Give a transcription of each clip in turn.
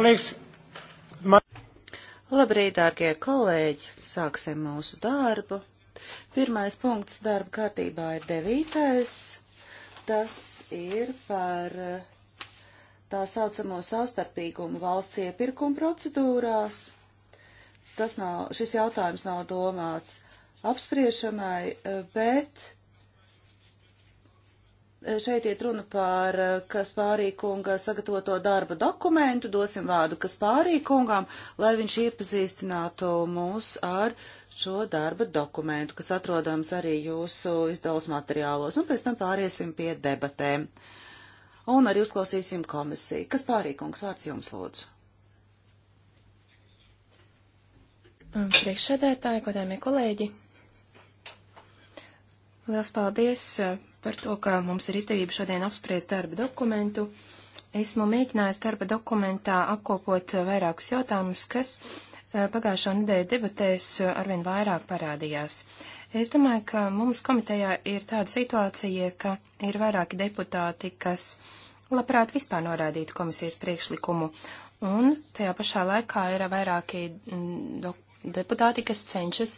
Labrīt, dārgie kolēģi! Sāksim mūsu darbu. Pirmais punkts darba kārtībā ir devītais. Tas ir par eh, tā saucamo savstarpīgumu valsts iepirkuma procedūrās. Tas nav, šis jautājums nav domāts apspriešanai, eh, bet Šeit iet runa par eh, Kaspārī kunga sagatavoto darba dokumentu. Dosim vārdu Kaspārī kungam, lai viņš iepazīstinātu mūs ar šo darba dokumentu, kas atrodams arī jūsu izdevus materiālos, un pēc tam pāriesim pie debatēm. Un arī uzklausīsim komisiju. Kaspārī kungs, vārds jums lūdzu. Priekšsēdētāji, godājumie kolēģi, liels paldies eh, par to, ka mums ir izdevība šodien apspriest darba dokumentu. Esmu mēģinājis darba dokumentā apkopot vairākus jautājumus, kas eh, pagājušā nedēļa debatēs eh, arvien vairāk parādījās. Es domāju, ka mums komitejā ir tāda situācija, ka ir vairāki deputāti, kas labprāt vispār norādītu komisijas priekšlikumu, un tajā pašā laikā ir vairāki mm, deputāti, kas cenšas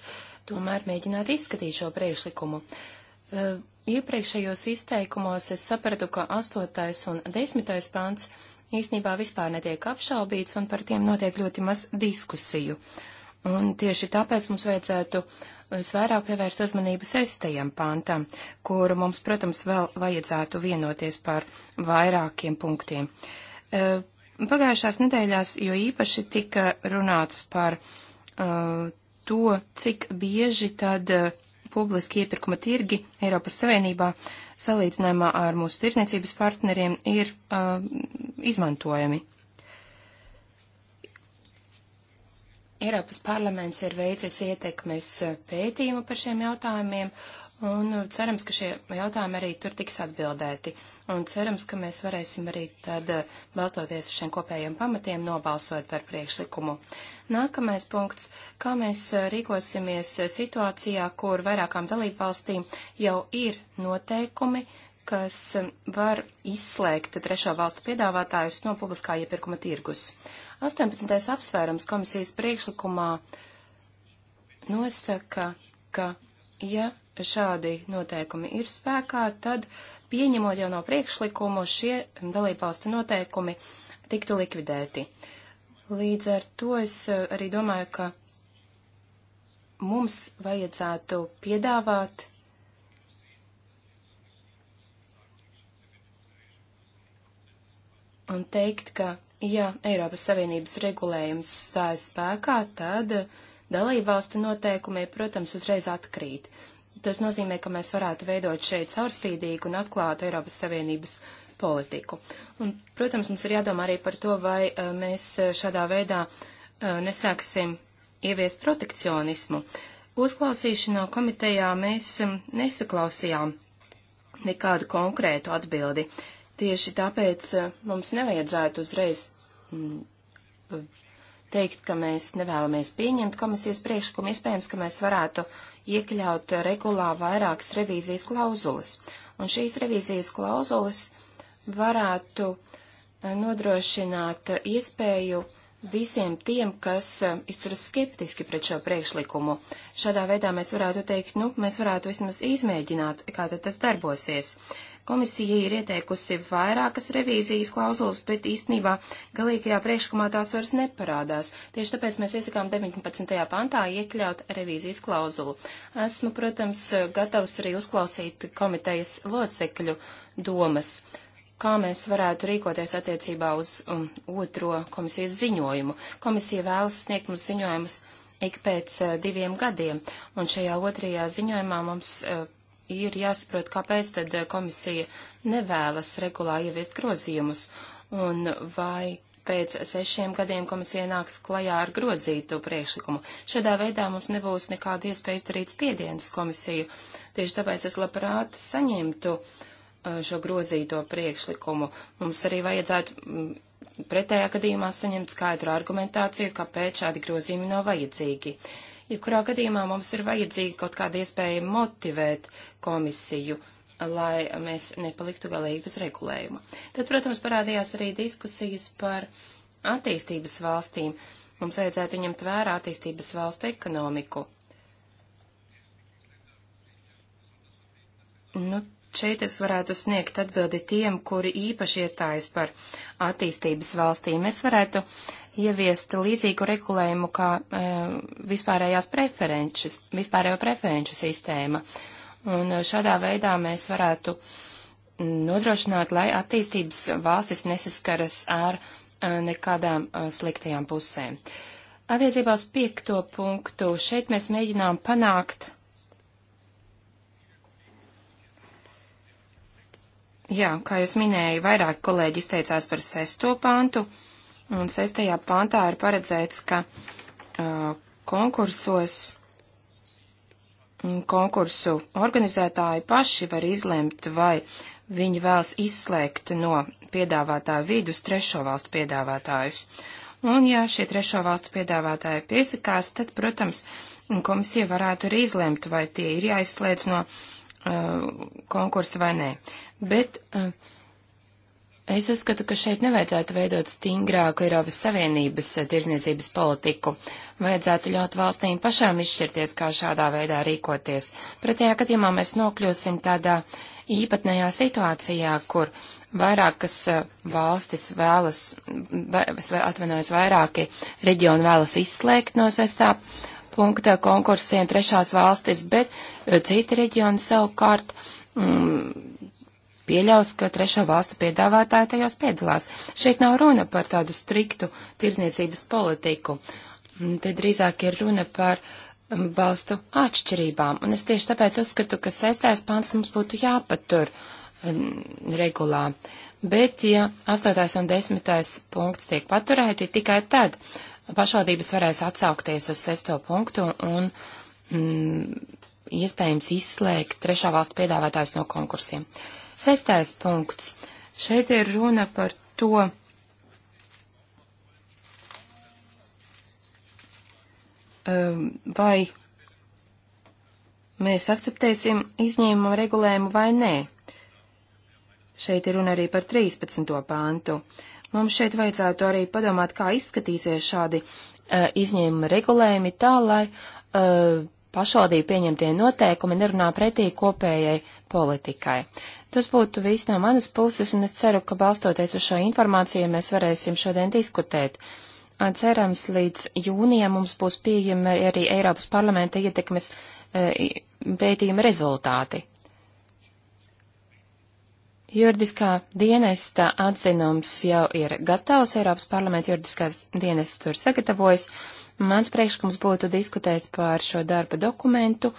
tomēr mēģināt izskatīt šo priekšlikumu. Eh, iepriekšējos izteikumos es sapratu, ka 8. un 10. pants īsnībā vispār netiek apšaubīts un par tiem notiek ļoti maz diskusiju. Un tieši tāpēc mums vajadzētu visvairāk pievērst uzmanību sestajam pantam, kur mums, protams, vēl vajadzētu vienoties par vairākiem punktiem. E, pagājušās nedēļās jo īpaši tika runāts par e, to, cik bieži tad publiski iepirkuma tirgi Eiropas Savienībā salīdzinājumā ar mūsu tirsniecības partneriem ir uh, izmantojami. Eiropas parlaments ir veicis ietekmes uh, pētījumu par šiem jautājumiem, Un cerams, ka šie jautājumi arī tur tiks atbildēti. Un cerams, ka mēs varēsim arī tad, eh, balstoties uz šiem kopējiem pamatiem, nobalsot par priekšlikumu. Nākamais punkts - kā mēs eh, rīkosimies eh, situācijā, kur vairākām dalībvalstīm jau ir noteikumi, kas var izslēgt trešo valstu piedāvātājus no publiskā iepirkuma tirgus. 18. apsvērums komisijas priekšlikumā nosaka, ka, ja šādi noteikumi ir spēkā, tad pieņemot jau no priekšlikumu šie dalībvalstu noteikumi tiktu likvidēti. Līdz ar to es eh, arī domāju, ka mums vajadzētu piedāvāt un teikt, ka, ja Eiropas Savienības regulējums stājas spēkā, tad dalībvalstu noteikumi, protams, uzreiz atkrīt. Tas nozīmē, ka mēs varētu veidot šeit caurspīdīgu un atklātu Eiropas Savienības politiku. Un, protams, mums ir jādomā arī par to, vai eh, mēs eh, šādā veidā eh, nesāksim ieviest protekcionismu. Uzklausīšanā komitejā mēs nesaklausījām nekādu konkrētu atbildi. Tieši tāpēc mums nevajadzētu uzreiz mm, teikt, ka mēs nevēlamies pieņemt komisijas priekšlikumu, iespējams, ka mēs varētu iekļaut regulā vairākas revīzijas klauzulas. Un šīs revīzijas klauzulas varētu eh, nodrošināt iespēju visiem tiem, kas eh, izturas skeptiski pret šo priekšlikumu. Šādā veidā mēs varētu teikt, nu, mēs varētu vismaz izmēģināt, kā tad tas darbosies. Uh, Komisija ir ieteikusi vairākas revīzijas klauzulas, bet īstenībā galīgajā priekšlikumā tās vairs neparādās. Tieši tāpēc mēs iesakām 19. pantā iekļaut revīzijas klauzulu. Esmu, protams, gatavs arī uzklausīt komitejas locekļu domas kā mēs varētu rīkoties attiecībā uz um, otro komisijas ziņojumu. Komisija vēlas sniegt mums ziņojumus ik pēc uh, diviem gadiem, un šajā otrajā ziņojumā mums uh, ir jāsaprot, kāpēc tad eh, komisija nevēlas regulā ieviest grozījumus, un vai pēc sešiem gadiem komisija nāks klajā ar grozītu priekšlikumu. Šādā veidā mums nebūs nekāda iespēja izdarīt spiedienus komisiju. Tieši tāpēc es labprāt saņemtu eh, šo grozīto priekšlikumu. Mums arī vajadzētu mm, pretējā gadījumā saņemt skaidru argumentāciju, kāpēc šādi grozījumi nav vajadzīgi. Uh, jebkurā ja gadījumā mums ir vajadzīga kaut kāda iespēja motivēt komisiju, lai mēs nepaliktu galīgi bez regulējuma. Tad, protams, parādījās arī diskusijas par attīstības valstīm. Mums vajadzētu ņemt vērā attīstības valstu ekonomiku. Nu, Šeit es varētu sniegt atbildi tiem, kuri īpaši iestājas par attīstības valstīm. Es varētu ieviest līdzīgu regulējumu kā e, vispārējās preferences, vispārējo preferenču sistēma. Un šādā veidā mēs varētu nodrošināt, lai attīstības valstis nesaskaras ar e, nekādām e, sliktajām pusēm. Attiecībā uz piekto punktu šeit mēs mēģinām panākt Jā, kā jūs minēju, vairāk kolēģi izteicās par sesto pantu, un sestajā pantā ir paredzēts, ka uh, konkursos konkursu organizētāji paši var izlemt, vai viņi vēlas izslēgt no piedāvātāju vidus trešo valstu piedāvātājus. Un ja šie trešo valstu piedāvātāji piesakās, tad, protams, komisija varētu arī izlemt, vai tie ir jāizslēdz no uh, Uh, konkursu vai nē. Bet uh, es uzskatu, ka šeit nevajadzētu veidot stingrāku Eiropas Savienības uh, tirzniecības politiku. Vajadzētu ļaut valstīm pašām izšķirties, kā šādā veidā rīkoties. Pretējā gadījumā mēs nokļūsim tādā īpatnējā situācijā, kur vairākas valstis vēlas, vai, atvainojos, vairāki reģioni vēlas izslēgt no sestāp punkta konkursiem trešās valstis, bet eh, citi reģioni savukārt mm, pieļaus, ka trešo valstu piedāvātāji tajos piedalās. Šeit nav runa par tādu striktu tirzniecības politiku. Mm, te drīzāk ir runa par balstu mm, atšķirībām, un es tieši tāpēc uzskatu, ka sestais pants mums būtu jāpatur mm, regulā. Bet, ja astotais un desmitais punkts tiek paturēti, tikai tad pašvaldības varēs atsaukties uz sesto punktu un mm, iespējams izslēgt trešā valstu piedāvātājs no konkursiem. Sestais punkts. Šeit ir runa par to, um, vai mēs akceptēsim izņēmumu regulējumu vai nē. Šeit ir runa arī par 13. pāntu. Uh, Mums šeit vajadzētu arī padomāt, kā izskatīsies šādi uh, izņēmuma regulējumi tā, lai uh, pašvaldību pieņemtie noteikumi nerunā pretī kopējai politikai. Tas būtu viss no manas puses, un es ceru, ka balstoties uz šo informāciju mēs varēsim šodien diskutēt. Cerams, līdz jūnijam mums būs pieejami arī Eiropas parlamenta ietekmes e, pētījuma rezultāti. Juridiskā dienesta atzinums jau ir gatavs, Eiropas parlamenta juridiskās dienestas to ir sagatavojis. Mans priekšlikums būtu diskutēt par šo darba dokumentu.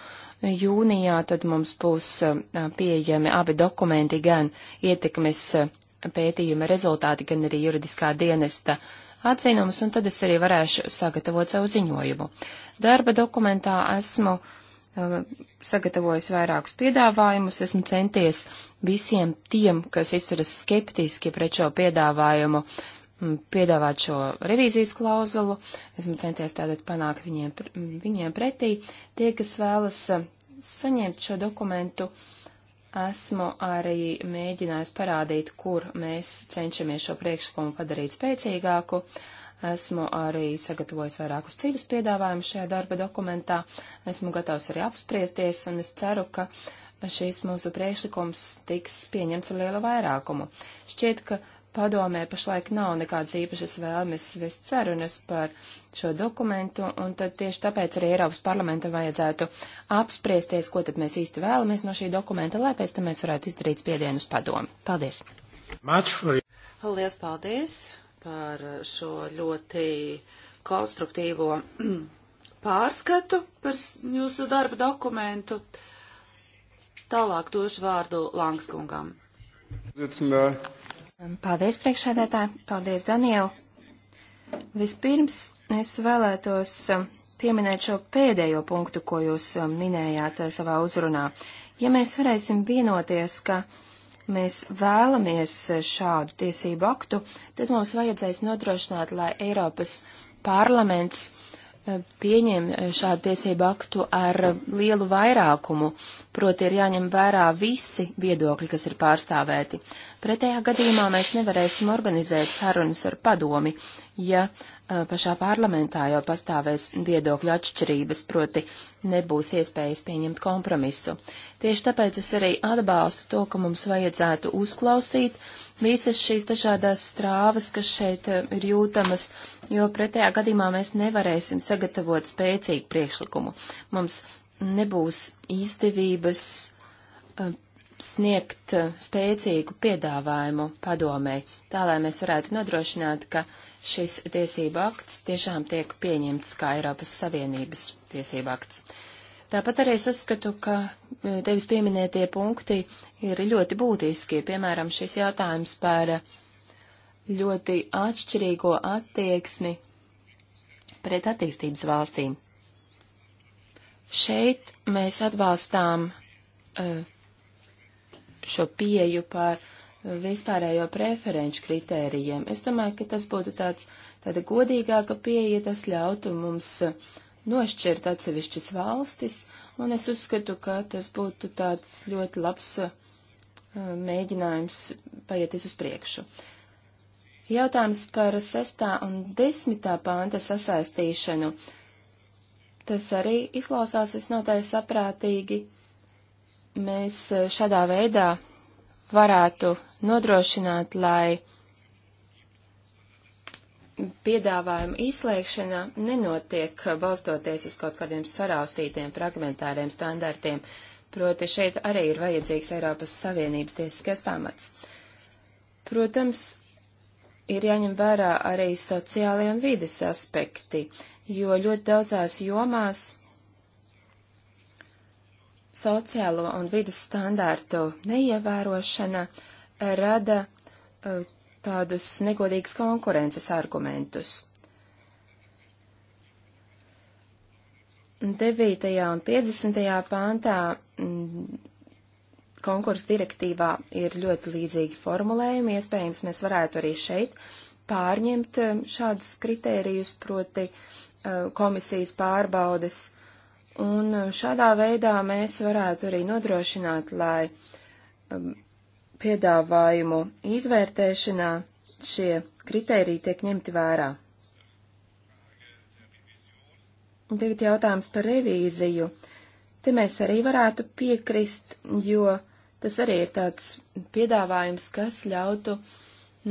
Jūnijā tad mums būs pieejami abi dokumenti, gan ietekmes pētījuma rezultāti, gan arī juridiskā dienesta atzinums, un tad es arī varēšu sagatavot savu ziņojumu. Darba dokumentā esmu uh, Uh, sagatavojis vairākus piedāvājumus, esmu centies visiem tiem, kas izturas skeptiski pret šo piedāvājumu, mm, piedāvāt šo revīzijas klauzulu, esmu centies tātad panākt viņiem, viņiem pretī. Tie, kas vēlas uh, saņemt šo dokumentu, esmu arī mēģinājis parādīt, kur mēs cenšamies šo priekšlikumu padarīt spēcīgāku. Uh, Esmu arī sagatavojis vairākus citus piedāvājumus šajā darba dokumentā. Esmu gatavs arī apspriesties, un es ceru, ka šīs mūsu priekšlikums tiks pieņemts ar lielu vairākumu. Šķiet, ka padomē pašlaik nav nekādas īpašas vēlmes vest sarunas par šo dokumentu, un tad tieši tāpēc arī Eiropas parlamentam vajadzētu apspriesties, ko tad mēs īsti vēlamies no šī dokumenta, lai pēc tam mēs varētu izdarīt spiedienus padomu. Paldies! Lielas paldies par šo ļoti konstruktīvo pārskatu par jūsu darba dokumentu. Tālāk došu vārdu Langskungam. Paldies, priekšsēdētāji. Paldies, Daniela. Vispirms es vēlētos um, pieminēt šo pēdējo punktu, ko jūs um, minējāt uh, savā uzrunā. Ja mēs varēsim vienoties, ka mēs vēlamies šādu tiesību aktu, tad mums vajadzēs nodrošināt, lai Eiropas parlaments e, pieņem šādu tiesību aktu ar lielu vairākumu, proti ir jāņem vērā visi viedokļi, kas ir pārstāvēti. Pretējā gadījumā mēs nevarēsim organizēt sarunas ar padomi, ja pašā parlamentā jau pastāvēs viedokļu atšķirības, proti nebūs iespējas pieņemt kompromisu. Tieši tāpēc es arī atbalstu to, ka mums vajadzētu uzklausīt visas šīs dažādās strāvas, kas šeit ir jūtamas, jo pretējā gadījumā mēs nevarēsim sagatavot spēcīgu priekšlikumu. Mums nebūs izdevības sniegt eh, spēcīgu piedāvājumu padomē, tā lai mēs varētu nodrošināt, ka šis tiesību akts tiešām tiek pieņemts kā Eiropas Savienības tiesību akts. Tāpat arī es uzskatu, ka tevis eh, pieminētie punkti ir ļoti būtiski, piemēram, šis jautājums par ļoti atšķirīgo attieksmi pret attīstības valstīm. Šeit mēs atbalstām uh, šo pieju par vispārējo preferenču kritērijiem. Es domāju, ka tas būtu tāds, tāda godīgāka pieeja, tas ļautu mums nošķirt atsevišķas valstis, un es uzskatu, ka tas būtu tāds ļoti labs uh, mēģinājums paieties uz priekšu. Jautājums par 6. un 10. pānta sasaistīšanu. Tas arī izklausās visnotaļ saprātīgi. Uh, mēs eh, šādā veidā varētu nodrošināt, lai piedāvājuma izslēgšana nenotiek eh, balstoties uz kaut kādiem saraustītiem fragmentāriem standartiem, proti šeit arī ir vajadzīgs Eiropas Savienības tiesiskais pamats. Protams, ir jāņem vērā arī sociālie un vides aspekti, jo ļoti daudzās jomās sociālo un vidas standārtu neievērošana rada e, tādus negodīgas konkurences argumentus. 9. un 50. pāntā mm, konkursu direktīvā ir ļoti līdzīgi formulējumi. Iespējams, mēs varētu arī šeit pārņemt e, šādus kritērijus, proti e, komisijas pārbaudes Un um, šādā veidā mēs varētu arī nodrošināt, lai um, piedāvājumu izvērtēšanā šie kritēriji tiek ņemti vērā. Tagad jautājums par revīziju. Te mēs arī varētu piekrist, jo tas arī ir tāds piedāvājums, kas ļautu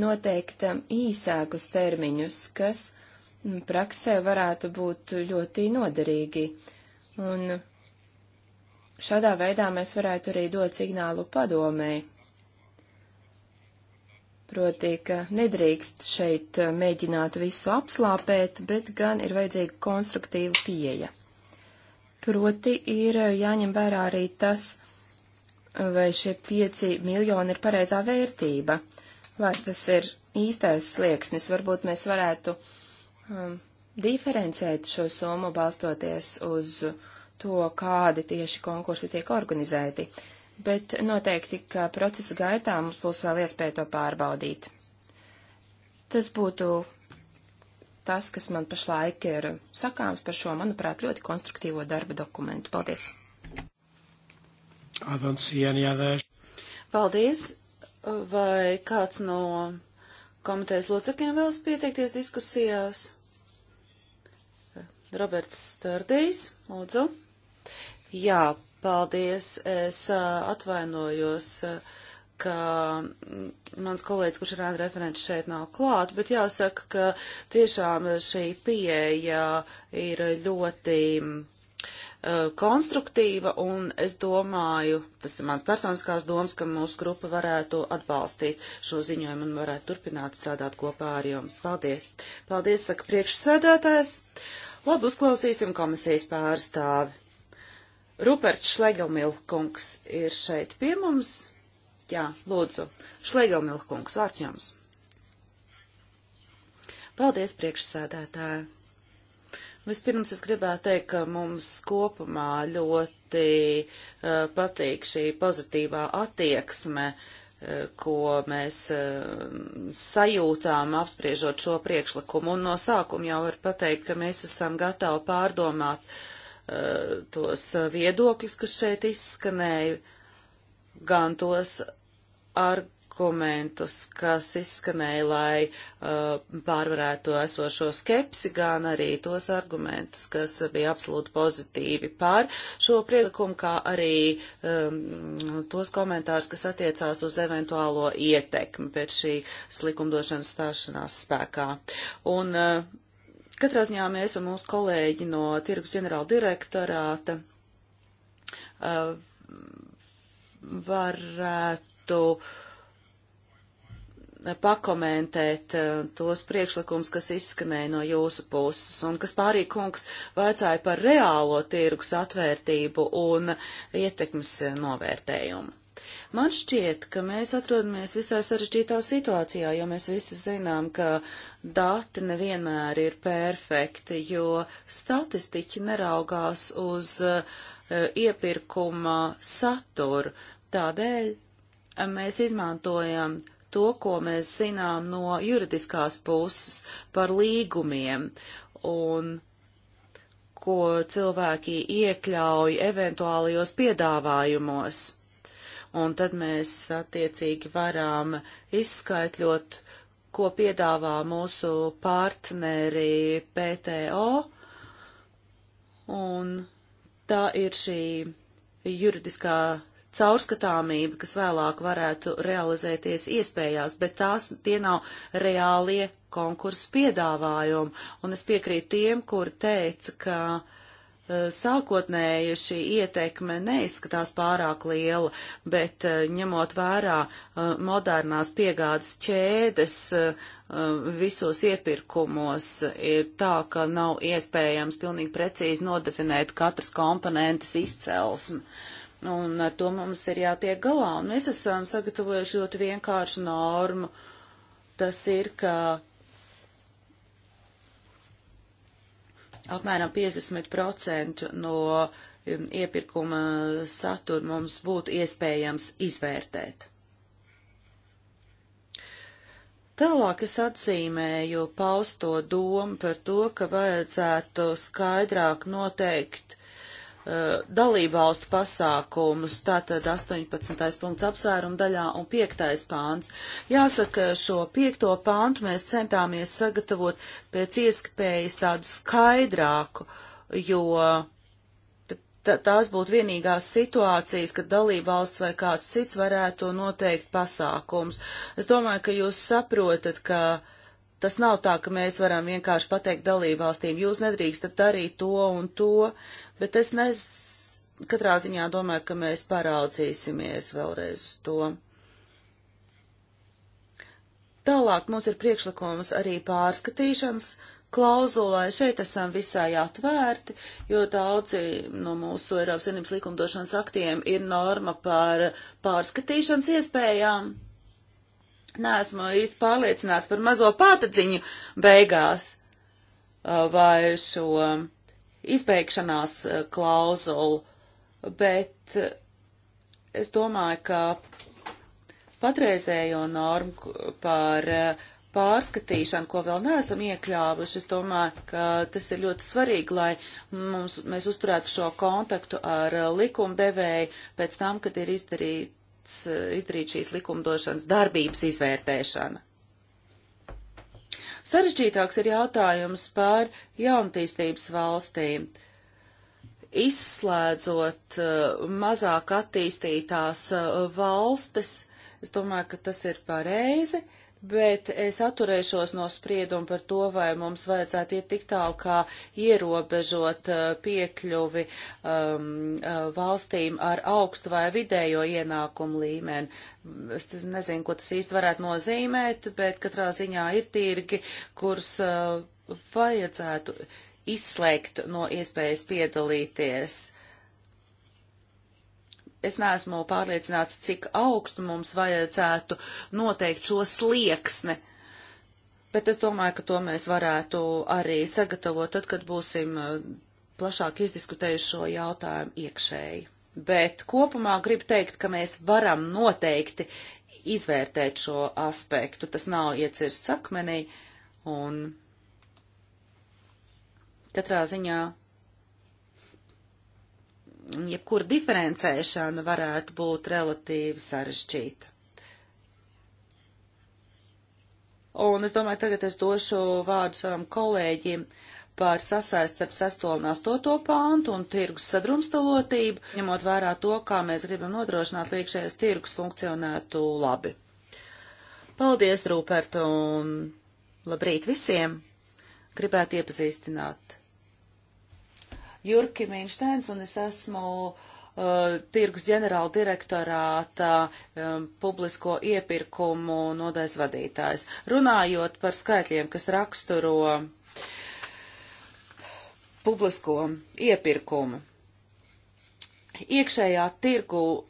noteikt um, īsākus termiņus, kas praksē varētu būt ļoti noderīgi. Uh, Un šādā veidā mēs varētu arī dot signālu padomēji. Proti, ka nedrīkst šeit mēģināt visu apslāpēt, bet gan ir vajadzīga konstruktīva pieeja. Proti, ir jāņem vērā arī tas, vai šie pieci miljoni ir pareizā vērtība, vai tas ir īstais slieksnis. Varbūt mēs varētu um, diferencēt šo summu balstoties uz to, kādi tieši konkursi tiek organizēti, bet noteikti, ka procesa gaitā mums būs vēl iespēja to pārbaudīt. Tas būtu tas, kas man pašlaik ir sakāms par šo, manuprāt, ļoti konstruktīvo darba dokumentu. Paldies! Paldies! Vai kāds no komitejas locekļiem vēlas pieteikties diskusijās? Roberts Stardijs, lūdzu. Jā, paldies. Es atvainojos, ka mm, mans kolēģis, kurš ir ēna referents, šeit nav klāt, bet jāsaka, ka tiešām šī pieeja ir ļoti mm, konstruktīva, un es domāju, tas ir mans personiskās domas, ka mūsu grupa varētu atbalstīt šo ziņojumu un varētu turpināt strādāt kopā ar jums. Paldies! Paldies, saka priekšsēdētājs! Labi, uzklausīsim komisijas pārstāvi. Ruperts Šlegelmilkungs ir šeit pie mums. Jā, lūdzu, Šlegelmilkungs, vārds jums. Paldies, priekšsēdētāji. Vispirms es gribētu teikt, ka mums kopumā ļoti uh, patīk šī pozitīvā attieksme uh, ko mēs eh, sajūtām apspriežot šo priekšlikumu. Un no sākuma jau var pateikt, ka mēs esam gatavi pārdomāt eh, tos viedokļus, kas šeit izskanēja, gan tos ar argumentus, kas izskanēja, lai uh, pārvarētu esošo skepsi, gan arī tos argumentus, kas bija absolūti pozitīvi pār šo priekšlikumu, kā arī um, tos komentārus, kas attiecās uz eventuālo ietekmi pēc šīs likumdošanas stāšanās spēkā. Un, uh, Katrā ziņā mēs un mūsu kolēģi no Tirgus ģenerāla direktorāta uh, varētu pakomentēt eh, tos priekšlikums, kas izskanēja no jūsu puses, un kas pārī kungs vaicāja par reālo tirgus atvērtību un ietekmes eh, novērtējumu. Man šķiet, ka mēs atrodamies visai sarežģītā situācijā, jo mēs visi zinām, ka dati nevienmēr ir perfekti, jo statistiķi neraugās uz eh, iepirkuma saturu. Tādēļ mēs izmantojam to, ko mēs zinām no juridiskās puses par līgumiem un ko cilvēki iekļauj eventuālajos piedāvājumos. Un tad mēs attiecīgi varam izskaitļot, ko piedāvā mūsu partneri PTO, un tā ir šī juridiskā caurskatāmība, kas vēlāk varētu realizēties iespējās, bet tās tie nav reālie konkursu piedāvājumi. Un es piekrītu tiem, kur teica, ka eh, sākotnēji šī ietekme neizskatās pārāk liela, bet eh, ņemot vērā eh, modernās piegādes ķēdes, visos iepirkumos ir tā, ka nav iespējams pilnīgi precīzi nodefinēt katras komponentes izcelsmi. Uh, Un ar to mums ir jātiek galā. Un mēs esam sagatavojuši ļoti vienkāršu normu. Tas ir, ka apmēram 50% no um, iepirkuma satura mums būtu iespējams izvērtēt. Tālāk es atzīmēju pausto domu par to, ka vajadzētu skaidrāk noteikt Eh, dalībvalstu pasākumus, tātad 18. punkts apsvērumu daļā un 5. pāns. Jāsaka, šo 5. pāntu mēs centāmies sagatavot pēc iespējas tādu skaidrāku, jo tās būtu vienīgās situācijas, kad dalībvalsts vai kāds cits varētu noteikt pasākums. Es domāju, ka jūs saprotat, ka uh, Tas nav tā, ka mēs varam vienkārši pateikt dalībvalstīm, jūs nedrīkstat darīt to un to, bet es nez... katrā ziņā domāju, ka mēs paraudzīsimies vēlreiz uz to. Tālāk mums ir priekšlikums arī pārskatīšanas klauzulai. Šeit esam visai atvērti, jo daudzi no mūsu Eiropas Savienības likumdošanas aktiem ir norma par pārskatīšanas iespējām. Nēsmu īsti pārliecināts par mazo pātadziņu beigās uh, vai šo izbeigšanās uh, klauzulu, bet uh, es domāju, ka patreizējo normu par pārskatīšanu, ko vēl neesam iekļāvuši, es domāju, ka tas ir ļoti svarīgi, lai mums, mēs uzturētu šo kontaktu ar likumdevēju pēc tam, kad ir izdarīt, veikts, eh, izdarīt šīs likumdošanas darbības izvērtēšana. Sarežģītāks ir jautājums par jaunatīstības valstīm izslēdzot eh, mazāk attīstītās eh, valstis, es domāju, ka tas ir pareizi, bet es atturēšos no sprieduma par to, vai mums vajadzētu iet tik tālu, kā ierobežot uh, piekļuvi um, uh, valstīm ar augstu vai vidējo ienākumu līmeni. Es nezinu, ko tas īsti varētu nozīmēt, bet katrā ziņā ir tirgi, kurus uh, vajadzētu izslēgt no iespējas piedalīties uh, es neesmu pārliecināts, cik augstu mums vajadzētu noteikt šo slieksni. Bet es domāju, ka to mēs varētu arī sagatavot tad, kad būsim eh, plašāk izdiskutējuši šo jautājumu iekšēji. Bet kopumā gribu teikt, ka mēs varam noteikti izvērtēt šo aspektu. Tas nav iecirsts akmenī un katrā ziņā jebkur diferencēšana varētu būt relatīvi sarežģīta. Un es domāju, tagad es došu vārdu savam kolēģim par sasaist ar 6. un 8. pāntu un tirgus sadrumstalotību, ņemot vērā to, kā mēs gribam nodrošināt liekšējais tirgus funkcionētu labi. Paldies, Rūpert, un labrīt visiem! Gribētu iepazīstināt Jurki Mīnštēns un es esmu uh, tirgus ģenerāla direktorāta um, publisko iepirkumu nodaļas vadītājs. Runājot par skaitļiem, kas raksturo publisko iepirkumu. Iekšējā tirgu uh,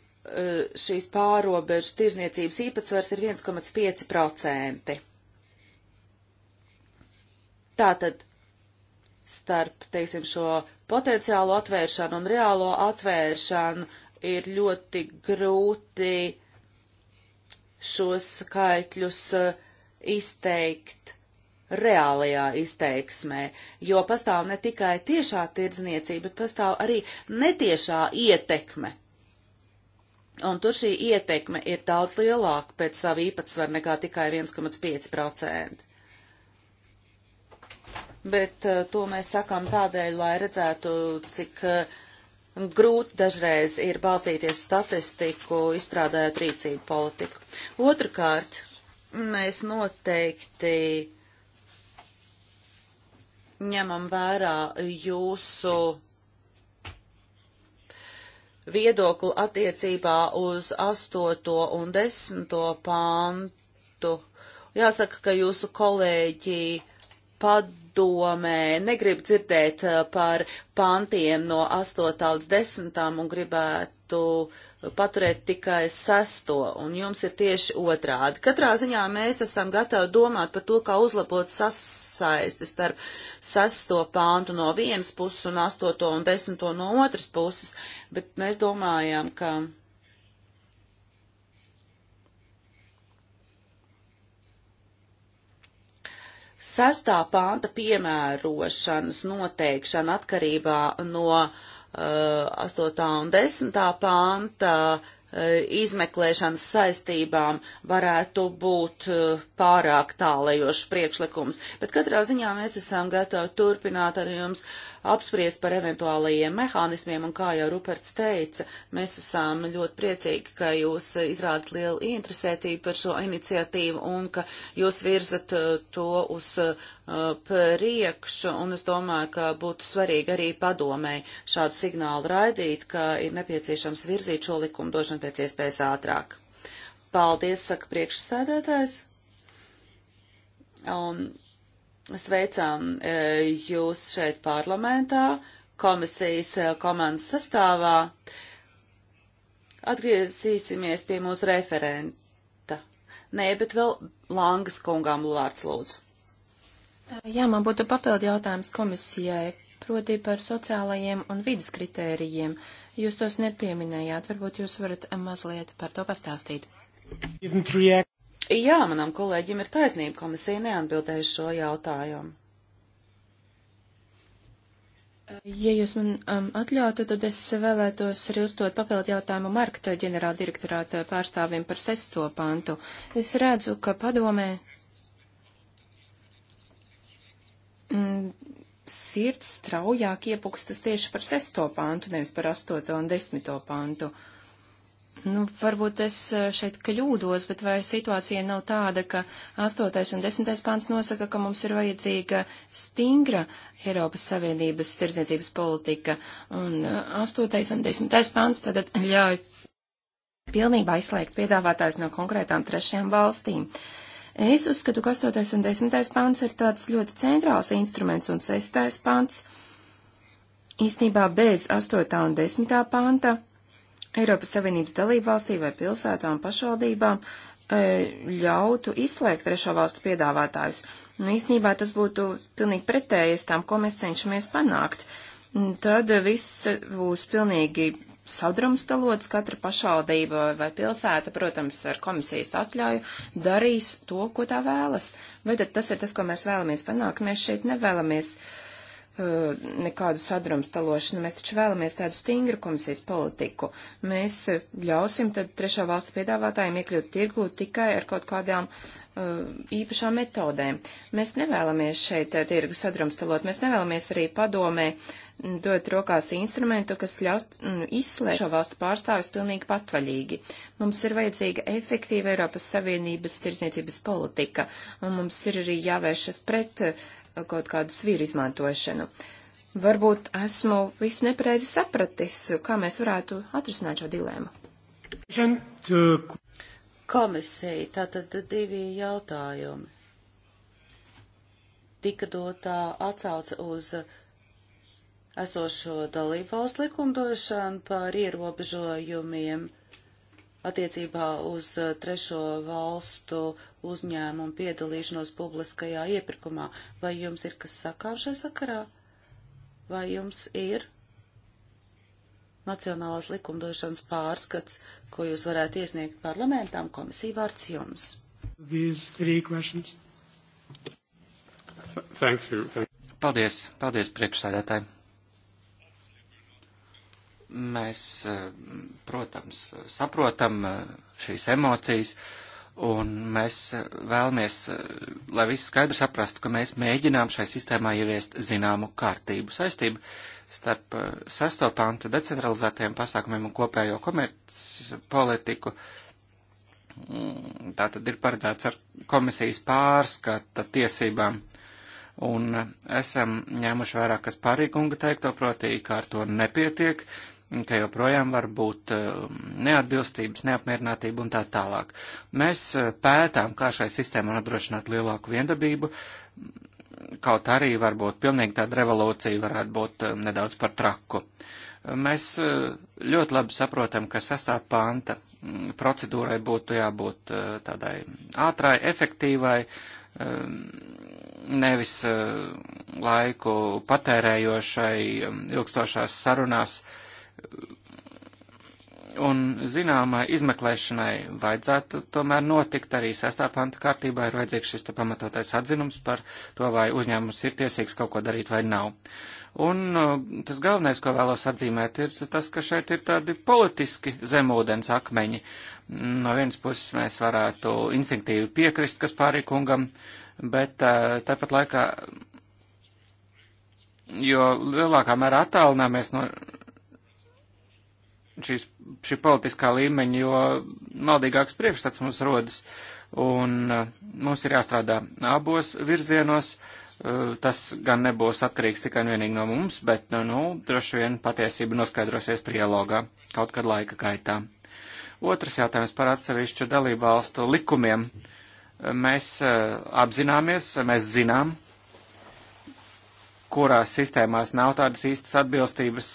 šīs pārobežu tirzniecības īpatsvars ir 1,5%. Tātad starp, teiksim, šo potenciālo atvēršanu un reālo atvēršanu ir ļoti grūti šos skaitļus eh, izteikt reālajā izteiksmē, jo pastāv ne tikai tiešā tirdzniecība, bet pastāv arī netiešā ietekme. Un tur šī ietekme ir daudz lielāka pēc savu īpatsvaru nekā tikai 1,5% bet eh, to mēs sakām tādēļ, lai redzētu, cik eh, grūti dažreiz ir balstīties statistiku, izstrādājot rīcību politiku. Otrakārt, mēs noteikti ņemam vērā jūsu viedokli attiecībā uz 8. un 10. pāntu. Jāsaka, ka jūsu kolēģi pad padomē negrib dzirdēt eh, par pantiem no 8 līdz 10 un gribētu paturēt tikai sesto, un jums ir tieši otrādi. Katrā ziņā mēs esam gatavi domāt par to, kā uzlabot sasaisti starp sesto pāntu no vienas puses un astoto un desmito no otras puses, bet mēs domājam, ka sestā panta piemērošanas noteikšana atkarībā no uh, eh, 8. un 10. panta uh, izmeklēšanas saistībām varētu būt eh, pārāk tālējošs priekšlikums, bet katrā ziņā mēs esam gatavi turpināt ar jums uh, apspriest par eventuālajiem mehānismiem, un kā jau Ruperts teica, mēs esam ļoti priecīgi, ka jūs izrādat lielu interesētību par šo iniciatīvu un ka jūs virzat uh, to uz uh, priekšu, un es domāju, ka būtu svarīgi arī padomēji šādu signālu raidīt, ka ir nepieciešams virzīt šo likumdošanu pēc iespējas ātrāk. Paldies, saka priekšsēdētājs. Un Sveicam e, jūs šeit parlamentā, komisijas e, komandas sastāvā. Atgriezīsimies pie mūsu referenta. Nē, bet vēl Langas kungām vārds lūdzu. Jā, man būtu papildu jautājums komisijai, proti par sociālajiem un vidas kritērijiem. Jūs tos nepieminējāt, varbūt jūs varat mazliet par to pastāstīt. Jā, manam kolēģim ir taisnība, komisija neatbildēja šo jautājumu. Ja jūs man um, atļautu, tad es vēlētos arī uzdot papildu jautājumu Markta ģenerāla direktorāta pārstāvim par sesto pantu. Es redzu, ka padomē mm, sirds straujāk iepukstas tieši par sesto pantu, nevis par astoto un desmito pantu. Uh, Nu, varbūt es eh, šeit kļūdos, bet vai situācija nav tāda, ka 8. un 10. pāns nosaka, ka mums ir vajadzīga stingra Eiropas Savienības tirdzniecības politika, un 8. Eh, un 10. pāns tad ļauj pilnībā izslēgt piedāvātājus no konkrētām trešajām valstīm. Es uzskatu, ka 8. un 10. pāns ir tāds ļoti centrāls instruments, un 6. pāns īstenībā bez 8. un 10. pānta Eiropas Savienības dalībvalstī vai pilsētām pašvaldībām e, ļautu izslēgt trešo valstu piedāvātājus. Nu, īsnībā tas būtu pilnīgi pretējies tam, ko mēs cenšamies panākt. Tad viss būs pilnīgi sadrumstalots, katra pašvaldība vai pilsēta, protams, ar komisijas atļauju, darīs to, ko tā vēlas. Vai tad tas ir tas, ko mēs vēlamies panākt? Mēs šeit nevēlamies uh, Eh, nekādu sadrumstalošanu. Mēs taču vēlamies tādu stingru komisijas politiku. Mēs eh, ļausim tad trešā valsta piedāvātājiem iekļūt tirgu tikai ar kaut kādām eh, īpašām metodēm. Mēs nevēlamies šeit tirgu sadrumstalot, mēs nevēlamies arī padomē mm, dot rokās instrumentu, kas ļaus mm, izslēgt šo valstu pārstāvis pilnīgi patvaļīgi. Mums ir vajadzīga efektīva Eiropas Savienības tirzniecības politika, un mums ir arī jāvēršas pret uh, kaut kādu svīru izmantošanu. Varbūt esmu visu nepareizi sapratis, kā mēs varētu atrisināt šo dilēmu. Komisija, tātad divi jautājumi. Tika dotā atsauce uz esošo dalību valstu likumdošanu par ierobežojumiem attiecībā uz trešo valstu uzņēmumu piedalīšanos publiskajā iepirkumā. Vai jums ir kas sakām šai sakarā? Vai jums ir nacionālās likumdošanas pārskats, ko jūs varētu iesniegt parlamentām komisija vārds jums? Thank you. Thank you. Paldies, paldies priekšsēdētāji. Mēs, eh, protams, saprotam eh, šīs emocijas Un mēs eh, vēlamies, eh, lai viss skaidri saprastu, ka mēs mēģinām šai sistēmā ieviest zināmu kārtību saistību starp eh, sesto pantu decentralizētajiem pasākumiem un kopējo komercpolitiku. Mm, tā tad ir paredzēts ar komisijas pārskata tiesībām. Un esam ņēmuši vērā, kas pārīkunga teikto, proti, ka ar to nepietiek. Uh, ka joprojām var būt eh, neatbilstības, neapmierinātība un tā tālāk. Mēs eh, pētām, kā šai sistēmai nodrošināt lielāku viendabību, kaut arī varbūt pilnīgi tāda revolūcija varētu būt eh, nedaudz par traku. Mēs ļoti labi saprotam, ka sastāv panta mm, procedūrai būtu jābūt tādai ātrai, efektīvai, nevis laiku patērējošai mm, ilgstošās sarunās, uh, un zināmai izmeklēšanai vajadzētu tomēr notikt arī sestā panta kārtībā ir vajadzīgs šis pamatotais atzinums par to, vai uzņēmums ir tiesīgs kaut ko darīt vai nav. Un uh, tas galvenais, ko vēlos atzīmēt, ir tas, ka šeit ir tādi politiski zemūdens akmeņi. No vienas puses mēs varētu instinktīvi piekrist, kas pārī kungam, bet uh, tāpat laikā, jo lielākā mērā attālināmies no šīs, šī politiskā līmeņa, jo maldīgāks priekšstats mums rodas. Un uh, mums ir jāstrādā abos virzienos. Uh, tas gan nebūs atkarīgs tikai un vienīgi no mums, bet, nu, nu, droši vien patiesība noskaidrosies trialogā kaut kad laika gaitā. Otrs jautājums par atsevišķu dalību valstu likumiem. Mēs uh, apzināmies, mēs zinām, kurās sistēmās nav tādas īstas atbilstības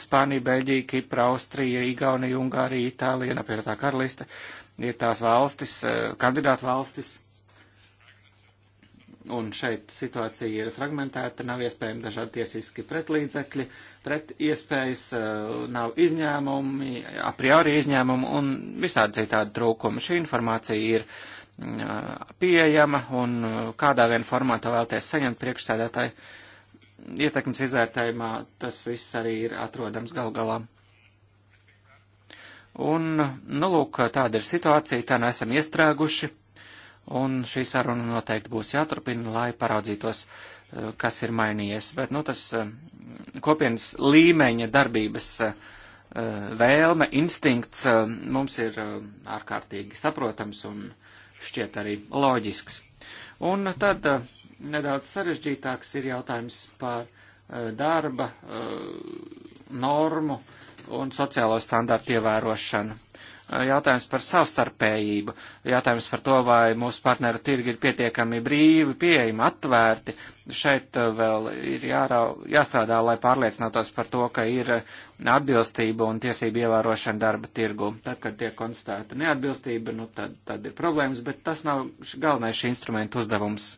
Spānija, Beļģija, Kipra, Austrija, Igaunija, Ungārija, Itālija, apvienotā karaliste ir tās valstis, eh, kandidātu valstis. Un šeit situācija ir fragmentēta, nav iespējami dažādi tiesiski pretlīdzekļi, pret iespējas, eh, nav izņēmumi, a priori izņēmumi un visādi citādi trūkumi. Šī informācija ir mm, pieejama un eh, kādā vien formātā vēlties saņemt priekšstādātāju ietekmes izvērtējumā tas viss arī ir atrodams gal galā. Un, nu, lūk, tāda ir situācija, tā nesam nu iestrēguši, un šī saruna noteikti būs jāturpina, lai paraudzītos, eh, kas ir mainījies. Bet, nu, tas eh, kopienas līmeņa darbības eh, vēlme, instinkts mums ir ārkārtīgi saprotams un šķiet arī loģisks. Un tad uh, Nedaudz sarežģītāks ir jautājums par eh, darba eh, normu un sociālo standartu ievērošanu. Eh, jautājums par savstarpējību, jautājums par to, vai mūsu partneru tirgi ir pietiekami brīvi, pieejami, atvērti. Šeit vēl ir jārā, jāstrādā, lai pārliecinātos par to, ka ir atbilstība un tiesība ievērošana darba tirgu. Tad, kad tiek konstatēta neatbilstība, nu, tad, tad ir problēmas, bet tas nav galvenais šī instrumenta uzdevums.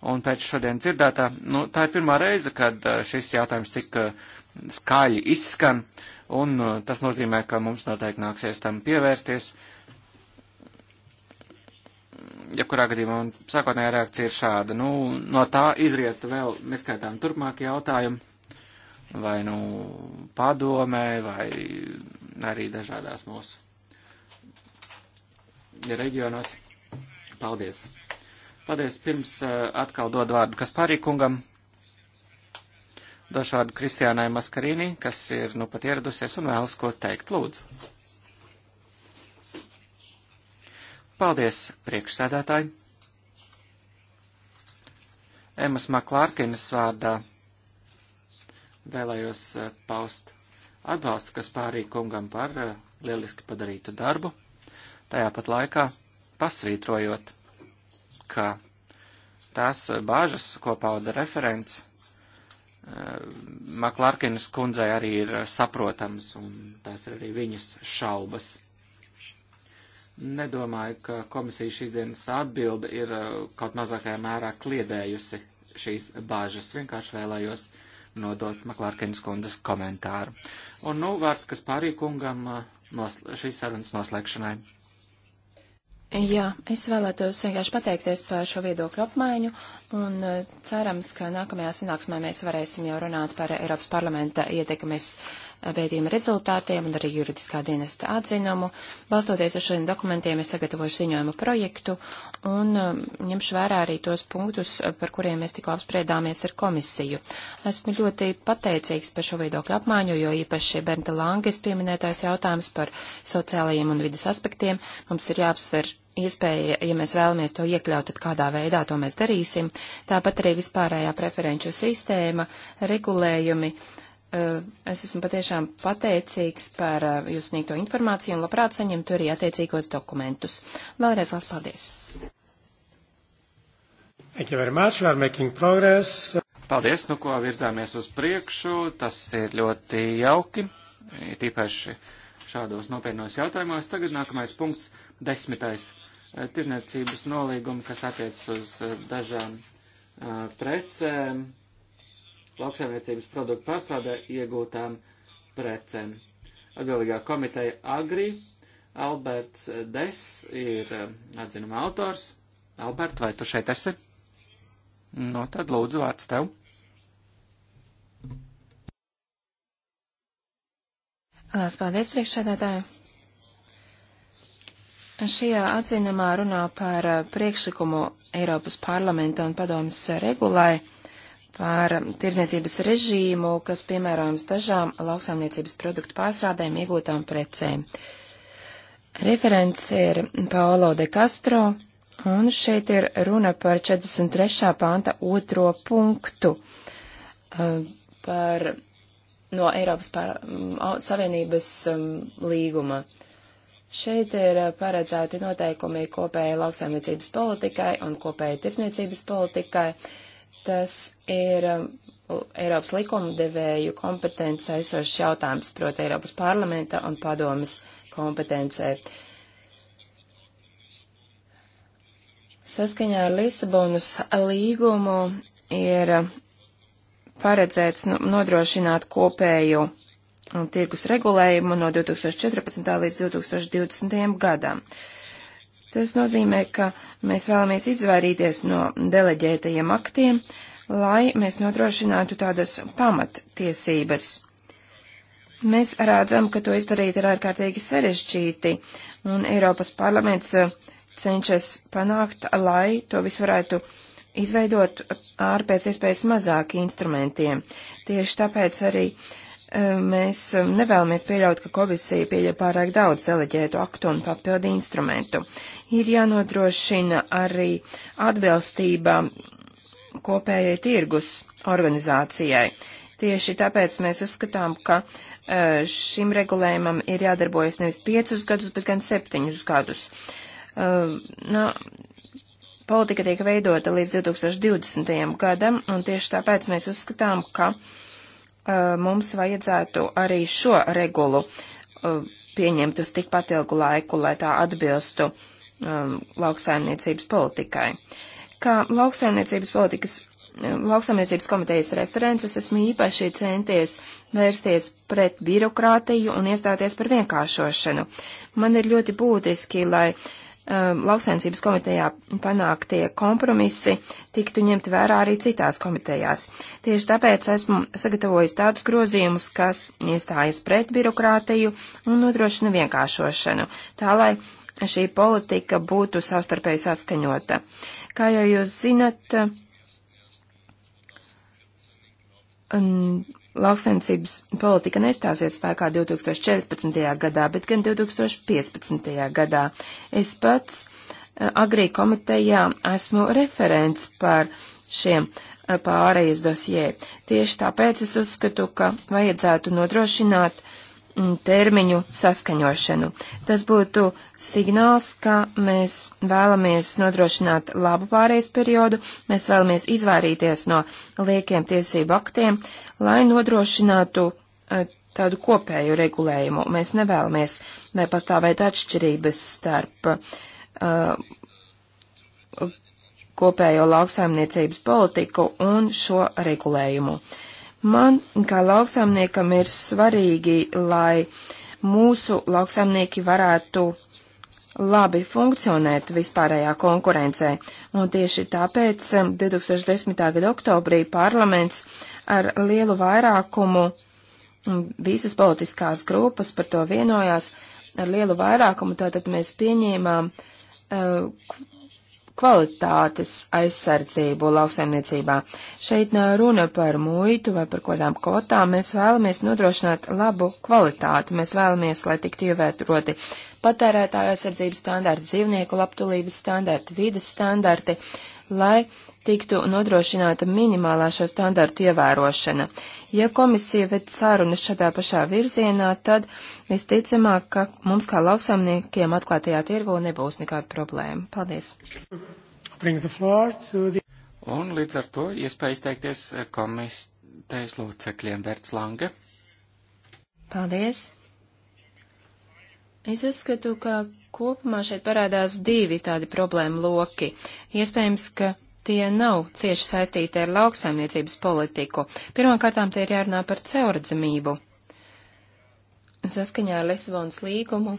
Un pēc šodien dzirdētā, nu, tā ir pirmā reize, kad šis jautājums tik skaļi izskan, un tas nozīmē, ka mums noteikti nāksies tam pievērsties. Jebkurā gadījumā sākotnējā reakcija ir šāda. Nu, no tā izriet vēl neskaitām turpmāk jautājumu, vai nu padomē, vai arī dažādās mūsu reģionos. Paldies! Paldies. Pirms eh, atkal dod vārdu Kaspārī kungam. Došu vārdu Kristiānai Maskarīnī, kas ir nu pat ieradusies un vēlas ko teikt. Lūdzu. Paldies, priekšsēdētāji. Emas Maklārkinas vārdā vēlējos eh, paust atbalstu, kas pārī kungam par eh, lieliski padarītu darbu, tajā pat laikā pasvītrojot ka tās bāžas, ko pauda referents, eh, Maklārkinas kundzei arī ir saprotams, un tās ir arī viņas šaubas. Nedomāju, ka komisija šīs dienas atbilde ir eh, kaut mazākajā mērā kliedējusi šīs bāžas. Vienkārši vēlējos nodot Maklārkinas kundzes komentāru. Un nu vārds, kas pārī kungam eh, šīs sarunas noslēgšanai. Jā, es vēlētos vienkārši pateikties par šo viedokļu apmaiņu un eh, cerams, ka nākamajā sanāksmē mēs varēsim jau runāt par Eiropas parlamenta ietekmes uh, pētījuma rezultātiem un arī juridiskā dienesta atzinumu. Balstoties uz šiem dokumentiem, es sagatavoju ziņojumu projektu un um, ņemšu vērā arī tos punktus, uh, par kuriem mēs tikko apspriedāmies ar komisiju. Esmu ļoti pateicīgs par šo viedokļu apmaiņu, jo īpaši Bernta Langes pieminētais jautājums par sociālajiem un vidas aspektiem mums ir jāapsver iespēja, ja mēs vēlamies to iekļaut, tad kādā veidā to mēs darīsim. Tāpat arī vispārējā preferenču sistēma, regulējumi, Eh, es esmu patiešām pateicīgs par eh, jūsu sniegto informāciju un labprāt saņemtu arī attiecīgos dokumentus. Vēlreiz liels paldies! Paldies, nu ko virzāmies uz priekšu, tas ir ļoti jauki, tīpaši šādos nopietnos jautājumos. Tagad nākamais punkts, desmitais eh, tirniecības nolīguma, kas attiec uz dažām precēm lauksaimniecības produktu pārstrādē iegūtām precēm. Atbildīgā komiteja Agri, Alberts Des ir um, atzinuma autors. Albert, vai tu šeit esi? No nu, tad lūdzu vārds tev. Lās paldies priekšsēdētāju. Šajā atzinumā runā par uh, priekšlikumu Eiropas parlamenta un padomas regulai par tirdzniecības režīmu, kas piemērojams dažām lauksaimniecības produktu pārstrādēm iegūtām precēm. Referents ir Paolo de Castro, un šeit ir runa par 43. panta otro punktu uh, par no Eiropas pār, mm, Savienības mm, līguma. Šeit ir paredzēti noteikumi kopējai lauksaimniecības politikai un kopējai tirdzniecības politikai. Uh, Tas ir um, Eiropas likumdevēju kompetence aizsošs jautājums, proti Eiropas parlamenta un padomas kompetencē. Saskaņā ar Lisabonas līgumu ir um, paredzēts nu, nodrošināt kopēju um, tirgus regulējumu no 2014. līdz 2020. gadam. Tas nozīmē, ka mēs vēlamies izvairīties no deleģētajiem aktiem, lai mēs nodrošinātu tādas pamattiesības. Mēs rādzam, ka to izdarīt ir ārkārtīgi sarežģīti, un Eiropas parlaments uh, cenšas panākt, lai to visu varētu izveidot ar pēc iespējas mazāk instrumentiem. Tieši tāpēc arī uh, Mēs um, nevēlamies pieļaut, ka komisija pieļauj pārāk daudz deleģētu aktu un papildi instrumentu. Ir jānodrošina arī atbilstība kopējai tirgus organizācijai. Tieši tāpēc mēs uzskatām, ka uh, šim regulējumam ir jādarbojas nevis piecus gadus, bet gan septiņus gadus. Uh, na, politika tiek veidota līdz 2020. gadam, un tieši tāpēc mēs uzskatām, ka uh, Eh, mums vajadzētu arī šo regulu eh, pieņemt uz tikpat ilgu laiku, lai tā atbilstu um, lauksaimniecības politikai. Kā lauksaimniecības politikas, eh, lauksaimniecības komitejas references esmu īpaši centies vērsties pret birokrātiju un iestāties par vienkāršošanu. Man ir ļoti būtiski, lai uh, um, lauksaimniecības komitejā panāktie kompromisi tiktu ņemti vērā arī citās komitejās. Tieši tāpēc esmu sagatavojis tādus grozījumus, kas iestājas pret birokrātiju un nodrošina vienkāršošanu, tā lai šī politika būtu savstarpēji saskaņota. Kā jau jūs zinat, um, Lauksaimniecības politika nestāsies spēkā 2014. gadā, bet gan 2015. gadā. Es pats eh, agrī komitejā esmu referents par šiem eh, pārējas dosjē. Tieši tāpēc es uzskatu, ka vajadzētu nodrošināt mm, termiņu saskaņošanu. Tas būtu signāls, ka mēs vēlamies nodrošināt labu pārējais periodu, mēs vēlamies izvairīties no liekiem tiesību aktiem, lai nodrošinātu e, tādu kopēju regulējumu. Mēs nevēlamies, lai pastāvētu atšķirības starp uh, kopējo lauksaimniecības politiku un šo regulējumu. Man, kā lauksaimniekam, ir svarīgi, lai mūsu lauksaimnieki varētu labi funkcionēt vispārējā konkurencē, un tieši tāpēc e, 2010. gada oktobrī parlaments ar lielu vairākumu visas politiskās grupas par to vienojās, ar lielu vairākumu tātad mēs pieņēmām uh, kvalitātes aizsardzību lauksaimniecībā. Šeit nav runa par muitu vai par kodām kvotām, mēs vēlamies nodrošināt labu kvalitāti, mēs vēlamies, lai tiktu ievēroti patērētāju aizsardzības standarti, dzīvnieku labtulības standarti, vides standarti, lai tiktu nodrošināta minimālā šo standartu ievērošana. Ja komisija ved sārunu šādā pašā virzienā, tad visticamāk, ka mums kā lauksaimniekiem atklātajā tirgu nebūs nekāda problēma. Paldies! The... Un līdz ar to iespēja izteikties komitejas locekļiem Berts Lange. Paldies! Es uzskatu, ka kopumā šeit parādās divi tādi problēma loki. Iespējams, ka tie nav cieši saistīti ar lauksaimniecības politiku. Pirmkārtām te ir jārunā par caurdzamību. Saskaņā ar Lisabonas līgumu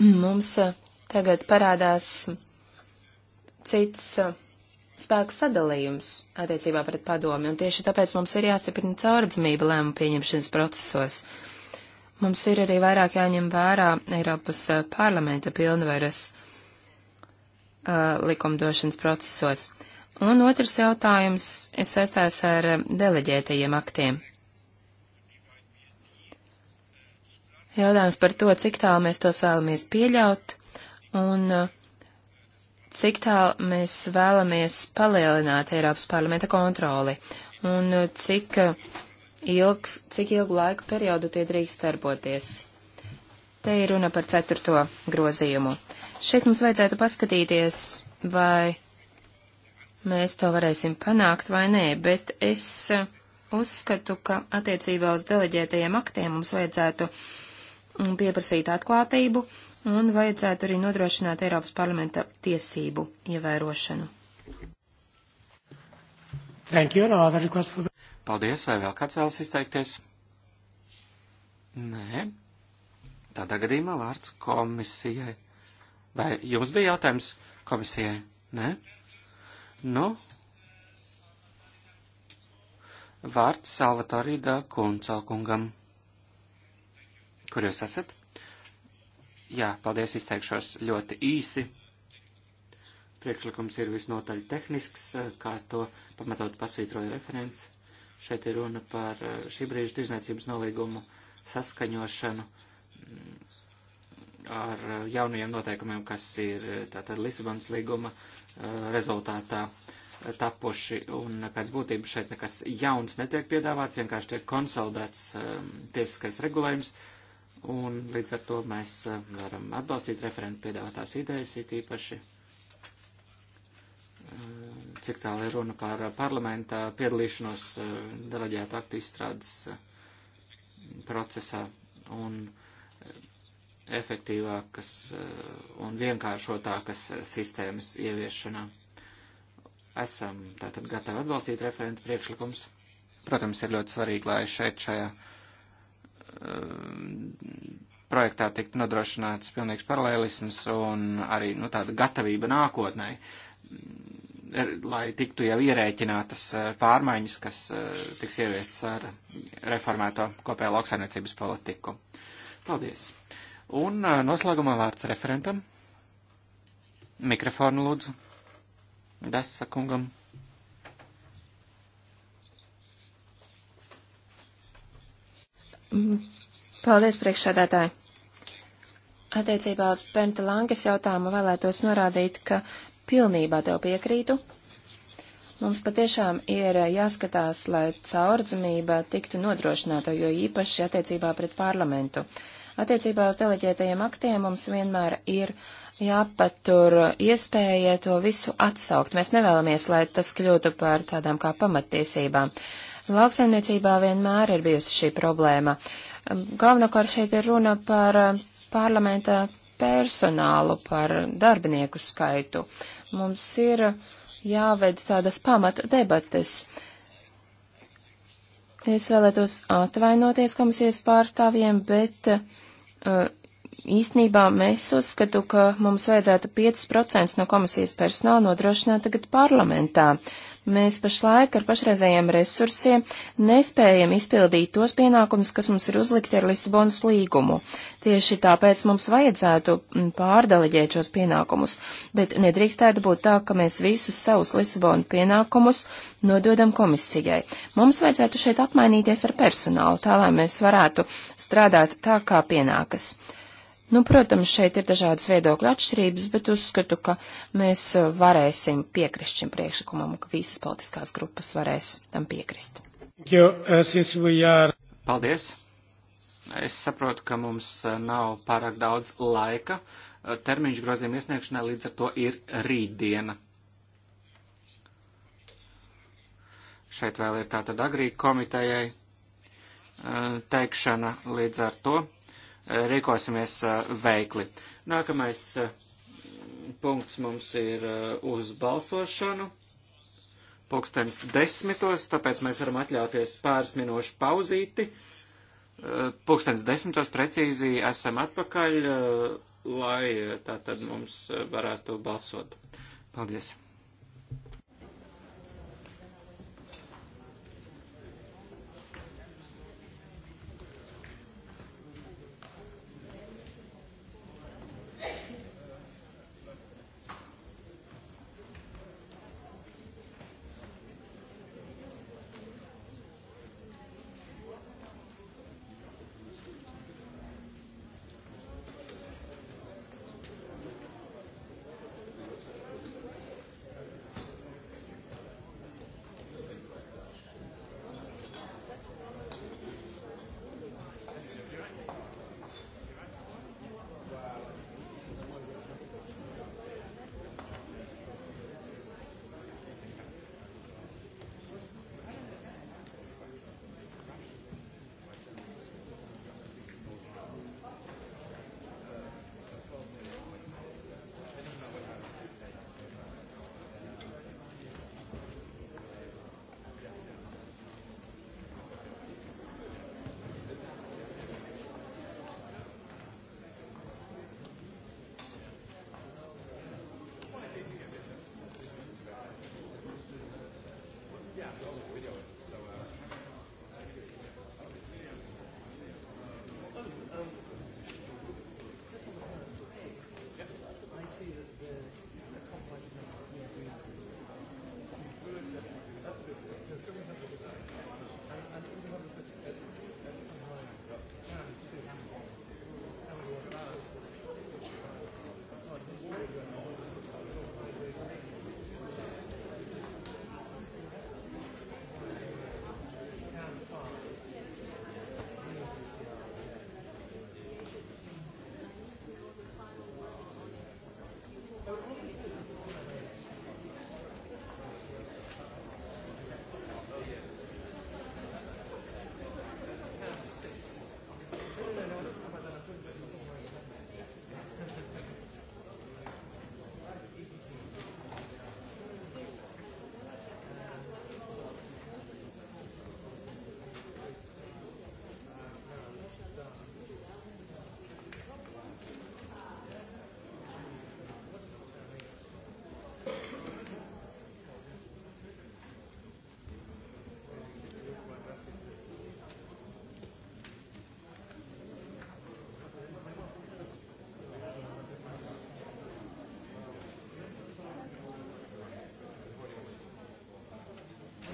mums eh, tagad parādās cits eh, spēku sadalījums attiecībā pret padomi, un tieši tāpēc mums ir jāstiprina caurdzamība lēmumu pieņemšanas procesos. Mums ir arī vairāk jāņem vērā Eiropas eh, parlamenta pilnvaras uh, likumdošanas procesos. Un otrs jautājums saistās ar um, deleģētajiem aktiem. Jautājums par to, cik tālu mēs tos vēlamies pieļaut un uh, cik tālu mēs vēlamies palielināt Eiropas parlamenta kontroli un uh, cik, uh, ilgs, cik ilgu laiku periodu tie drīkst darboties. Te ir runa par ceturto grozījumu. Šeit mums vajadzētu paskatīties, vai mēs to varēsim panākt vai nē, bet es eh, uzskatu, ka attiecībā uz deleģētajiem aktiem mums vajadzētu mm, pieprasīt atklātību un vajadzētu arī nodrošināt Eiropas parlamenta tiesību ievērošanu. Thank you. No other request for the... Paldies, vai vēl kāds vēlas izteikties? Nē. Tādā gadījumā vārds komisijai. Vai jums bija jautājums komisijai? Nē? Nu? Vārds Salvatorīda Kunco kungam. Kur jūs esat? Jā, paldies, izteikšos ļoti īsi. Priekšlikums ir visnotaļ tehnisks, kā to pamatot pasvītroja referents. Šeit ir runa par eh, šī brīža tirzniecības nolīgumu saskaņošanu ar eh, jaunajiem noteikumiem, kas ir eh, tātad Lisabonas līguma eh, rezultātā tapuši, un pēc būtības šeit nekas jauns netiek piedāvāts, vienkārši tiek konsolidēts tiesiskais regulējums, un līdz ar to mēs varam atbalstīt referentu piedāvātās idejas, it īpaši cik tālu ir runa par parlamentā piedalīšanos deleģētu aktu izstrādes procesā. Un efektīvākas eh, un vienkāršotākas eh, sistēmas ieviešanā. Esam tātad gatavi atbalstīt referentu priekšlikums. Protams, ir ļoti svarīgi, lai šeit šajā eh, projektā tiktu nodrošināts pilnīgs paralēlisms un arī nu, tāda gatavība nākotnē, er, lai tiktu jau ierēķinātas pārmaiņas, kas tiks ieviestas ar reformēto kopējo lauksainiecības politiku. Paldies! Un noslēgumā vārds referentam. Mikrofonu lūdzu. Dasa kungam. Paldies, priekšsēdētāji. Attiecībā uz Penta Langas jautājumu vēlētos norādīt, ka pilnībā tev piekrītu. Mums patiešām ir jāskatās, lai caurdzamība tiktu nodrošināta, jo īpaši attiecībā pret parlamentu. Uh, Attiecībā uz deleģētajiem aktiem mums vienmēr ir jāpatur iespēja to visu atsaukt. Mēs nevēlamies, lai tas kļūtu par tādām kā pamattiesībām. Lauksaimniecībā vienmēr ir bijusi šī problēma. Galvenokārt šeit ir runa par parlamenta personālu, par darbinieku skaitu. Mums ir jāved tādas pamata debates. Es vēlētos atvainoties komisijas pārstāvjiem, bet uh, Eh, īsnībā mēs uzskatu, ka mums vajadzētu 5% no komisijas personāla nodrošināt tagad parlamentā. Uh, Mēs pašlaik ar pašreizējiem resursiem nespējam izpildīt tos pienākumus, kas mums ir uzlikti ar Lisabonas līgumu. Tieši tāpēc mums vajadzētu mm, pārdeleģēt šos pienākumus, bet nedrīkstētu būt tā, ka mēs visus savus Lisabonu pienākumus nododam komisijai. Mums vajadzētu šeit apmainīties ar personālu, tā lai mēs varētu strādāt tā, kā pienākas. Nu, protams, šeit ir dažādas viedokļa atšķirības, bet uzskatu, ka mēs uh, varēsim piekrist šim priekšlikumam, ka visas politiskās grupas varēs tam piekrist. Uh, Paldies! Es saprotu, ka mums uh, nav pārāk daudz laika. Termiņš grozījuma iesniegšanai līdz ar to ir rītdiena. Šeit vēl ir tātad agrī komitejai teikšana līdz ar to rīkosimies veikli. Nākamais punkts mums ir uz balsošanu. Pulkstens desmitos, tāpēc mēs varam atļauties pāris minūšu pauzīti. Pulkstens desmitos precīzi esam atpakaļ, lai tātad mums varētu balsot. Paldies!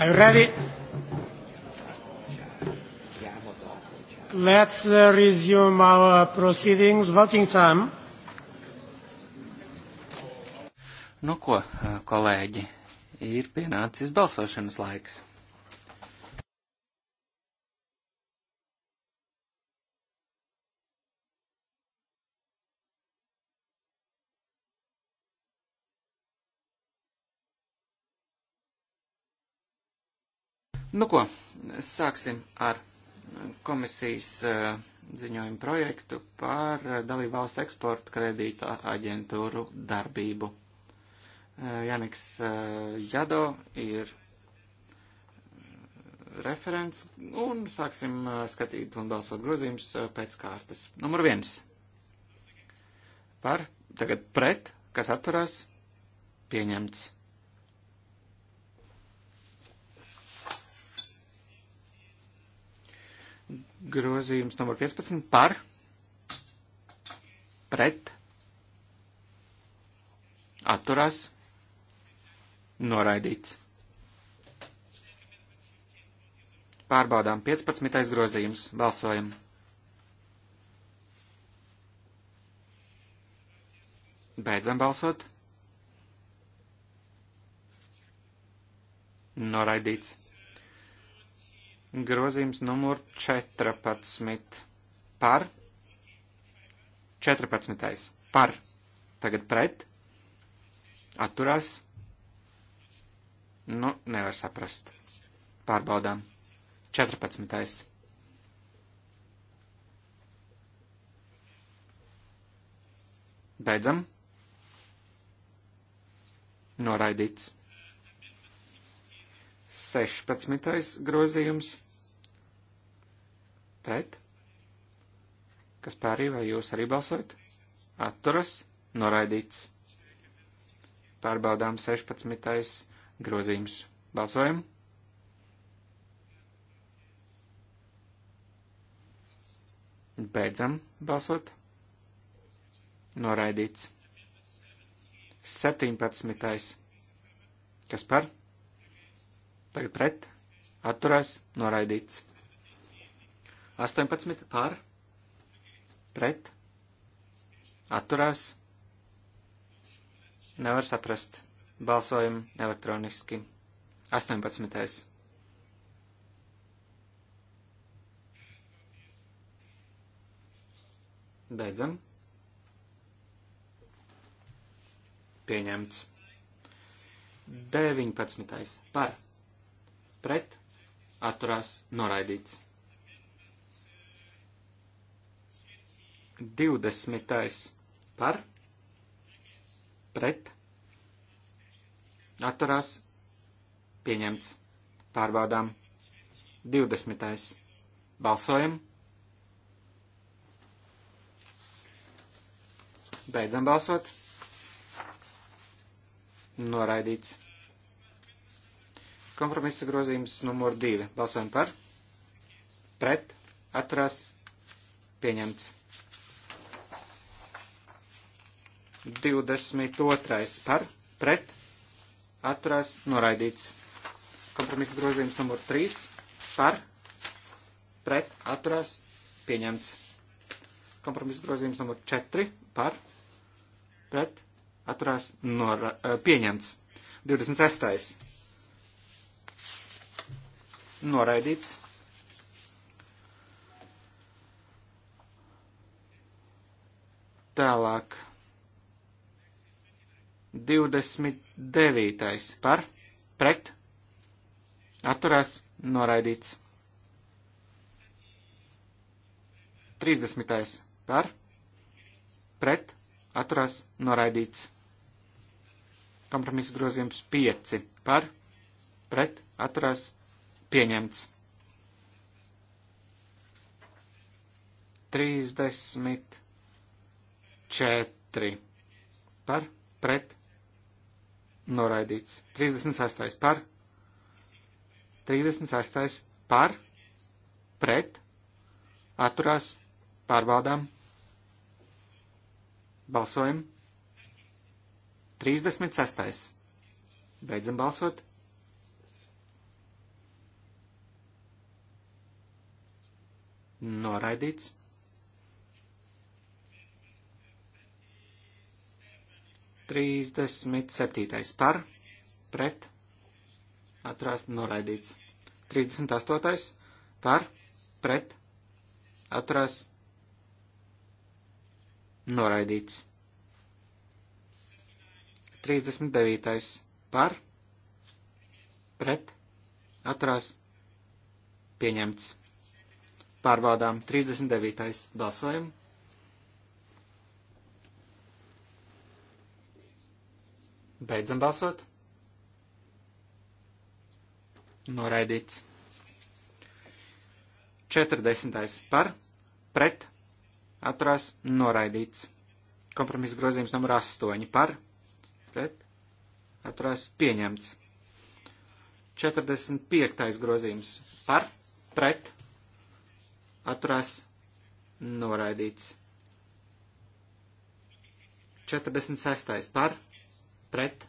Are you ready? Let's uh, resume our proceedings. Voting time. Nu ko, kolēģi, ir pienācis balsošanas laiks. Sāksim ar uh, komisijas uh, ziņojumu projektu par uh, dalību valstu eksporta kredīta aģentūru darbību. Janiks Jado ir referents un sāksim skatīt un balsot grozījumus pēc kārtas. Numur viens. Par, tagad pret, kas atturās, pieņemts. Grozījums numur 15 par pret atturās noraidīts. Pārbaudām 15. grozījums. Balsojam. Beidzam balsot. Noraidīts grozījums numur 14 par 14. par tagad pret atturās. Nu, nevar saprast. Pārbaudām. 14. Beidzam. Noraidīts. 16. grozījums pret, kas pārī vai jūs arī balsojat, atturas, noraidīts. Pārbaudām 16. grozījums. Balsojam! Beidzam balsot. Noraidīts. 17. Kas par? Tagad pret, atturās, noraidīts. 18 par, pret, atturās, nevar saprast. Balsojam elektroniski. 18. Beidzam. Pieņemts. 19. par pret, atturās noraidīts. 20. par, pret, atturās pieņemts. Pārbaudām. 20. Balsojam. Beidzam balsot. Noraidīts. Kompromisa grozījums numur 2. Balsojam par. Pret. Atturās. Pieņemts. 22. par. Pret. Atturās. Noraidīts. Kompromisa grozījums numur 3. Par. Pret. Atturās. Pieņemts. Kompromisa grozījums numur 4. Par. Pret. Atturās. Nora, eh, pieņemts. 26 noraidīts. Tālāk. 29. par pret atturās noraidīts. 30. par pret atturās noraidīts. Kompromiss grozījums 5 par pret atturās noraidīts Pieņemts. 34 par pret noraidīts. 36 par 36 par pret atturās pārbaudām balsojam 36. Beidzam balsot. noraidīts. 37. par, pret, atturās noraidīts. 38. par, pret, atturās noraidīts. 39. par, pret, atturās pieņemts. Pārbaudām 39. balsojumu. Beidzam balsot. Noraidīts. 40. par, pret, atturās, noraidīts. Kompromiss grozījums numur 8 par, pret, atturās, pieņemts. 45. grozījums par, pret, atturās noraidīts. 46. par, pret,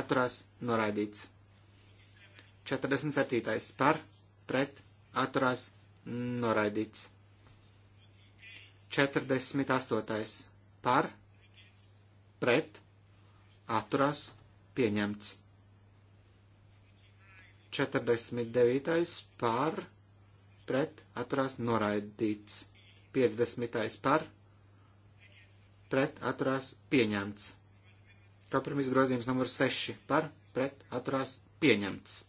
atturās noraidīts. 47. par, pret, atturās noraidīts. 48. par, pret, atturās pieņemts. 49. par, pret atturās noraidīts. 50. par pret atturās pieņemts. Kompromiss grozījums numur 6 par pret atturās pieņemts.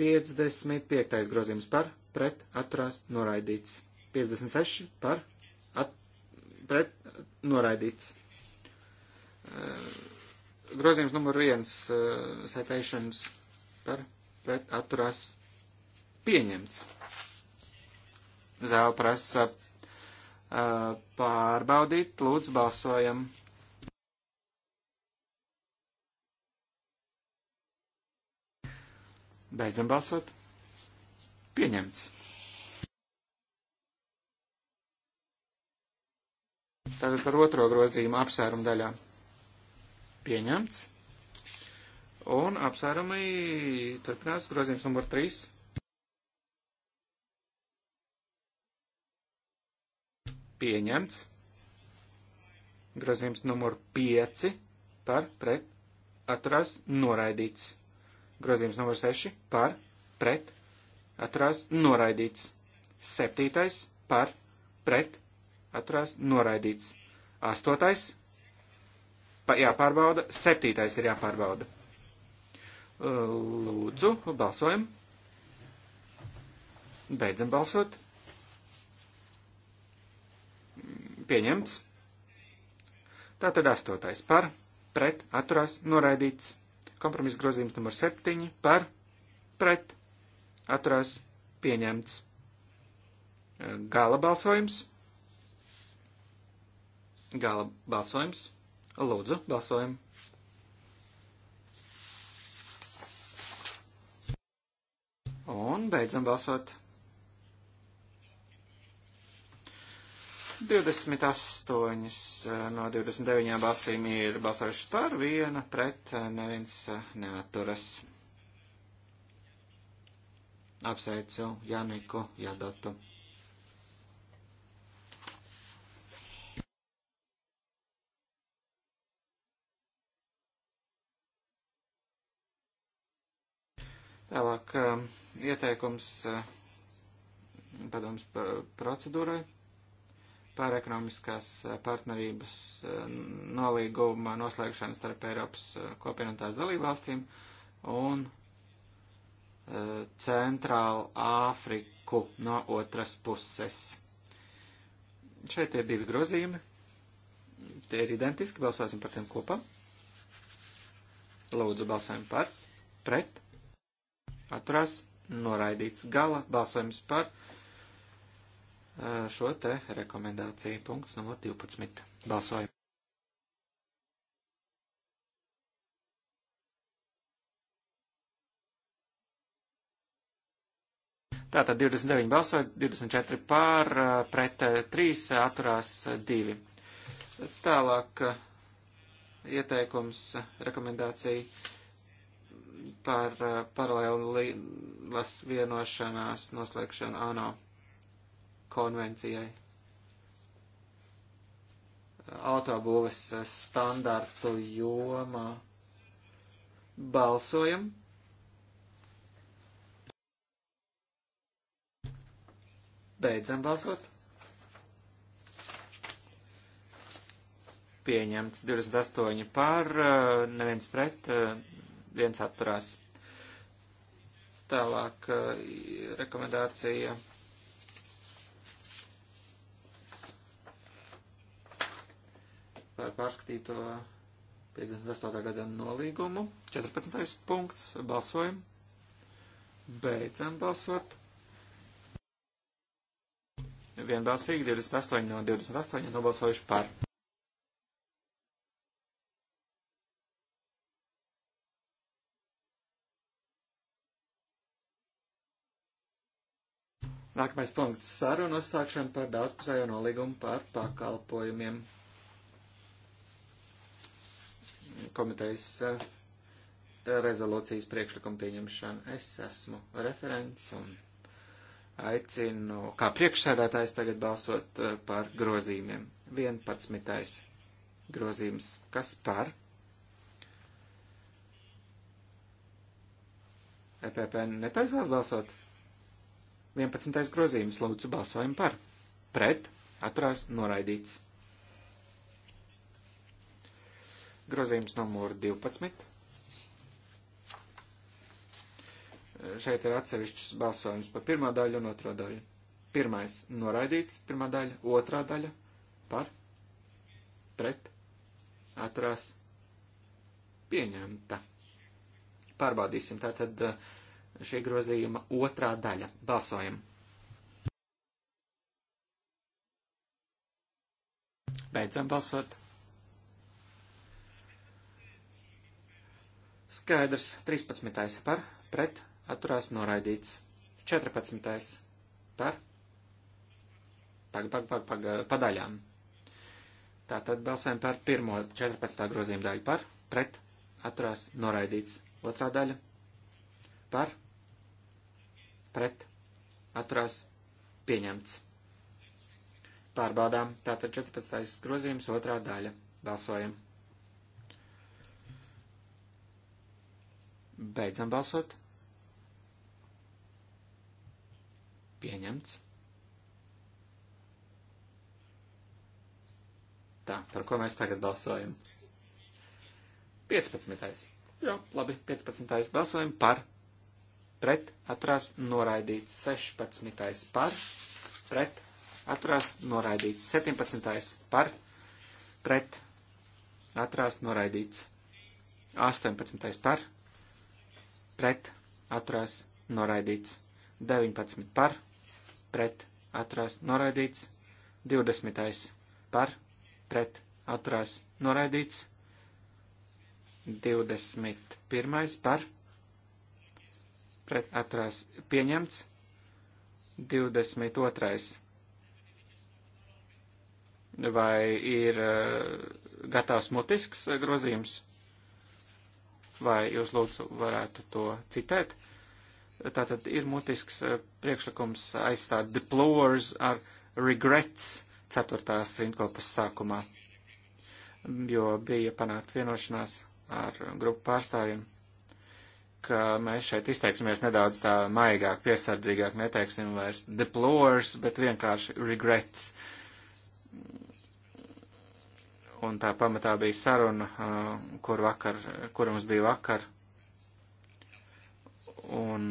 Piecdesmit piektais grozījums par, pret, atturās, noraidīts. Piecdesmit seši par, at, pret, noraidīts. Eh, grozījums numur viens, citations eh, par pret atturās pieņemts. Zēl prasa eh, pārbaudīt, lūdzu balsojam. Beidzam balsot. Pieņemts. Tātad par otro grozījumu apsvērumu daļā pieņemts. Un apsvērumi turpinās grozījums numur 3. Pieņemts. Grozījums numur 5 par pret atturās noraidīts. Grozījums numur 6 par pret atturās noraidīts. Septītais par pret atturās noraidīts. Astotais pa, jāpārbauda, septītais ir jāpārbauda. Lūdzu, balsojam. Beidzam balsot. Pieņemts. Tātad astotais par, pret, atturās, noraidīts. Kompromiss grozījums numur septiņi par, pret, atturās, pieņemts. Gala balsojums. Gala balsojums. Lūdzu, balsojam. Un beidzam balsot. 28 eh, no 29 balsīm ir balsojuši par, viena pret, eh, neviens eh, neaturas. Apsveicu Janiku Jadatu. Tālāk um, ieteikums uh, padoms procedūrai par ekonomiskās uh, partnerības uh, nolīguma noslēgšanu starp Eiropas kopienotās dalībvalstīm un Centrālu Āfriku no otras puses. Šeit ir divi grozījumi. Tie ir identiski, balsosim par tiem kopā. Lūdzu, balsojam par, pret, atturās noraidīts gala balsojums par šo te rekomendāciju. Punkts numur 12. Balsojam. Tātad 29 balsoja, 24 pār, pret 3 atturās 2. Tālāk ieteikums, rekomendācija par eh, paralēlas vienošanās noslēgšanu ANO konvencijai. Autobūves standartu jomā balsojam. Beidzam balsot. Pieņemts 28 pār, eh, neviens pret, eh, viens atturās. Tālāk eh, rekomendācija. Par pārskatīto 58. gada nolīgumu. 14. punkts. Balsojam. Beidzam balsot. Vienbalsīgi 28 no 28 nobalsojuši par. Nākamais punkts - saruna uzsākšana par daudzpusējo nolīgumu par pakalpojumiem. Komitejas uh, rezolūcijas priekšlikuma pieņemšana. Es esmu referents un aicinu, kā priekšsēdētājs, tagad balsot uh, par grozījumiem. 11. grozījums. Kas par? EPP netaisās balsot? 11. grozījums lūdzu balsojumu par. Pret atturās noraidīts. Grozījums numur 12. Šeit ir atsevišķs balsojums par pirmā daļu un otro daļu. Pirmais noraidīts, pirmā daļa, otrā daļa par, pret, atturās, pieņemta. Pārbaudīsim tātad uh, šī grozījuma otrā daļa. Balsojam! Beidzam balsot! Skaidrs, 13. par, pret, atturās noraidīts. 14. par, pag, pag, pag, pag, padaļām. Tātad balsojam par pirmo 14. grozījuma daļu par, pret, atturās noraidīts. Otrā daļa par, pret, atturās, pieņemts. Pārbaudām, tātad 14. grozījums, otrā daļa. Balsojam. Beidzam balsot. Pieņemts. Tā, par ko mēs tagad balsojam? 15. Jā, labi, 15. balsojam par pret atturās noraidīts 16. par, pret atturās noraidīts 17. par, pret atturās noraidīts 18. par, pret atturās noraidīts 19. par, pret atturās noraidīts 20. par, pret atturās noraidīts 21. par, pret atturās pieņemts. 22. Vai ir eh, gatavs mutisks eh, grozījums? Vai jūs lūdzu varētu to citēt? Tātad ir mutisks eh, priekšlikums aizstāt deplores ar regrets ceturtās rindkopas sākumā, jo bija panākt vienošanās ar grupu pārstāvjiem ka mēs šeit izteiksimies nedaudz tā maigāk, piesardzīgāk, neteiksim vairs deplores, bet vienkārši regrets. Un tā pamatā bija saruna, uh, kur vakar, kur mums bija vakar. Un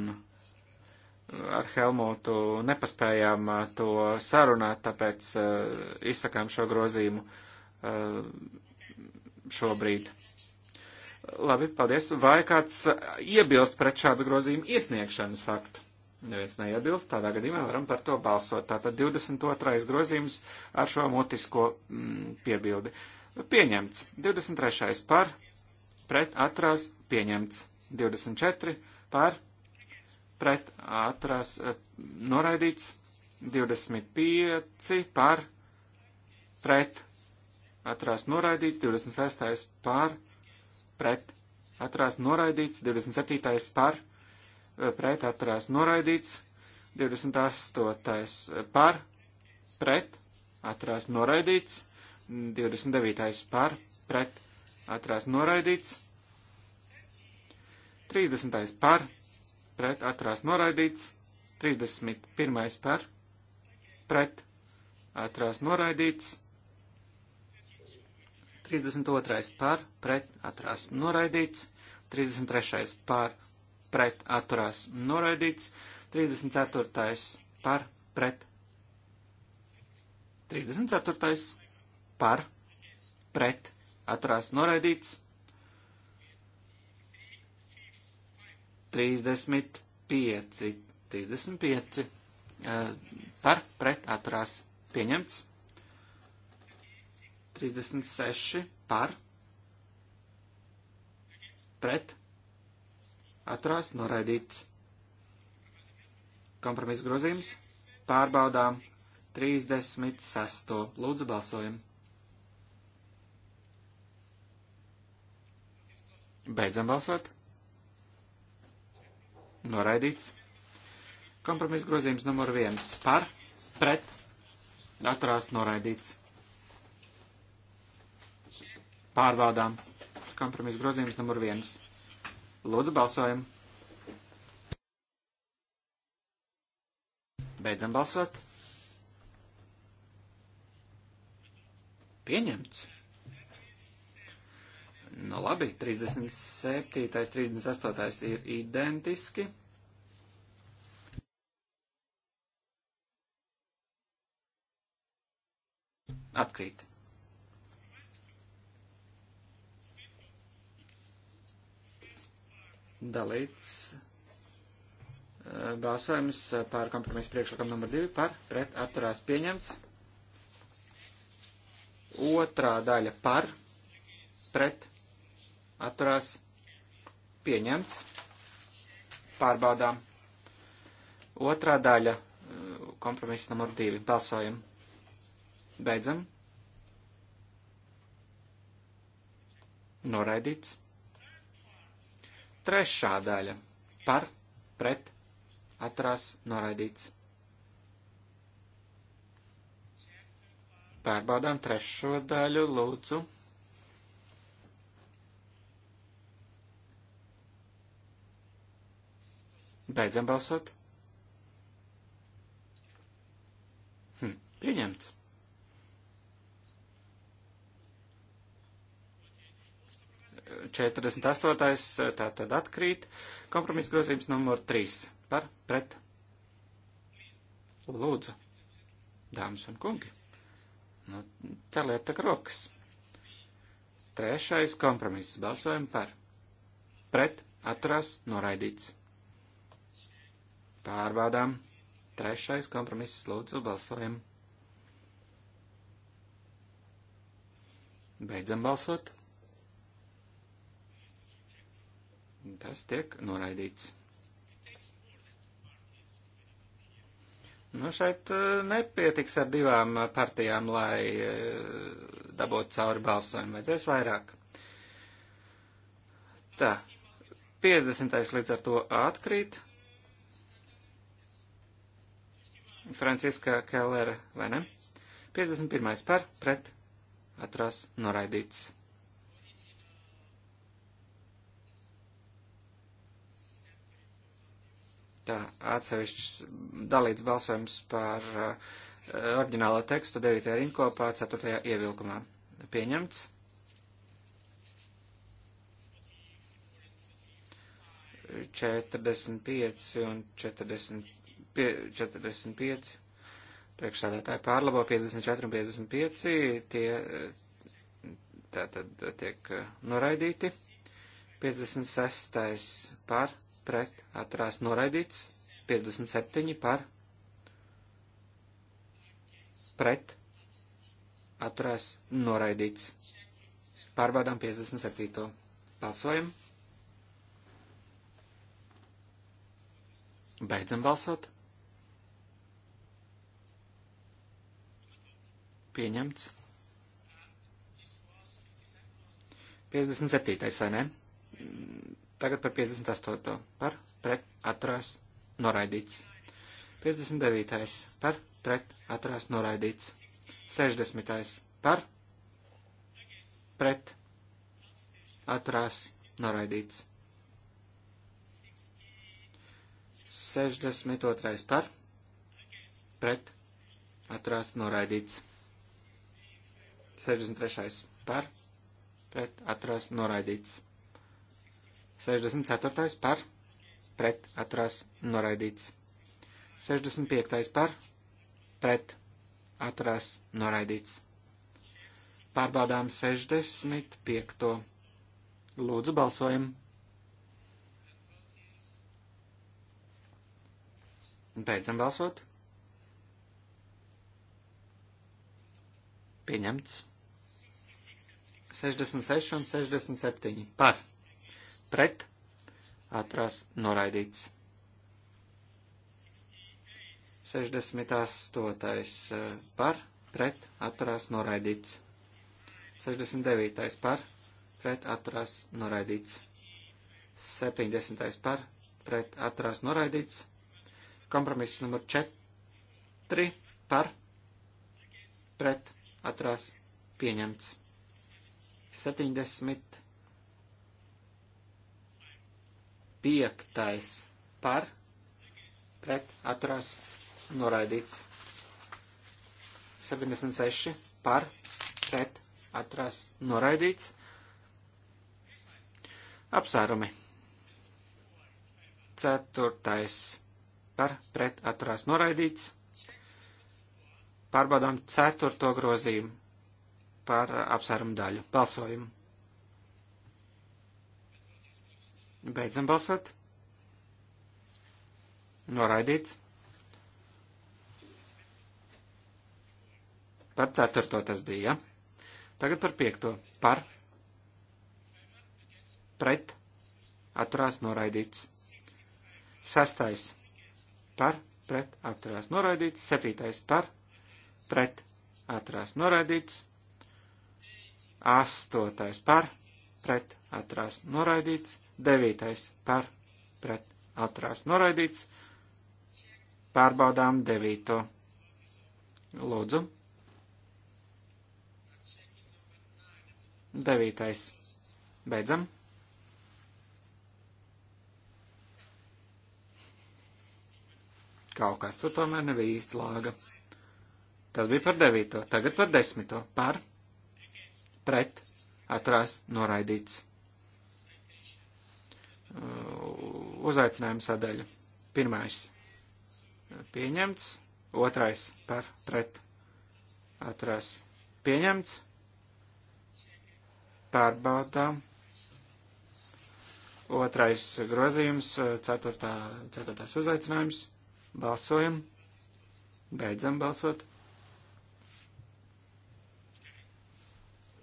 ar Helmutu nepaspējām uh, to sarunāt, tāpēc uh, izsakām šo grozījumu šobrīd. Labi, paldies. Vai kāds uh, iebilst pret šādu grozījumu iesniegšanas faktu? Neviens neiebilst, tādā gadījumā varam par to balsot. Tātad 22. grozījums ar šo mutisko mm, piebildi. Pieņemts. 23. par, pret atrās, pieņemts. 24. par, pret atrās, eh, noraidīts. 25. par, pret atrās, noraidīts. 26. par, pret pret atturās noraidīts, 27. Eh, eh, par pret atturās noraidīts, 28. par pret atturās noraidīts, 29. par pret atturās noraidīts, 30. par pret atturās noraidīts, 31. par pret atturās noraidīts, 32. par pret atturās noraidīts, 33. par pret atturās noraidīts, 34. par pret 34. par pret atturās noraidīts, 35. 35. Eh, par pret atturās pieņemts. 36 par pret atturās noraidīts. Kompromiss grozījums pārbaudām 36. Lūdzu balsojam. Beidzam balsot. Noraidīts. Kompromiss grozījums numur viens par, pret, atturās noraidīts. Pārbaudām. Kompromis grozījums numur viens. Lūdzu, balsojam. Beidzam balsot. Pieņemts. Nu labi, 37. 38. ir identiski. Atkrīt. dalīts e, balsojums par kompromisu priekšlikumu numur 2 par pret atturās pieņemts. Otrā daļa par pret atturās pieņemts. Pārbaudām. Otrā daļa e, kompromiss numur 2. Balsojam. Beidzam. Noraidīts. Trešā daļa par pret atturās noraidīts. Pārbaudām trešo daļu, lūdzu. Beidzam balsot. Hm, pieņemts. 48. tā tad atkrīt. Kompromiss grozījums numur 3 par pret. Lūdzu, dāmas un kungi, nu, celiet tak rokas. Trešais kompromiss balsojam par. Pret atturās noraidīts. Pārbaudām. Trešais kompromiss lūdzu balsojam. Beidzam balsot. Tas tiek noraidīts. Nu, šeit eh, nepietiks ar divām eh, partijām, lai eh, dabūtu cauri balsojumu. Vajadzēs vairāk. Tā. 50. līdz ar to atkrīt. Franciska Kellera, vai ne? 51. par, pret, atrās, noraidīts. tā atsevišķs dalīts balsojums par uh, oriģinālo tekstu 9. rinkopā 4. ievilkumā. Pieņemts. Četrdesmit pieci un četrdesmit pieci. Priekšsādātāji pārlabo 54 un 55. Tie eh, tātad tiek eh, noraidīti. 56. par pret atturās noraidīts, 57 par pret atturās noraidīts. Pārbaudām 57. Balsojam. Beidzam balsot. Pieņemts. 57. vai ne? Tagad par 58. par pret atturās noraidīts. 59. par pret atturās noraidīts. 60. par pret atturās noraidīts. 62. par pret atturās noraidīts. 63. par pret atturās noraidīts. 64. par pret atturās noraidīts. 65. par pret atturās noraidīts. Pārbaudām 65. Lūdzu balsojam. Beidzam balsot. Pieņemts. 66 un 67 par pret, atturās noraidīts. 68. Eh, par, pret, atturās noraidīts. 69. par, pret, atturās noraidīts. 70. par, pret, atturās noraidīts. Kompromiss numur 4 par, pret, atturās pieņemts. 70. Piektais par pret atturās noraidīts. 76 par pret atturās noraidīts. Apsvērumi. Ceturtais par pret atturās noraidīts. Pārbaudām ceturto grozījumu par apsvērumu daļu. Balsojumu. Beidzam balsot. Noraidīts. Par ceturto tas bija, ja? Tagad par piekto. Par. Pret. Atturās noraidīts. Sastais. Par. Pret. Atturās noraidīts. Septītais. Par. Pret. Atturās noraidīts. Astotais. Par. Pret. Atturās noraidīts. 9. par pret atturās noraidīts. Pārbaudām 9. Lūdzu. 9. Beidzam. Kaut kas tur tomēr nebija īsti lāga. Tas bija par devīto, tagad par desmito, par, pret, atrās, noraidīts. Uh, uzaicinājuma sadaļa. Pirmais pieņemts, otrais par pret atturās pieņemts, pārbaudām, otrais grozījums, ceturtā, ceturtās uzaicinājums, balsojam, beidzam balsot.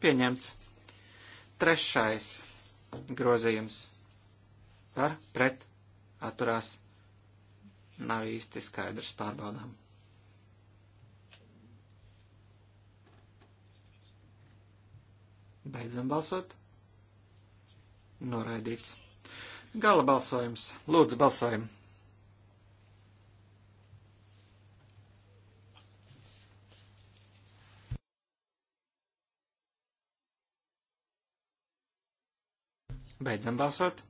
Pieņemts. Trešais grozījums par pret atturās nav īsti skaidrs pārbaudām. Beidzam balsot. Noraidīts. Gala balsojums. Lūdzu, balsojam. Beidzam balsot.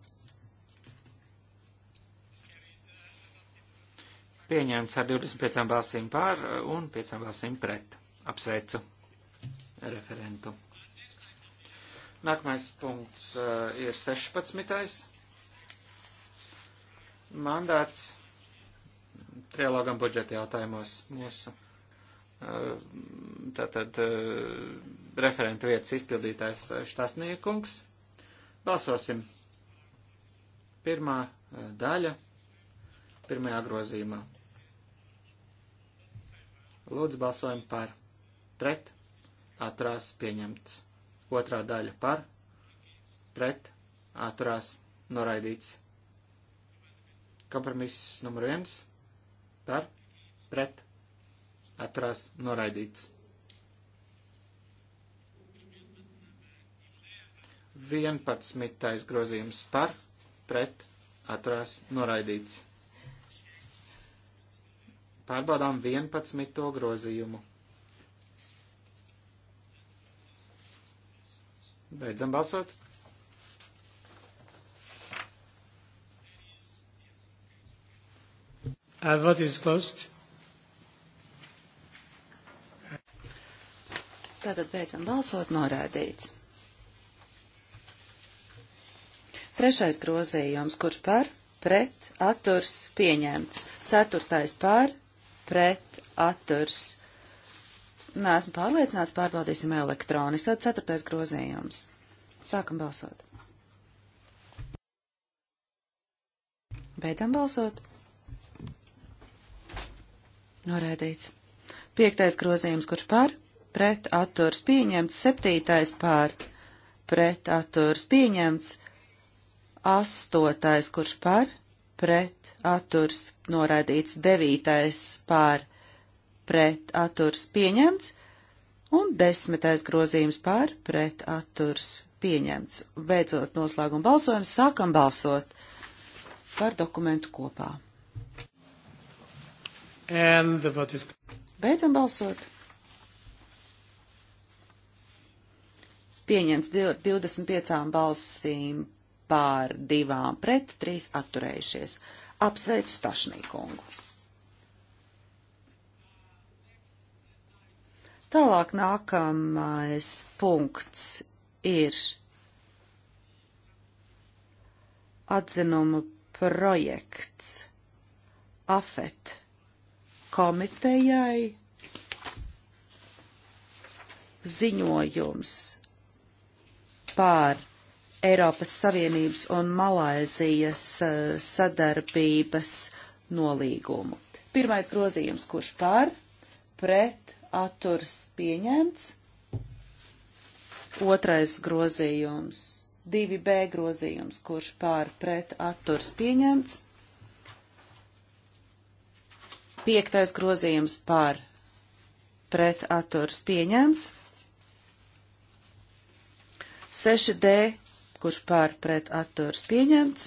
pieņemts ar 25 balsīm pār uh, un 5 balsīm pret. Apsveicu referentu. Nākamais punkts uh, ir 16. Mandāts trilogam budžeta jautājumos mūsu. Uh, tātad uh, referenta vietas izpildītājs uh, Štasniekungs. Balsosim. Pirmā uh, daļa, pirmajā grozījumā. Lūdzu, balsojam par. Pret. Atturās pieņemts. Otrā daļa par. Pret. Atturās noraidīts. Kompromiss numur viens. Par. Pret. Atturās noraidīts. 11. grozījums par, pret, atturās noraidīts. Pārbaudām 11. grozījumu. Beidzam balsot. And uh, what is closed? Tātad beidzam balsot norādīts. Trešais grozījums, kurš par, pret, atturs, pieņemts. Ceturtais par, pret atturs. Nē, esmu pārliecināts, pārbaudīsim elektroniski. Tad ceturtais grozījums. Sākam balsot. Beidzam balsot. Norēdīts. Piektais grozījums, kurš par, pret atturs pieņemts, septītais par, pret atturs pieņemts, astotais, kurš par, pret atturs noraidīts, 9. pār pret atturs pieņemts un 10. grozījums pār pret atturs pieņemts. Beidzot noslēguma balsojums, sākam balsot par dokumentu kopā. Is... Beidzam balsot. Pieņemts 25 balsīm pār divām pret, trīs atturējušies. Apsveicu Stašnīkungu. Tālāk nākamais punkts ir atzinuma projekts AFET komitejai ziņojums par Eiropas Savienības un Malaizijas eh, sadarbības nolīgumu. Pirmais grozījums, kurš pār, pret, atturs pieņemts. Otrais grozījums, 2B grozījums, kurš pār, pret, atturs pieņemts. Piektais grozījums pār, pret, atturs pieņemts. 6D kurš pār pret atturs pieņemts.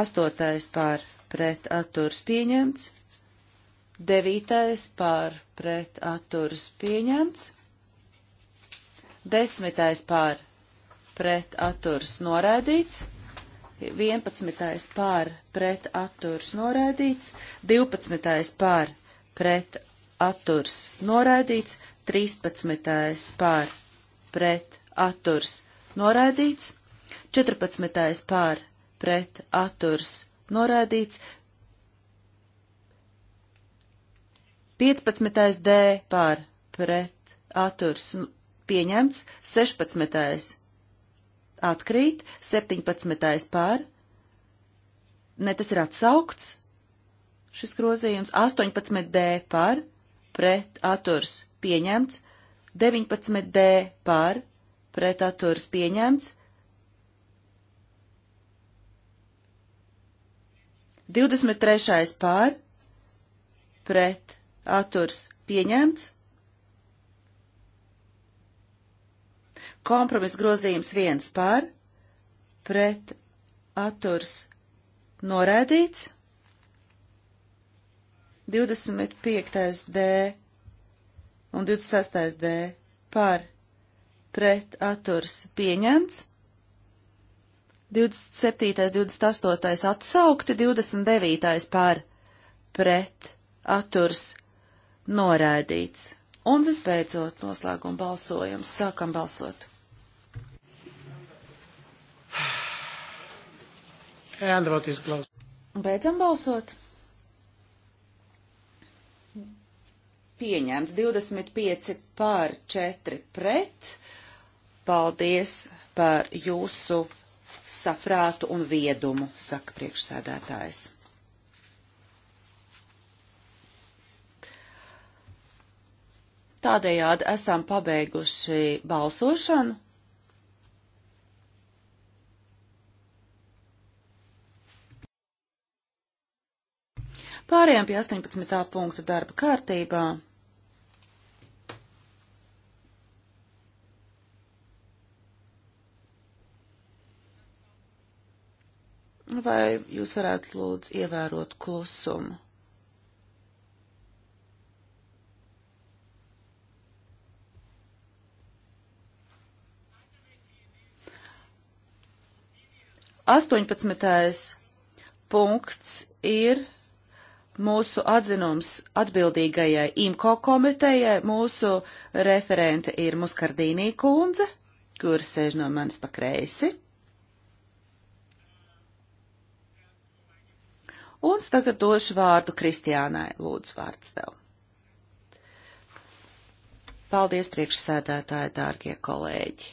Astotais pār pret atturs pieņemts. Devītais pār pret atturs pieņemts. Desmitais pār pret atturs noraidīts. 11. pār pret atturs noraidīts, 12. pār pret atturs noraidīts, 13. pār pret atturs noraidīts, 14. pār pret atturs noraidīts, 15. D pār pret atturs pieņemts, 16. atkrīt, 17. pār, ne tas ir atsaukts, šis grozījums, 18. D pār pret atturs pieņemts, 19D par pret atturas pieņemts. 23. pār pret atturas pieņemts. Kompromis grozījums 1 pār pret atturas norēdīts. 25. D un 26. D par pret atturs pieņemts, 27., 28. atsaukti, 29. par pret atturs noraidīts. Un visbeidzot, noslēguma balsojums. Sākam balsot. Androtis klaus. Beidzam balsot. Pieņemts 25 pār 4 pret Paldies par jūsu saprātu un viedumu, saka priekšsēdētājs. Tādējādi esam pabeiguši balsošanu. Pārējām pie 18. punktu darba kārtībā. Vai jūs varētu lūdzu ievērot klusumu? Astoņpadsmitais punkts ir mūsu atzinums atbildīgajai IMCO komitejai. Mūsu referente ir Muskardīnī kundze, kur sēž no manis pa kreisi. Un tagad došu vārdu Kristiānai. Lūdzu, vārds tev. Paldies, priekšsēdētāji, dārgie kolēģi.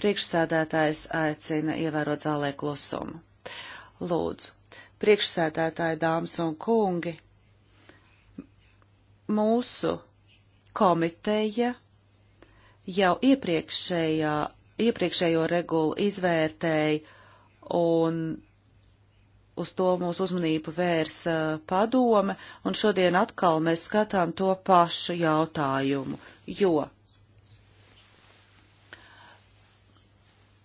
Priekšsēdētājs aicina ievērot zālē klusumu. Lūdzu, priekšsēdētāji, dāmas un kungi, mūsu komiteja jau iepriekšējā iepriekšējo regulu izvērtēja un uz to mūsu uzmanību vērsa padome, un šodien atkal mēs skatām to pašu jautājumu, jo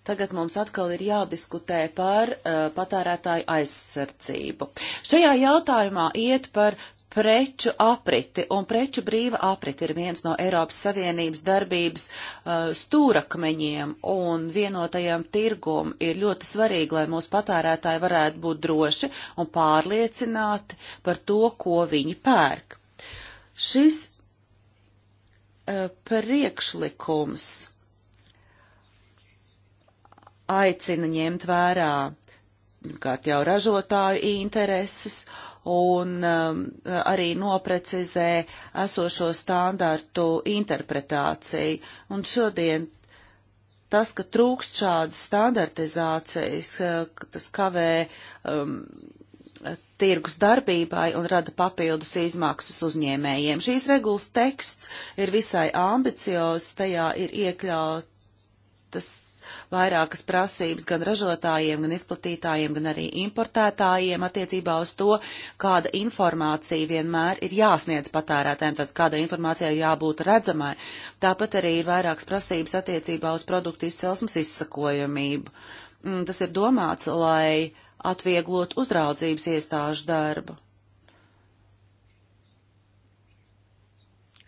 Tagad mums atkal ir jādiskutē par uh, patērētāju aizsardzību. Šajā jautājumā iet par preču apriti, un preču brīva apriti ir viens no Eiropas Savienības darbības uh, stūrakmeņiem, un vienotajam tirgum ir ļoti svarīgi, lai mūsu patērētāji varētu būt droši un pārliecināti par to, ko viņi pērk. Šis uh, priekšlikums aicina ņemt vērā, pirmkārt, jau ražotāju intereses, uh, un um, arī noprecizē esošo standartu interpretāciju. Un šodien tas, ka trūkst šādas standartizācijas, uh, tas kavē um, tirgus darbībai un rada papildus izmaksas uzņēmējiem. Šīs regulas teksts ir visai ambiciozs, tajā ir iekļautas vairākas prasības gan ražotājiem, gan izplatītājiem, gan arī importētājiem attiecībā uz to, kāda informācija vienmēr ir jāsniedz patērētājiem, tad kāda informācija ir jābūt redzamai. Tāpat arī ir vairākas prasības attiecībā uz produktu izcelsmes izsakojamību. Mm, tas ir domāts, lai atvieglot uzraudzības iestāžu darbu.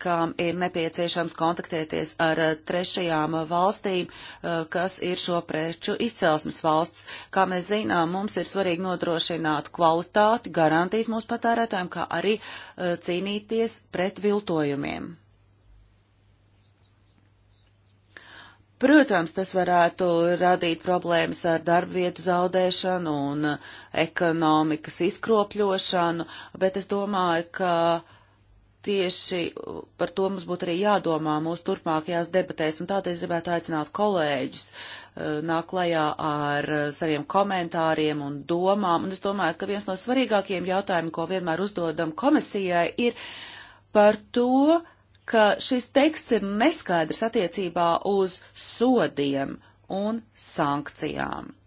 kam ir nepieciešams kontaktēties ar eh, trešajām valstīm, eh, kas ir šo preču izcelsmes valsts. Kā mēs zinām, mums ir svarīgi nodrošināt kvalitāti, garantijas mūsu patērētājiem, kā arī eh, cīnīties pret viltojumiem. Protams, tas varētu radīt problēmas ar darbvietu zaudēšanu un ekonomikas izkropļošanu, bet es domāju, ka uh, tieši par to mums būtu arī jādomā mūsu turpmākajās debatēs, un tādēļ es gribētu aicināt kolēģus eh, nāk klajā ar eh, saviem komentāriem un domām, un es domāju, ka viens no svarīgākajiem jautājumiem, ko vienmēr uzdodam komisijai, ir par to, ka šis teksts ir neskaidrs attiecībā uz sodiem un sankcijām.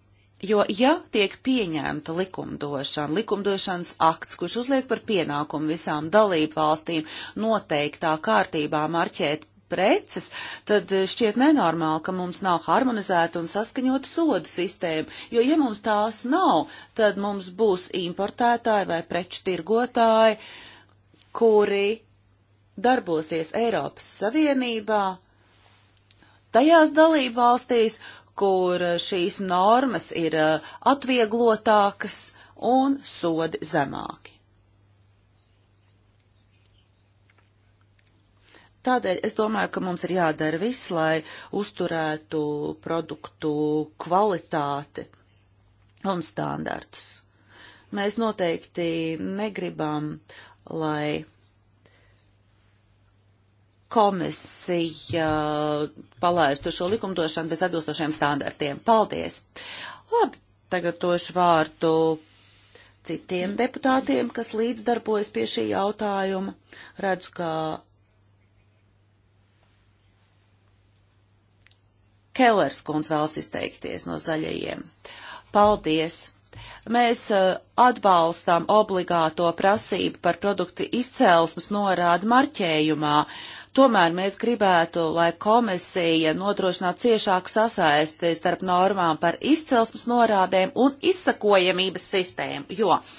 Jo, ja tiek pieņemta likumdošana, likumdošanas akts, kurš uzliek par pienākumu visām dalību valstīm noteiktā kārtībā marķēt preces, tad eh, šķiet nenormāli, ka mums nav harmonizēta un saskaņota sodu sistēma, jo, ja mums tās nav, tad mums būs importētāji vai preču tirgotāji, kuri darbosies Eiropas Savienībā, tajās dalību valstīs, kur eh, šīs normas ir eh, atvieglotākas un sodi zemāki. Tādēļ es domāju, ka mums ir jādara viss, lai uzturētu produktu kvalitāti un standartus. Mēs noteikti negribam, lai komisija palaistu šo likumdošanu bez atbilstošiem standartiem. Paldies! Labi, tagad došu vārdu citiem deputātiem, kas līdzdarbojas pie šī jautājuma. Redzu, ka Kellers kundz vēlas izteikties no zaļajiem. Paldies! Mēs eh, atbalstām obligāto prasību par produktu izcēlesmes norādu marķējumā. Uh, Tomēr mēs gribētu, lai komisija nodrošinātu ciešāku sasaisti starp normām par izcelsmes norādēm un izsakojamības sistēmu, jo uh,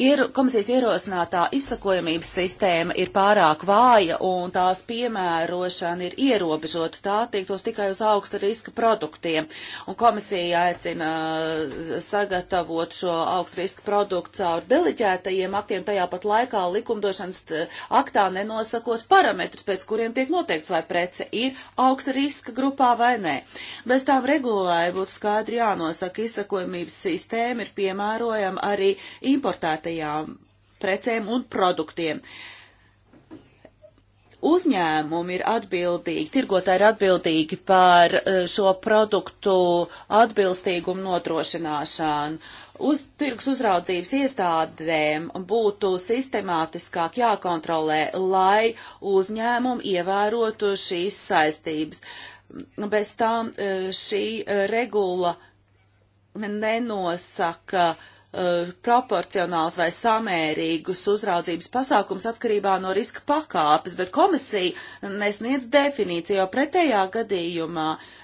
Ir, komisijas ierosinātā izsakojamības sistēma ir pārāk vāja un tās piemērošana ir ierobežota. Tā attiektos tikai uz augsta riska produktiem. Un komisija aicina uh, sagatavot šo augsta riska produktu caur deliģētajiem aktiem, tajā pat laikā likumdošanas uh, aktā nenosakot parametrus, pēc kuriem tiek noteikts, vai prece ir augsta riska grupā vai nē. Bez tām regulēja būtu skaidri jānosaka izsakojamības sistēma ir piemērojama arī importētājiem importētajām precēm un produktiem. Uzņēmumi ir atbildīgi, tirgotāji ir atbildīgi par eh, šo produktu atbilstīgumu nodrošināšanu. Uz tirgus uzraudzības iestādēm būtu sistemātiskāk jākontrolē, lai uzņēmumi ievērotu šīs saistības. Bez tām eh, šī eh, regula nenosaka uh, Eh, proporcionāls vai samērīgus uzraudzības pasākums atkarībā no riska pakāpes, bet komisija nesniedz definīciju, jo pretējā gadījumā eh,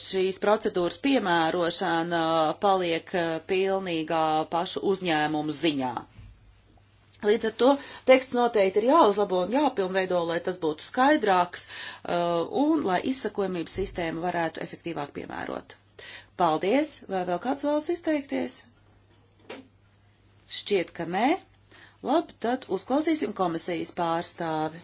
šīs procedūras piemērošana paliek eh, pilnīgā pašu uzņēmumu ziņā. Līdz ar to teksts noteikti ir jāuzlabo un jāpilnveido, lai tas būtu skaidrāks un lai izsakojamības sistēmu varētu efektīvāk piemērot. Paldies! Vai vēl kāds vēlas izteikties? Šķiet, ka nē. Labi, tad uzklausīsim komisijas pārstāvi.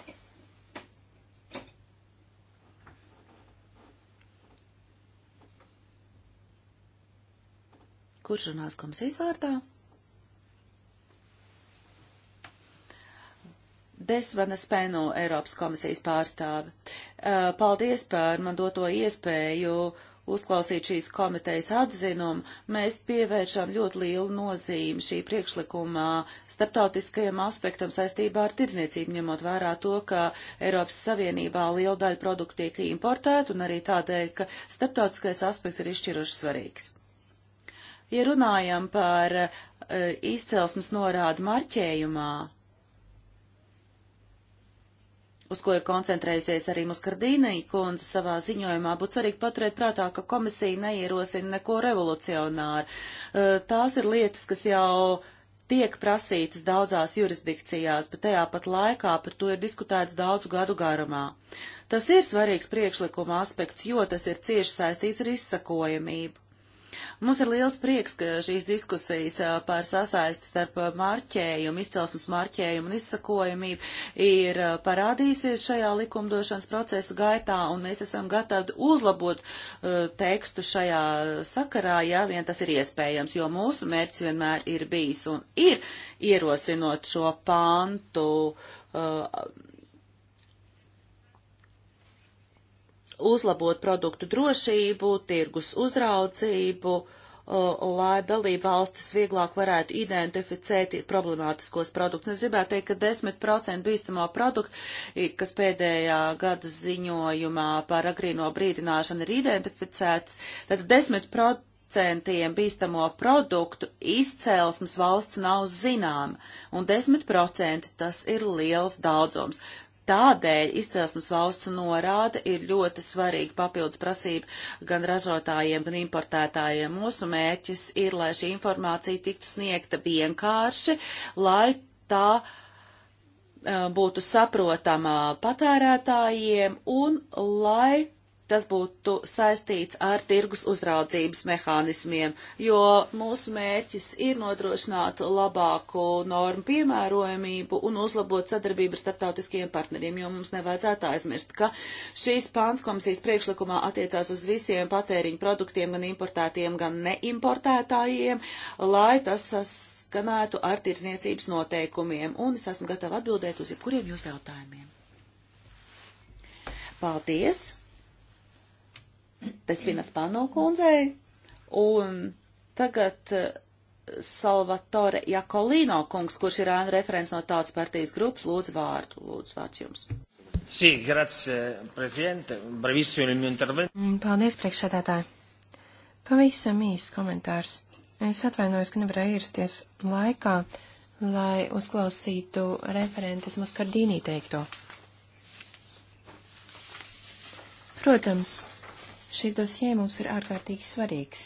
Kurš runās komisijas vārdā? Desvana Speno, Eiropas komisijas pārstāve. Paldies par man doto iespēju uh, uzklausīt šīs komitejas atzinumu, mēs pievēršam ļoti lielu nozīmi šī priekšlikuma starptautiskajam aspektam saistībā ar tirdzniecību, ņemot vērā to, ka Eiropas Savienībā liela daļa produktu tiek importēta un arī tādēļ, ka starptautiskais aspekts ir izšķiroši svarīgs. Ja runājam par uh, izcelsmes norādu marķējumā, uz ko ir koncentrējusies arī Muskardīnai kundze savā ziņojumā, būtu svarīgi paturēt prātā, ka komisija neierosina neko revolucionāru. Tās ir lietas, kas jau tiek prasītas daudzās jurisdikcijās, bet tajā pat laikā par to ir diskutēts daudzu gadu garumā. Tas ir svarīgs priekšlikuma aspekts, jo tas ir cieši saistīts ar izsakojamību. Mums ir liels prieks, ka šīs diskusijas par sasaisti starp marķējumu, izcelsmes marķējumu un izsakojumību ir parādījusies šajā likumdošanas procesa gaitā, un mēs esam gatavi uzlabot uh, tekstu šajā sakarā, ja vien tas ir iespējams, jo mūsu mērķis vienmēr ir bijis un ir ierosinot šo pantu. Uh, uzlabot produktu drošību, tirgus uzraudzību, lai dalība valstis vieglāk varētu identificēt problemātiskos produktus. Es gribētu teikt, ka 10% bīstamo produktu, kas pēdējā gada ziņojumā par agrīno brīdināšanu ir identificēts, tad 10% procentiem bīstamo produktu izcēlesmes valsts nav zināma, un 10% tas ir liels daudzums. Tādēļ izcelsmes valsts norāde ir ļoti svarīga papildus prasība gan ražotājiem, gan importētājiem. Mūsu mērķis ir, lai šī informācija tiktu sniegta vienkārši, lai tā eh, būtu saprotama patērētājiem un lai tas būtu saistīts ar tirgus uzraudzības mehānismiem, jo mūsu mērķis ir nodrošināt labāku normu piemērojamību un uzlabot sadarbību ar starptautiskiem partneriem, jo mums nevajadzētu aizmirst, ka šīs pāns komisijas priekšlikumā attiecās uz visiem patēriņu produktiem, gan importētiem, gan neimportētājiem, lai tas saskanētu ar tirzniecības noteikumiem. Un es esmu gatava atbildēt uz jebkuriem jūsu jautājumiem. Paldies! Tespinas Pano kundzei un tagad eh, Salvatore Jakolino kungs, kurš ir ēnu eh, referents no tāds partijas grupas, lūdzu vārdu, lūdzu vārds jums. Sī, sí, grazie, prezidente, brevissimo il mio intervento. Mm, paldies, priekšsēdētāji. Pavisam īsts komentārs. Es atvainojos, ka nevarēju ierasties laikā, lai uzklausītu referentes Maskardīnī teikto. Protams, Šis dosie mums ir ārkārtīgi svarīgs.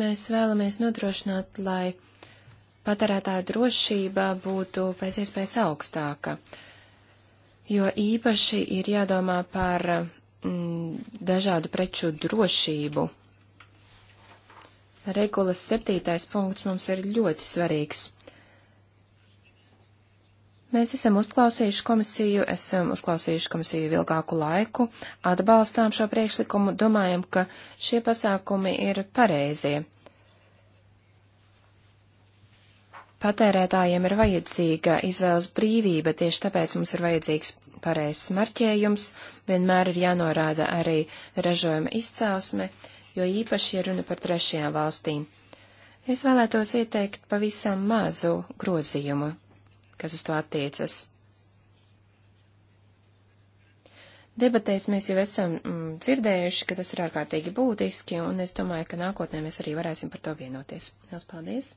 Mēs vēlamies nodrošināt, lai patērētāja drošība būtu pēc iespējas augstāka, jo īpaši ir jādomā par mm, dažādu preču drošību. Regulas septītais punkts mums ir ļoti svarīgs. Mēs esam uzklausījuši komisiju, esam uzklausījuši komisiju ilgāku laiku, atbalstām šo priekšlikumu, domājam, ka šie pasākumi ir pareizie. Patērētājiem ir vajadzīga izvēles brīvība, tieši tāpēc mums ir vajadzīgs pareizs marķējums, vienmēr ir jānorāda arī ražojuma izcelsme, jo īpaši ir runa par trešajām valstīm. Es vēlētos ieteikt pavisam mazu grozījumu kas uz to attiecas. Debatēs mēs jau esam mm, dzirdējuši, ka tas ir ārkārtīgi būtiski, un es domāju, ka nākotnē mēs arī varēsim par to vienoties. Lielas paldies!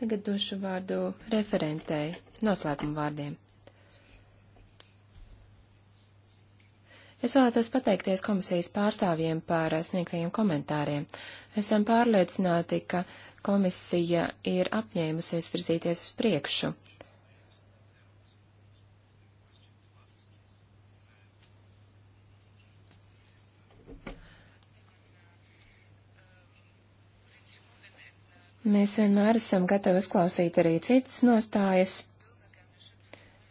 Tagad došu vārdu referentei noslēguma vārdiem. Es vēlētos pateikties komisijas pārstāvjiem par sniegtajiem komentāriem. Esam pārliecināti, ka komisija ir apņēmusies virzīties uz priekšu. Mēs vienmēr esam gatavi uzklausīt arī citas nostājas.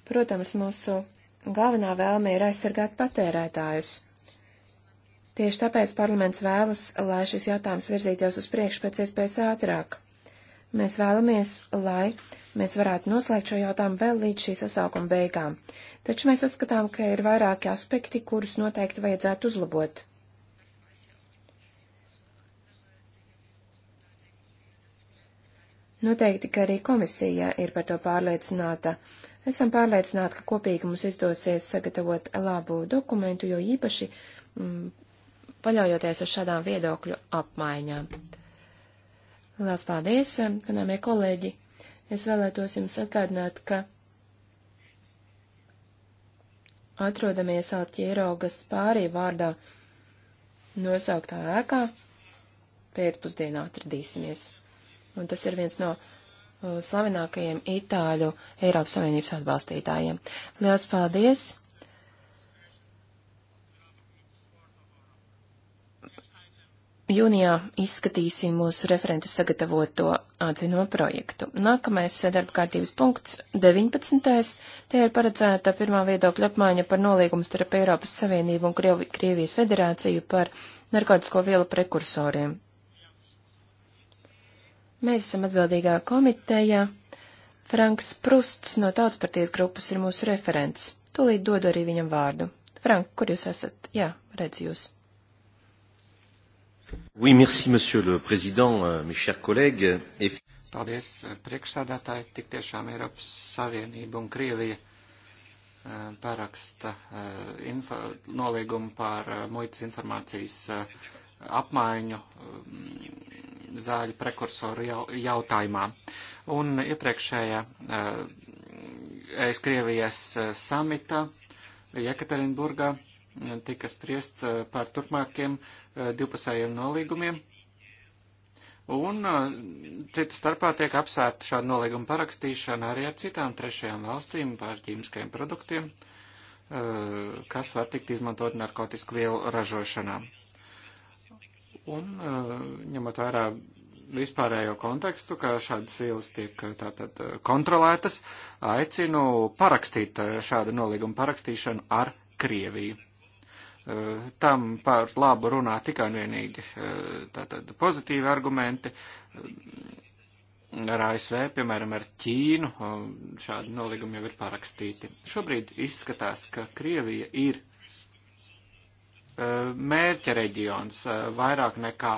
Protams, mūsu galvenā vēlme ir aizsargāt patērētājus. Tieši tāpēc parlaments vēlas, lai šis jautājums virzītos uz priekšu pēc iespējas ātrāk. Mēs vēlamies, lai mēs varētu noslēgt šo jautājumu vēl līdz šī sasaukuma beigām, taču mēs uzskatām, ka ir vairāki aspekti, kurus noteikti vajadzētu uzlabot. Noteikti, ka arī komisija ir par to pārliecināta. Esam pārliecināti, ka kopīgi mums izdosies sagatavot labu dokumentu, jo īpaši mm, paļaujoties uz šādām viedokļu apmaiņām. Lielas paldies, kanāmie kolēģi! Es vēlētos jums atgādināt, ka atrodamies Altierogas pārī vārdā nosauktā ēkā, pēcpusdienā atradīsimies. Un tas ir viens no uh, slavenākajiem itāļu Eiropas Savienības atbalstītājiem. Lielas paldies! Jūnijā izskatīsim mūsu referenta sagatavoto atzino projektu. Nākamais darba kārtības punkts - 19. Te ir paredzēta pirmā viedokļa apmaiņa par nolīgumu starp Eiropas Savienību un Krievi, Krievijas federāciju par narkotisko vielu prekursoriem. Mēs esam atbildīgā komiteja. Franks Prusts no tautspartijas grupas ir mūsu referents. Tūlīt dodu arī viņam vārdu. Frank, kur jūs esat? Jā, redzu jūs. Oui, merci, monsieur le président, euh, mes chers collègues. Et... Paldies, euh, priekšsādātāji. Tik tiešām Eiropas Savienība un Krievija uh, paraksta uh, info, noliegumu par uh, muitas informācijas apmaiņu um, zāļu prekursoru jautājumā. Un iepriekšējā ES Krievijas samita Jekaterinburgā tika spriests eh, par turpmākiem eh, divpusējiem nolīgumiem. Un eh, citu starpā tiek apsvērta šāda nolīguma parakstīšana arī ar citām trešajām valstīm par ķīmiskajiem produktiem, kas var tikt izmantot narkotiku vielu ražošanā. Un ņemot vērā vispārējo kontekstu, ka šādas vielas tiek tātad kontrolētas, aicinu parakstīt šādu nolīgumu parakstīšanu ar Krieviju. Eh, tam par labu runā tikai un vienīgi eh, tātad pozitīvi argumenti. Eh, ar ASV, piemēram, ar Ķīnu šādi nolīgumi jau ir parakstīti. Šobrīd izskatās, ka Krievija ir mērķa reģions, vairāk nekā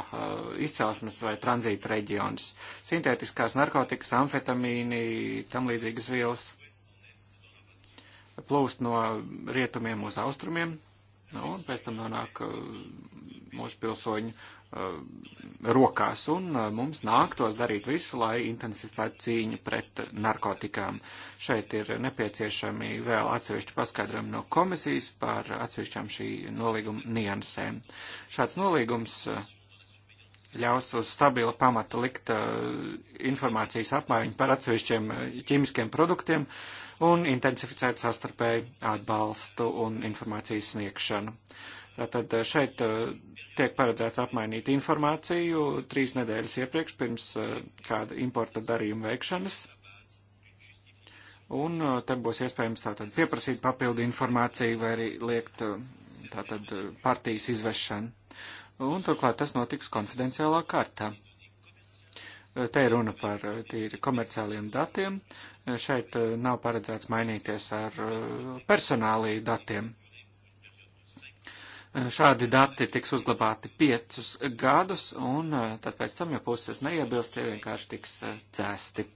izcelsmes vai tranzīta reģions. Sintētiskās narkotikas, amfetamīni, tam līdzīgas vielas plūst no rietumiem uz austrumiem. Nu, un pēc tam nonāk uh, mūsu pilsoņu uh, rokās, un uh, mums nāktos darīt visu, lai intensificētu cīņu pret narkotikām. Šeit ir nepieciešami vēl atsevišķi paskaidrojumi no komisijas par atsevišķām šī nolīguma niansēm. Šāds nolīgums ļaus uz stabila pamata likt informācijas apmaiņu par atsevišķiem ķīmiskiem produktiem, uh, un intensificēt savstarpēju atbalstu un informācijas sniegšanu. Tātad eh, šeit eh, tiek paredzēts apmainīt informāciju trīs nedēļas iepriekš pirms eh, kāda importa darījuma veikšanas. Un te būs iespējams tātad pieprasīt papildu informāciju vai arī liekt tātad partijas izvešanu. Un turklāt tas notiks konfidenciālā kārtā. Te ir runa par tīri komerciāliem datiem, šeit eh, nav paredzēts mainīties ar eh, personālī datiem. Eh, šādi dati tiks uzglabāti piecus gadus, un tad pēc tam, ja puses neiebilst, tie vienkārši tiks cēsti.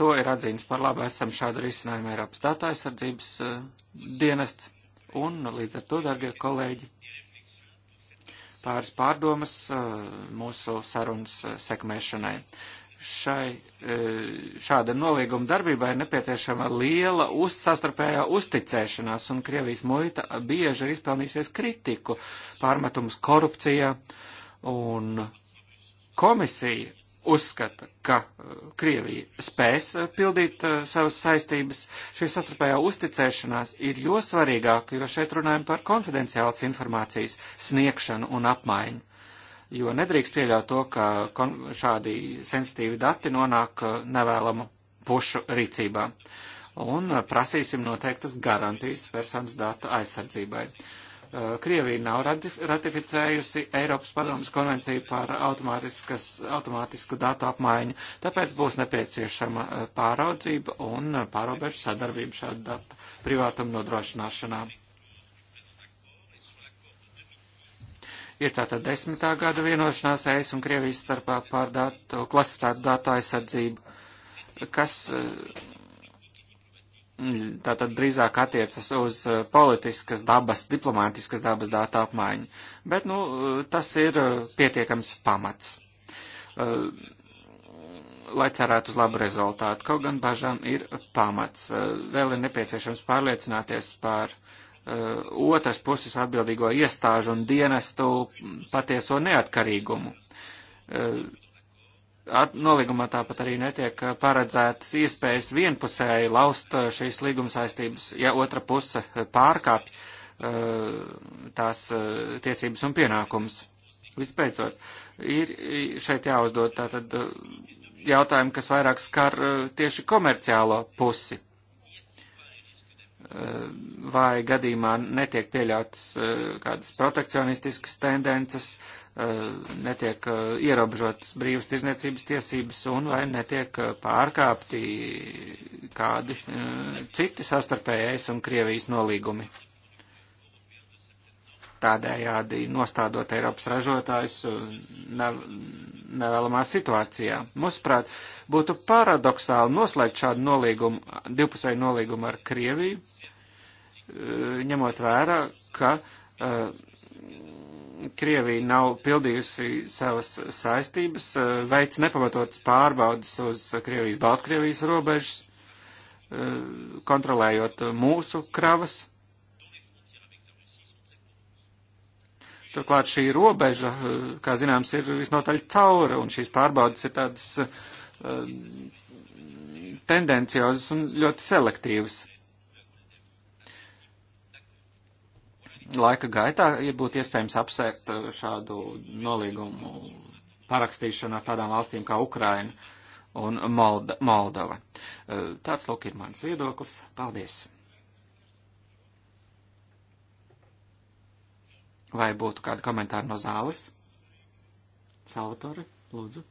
To ir atzīmes par labu, esam šādu risinājumu Eiropas datu aizsardzības dienests, un līdz ar to, darbie kolēģi, pāris pārdomas mūsu sarunas sekmēšanai šai, e, šāda nolieguma darbībai ir nepieciešama liela uz, sastarpējā uzticēšanās, un Krievijas muita bieži ir izpelnījusies kritiku, pārmetumus korupcijā, un komisija uzskata, ka e, Krievija spēs e, pildīt savas saistības. Šī sastarpējā uzticēšanās ir jo svarīgāka, jo šeit runājam par konfidenciālas informācijas sniegšanu un apmaiņu jo nedrīkst pieļaut to, ka šādi sensitīvi dati nonāk uh, nevēlamu pušu rīcībā. Un uh, prasīsim noteiktas garantijas personas datu aizsardzībai. Uh, Krievija nav ratificējusi Eiropas padomas konvenciju par automātisku datu apmaiņu, tāpēc būs nepieciešama pāraudzība un pārobežu sadarbība šādu datu privātumu nodrošināšanā. Ir tātad desmitā gada vienošanās ES un Krievijas starpā par datu, klasificētu datu aizsardzību, kas eh, tātad drīzāk attiecas uz eh, politiskas dabas, diplomātiskas dabas datu apmaiņu. Bet, nu, eh, tas ir pietiekams pamats. Lai cerētu uz labu rezultātu, kaut gan bažām ir pamats. Vēl ir nepieciešams pārliecināties par Uh, otras puses atbildīgo iestāžu un dienestu patieso neatkarīgumu. Uh, at, nolīgumā tāpat arī netiek paredzētas iespējas vienpusēji laust uh, šīs līguma saistības, ja otra puse pārkāpj tās tiesības un pienākums. Vispēcot, ir šeit jāuzdod tātad jautājumi, kas vairāk skar tieši komerciālo pusi Eh, vai gadījumā netiek pieļautas eh, kādas protekcionistiskas tendences, eh, netiek ierobežotas brīvas tirzniecības tiesības un vai netiek pārkāpti kādi citi sastarpējais un Krievijas nolīgumi tādējādi nostādot Eiropas ražotājus uh, nevēlamā situācijā. Mūsuprāt, būtu paradoxāli noslēgt šādu nolīgumu, divpusēju nolīgumu ar Krieviju, uh, ņemot vērā, ka uh, Krievija nav pildījusi savas saistības, veic nepamatotas pārbaudas uz Krievijas-Baltkrievijas robežas, kontrolējot mūsu kravas Turklāt šī robeža, eh, kā zināms, ir visnotaļ caura, un šīs pārbaudas ir tādas eh, tendenciozas un ļoti selektīvas. Laika gaitā ir būtu iespējams apsvērt eh, šādu nolīgumu parakstīšanu ar tādām valstīm kā Ukraina un Molda Moldova. Tāds lūk ir mans viedoklis. Paldies! Vai būtu kādi komentāri no zāles? Salvatore, lūdzu.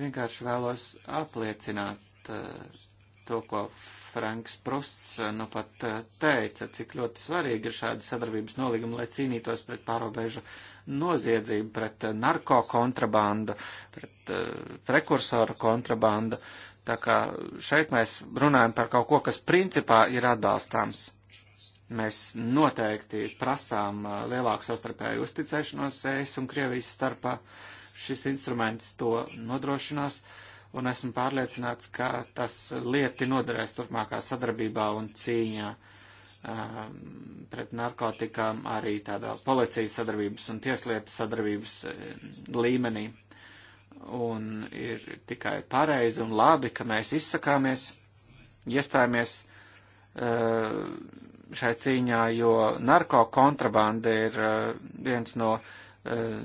Vienkārši vēlos apliecināt uh, to, ko Franks Prusts eh, nu pat eh, teica, cik ļoti svarīgi ir šāda sadarbības nolīguma, lai cīnītos pret pārobežu noziedzību, pret narko kontrabandu, pret uh, prekursoru kontrabandu. Tā kā šeit mēs runājam par kaut ko, kas principā ir atbalstāms. Mēs noteikti prasām uh, lielāku savstarpēju uzticēšanos ES un Krievijas starpā. Šis instruments to nodrošinās, un esmu pārliecināts, ka tas lieti noderēs turpmākā sadarbībā un cīņā um, pret narkotikām arī tādā policijas sadarbības un tieslietu sadarbības um, līmenī un ir tikai pareizi un labi, ka mēs izsakāmies, iestājāmies eh, šai cīņā, jo narko kontrabanda ir eh, viens no eh,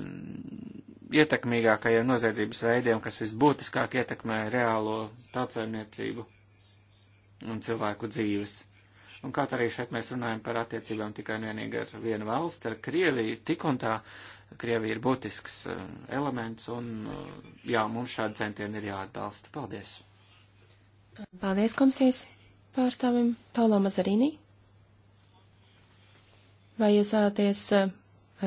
ietekmīgākajiem noziedzības veidiem, kas visbūtiskāk ietekmē reālo tautsēmniecību un cilvēku dzīves. Un kaut arī šeit mēs runājam par attiecībām tikai un vienīgi ar vienu valsti, ar Krieviju, tik un tā Krievija ir būtisks eh, elements, un eh, jā, mums šādi centieni ir jāatbalsta. Paldies! Paldies, komisijas pārstāvim Paulo Mazarīnī. Vai jūs vēlaties eh,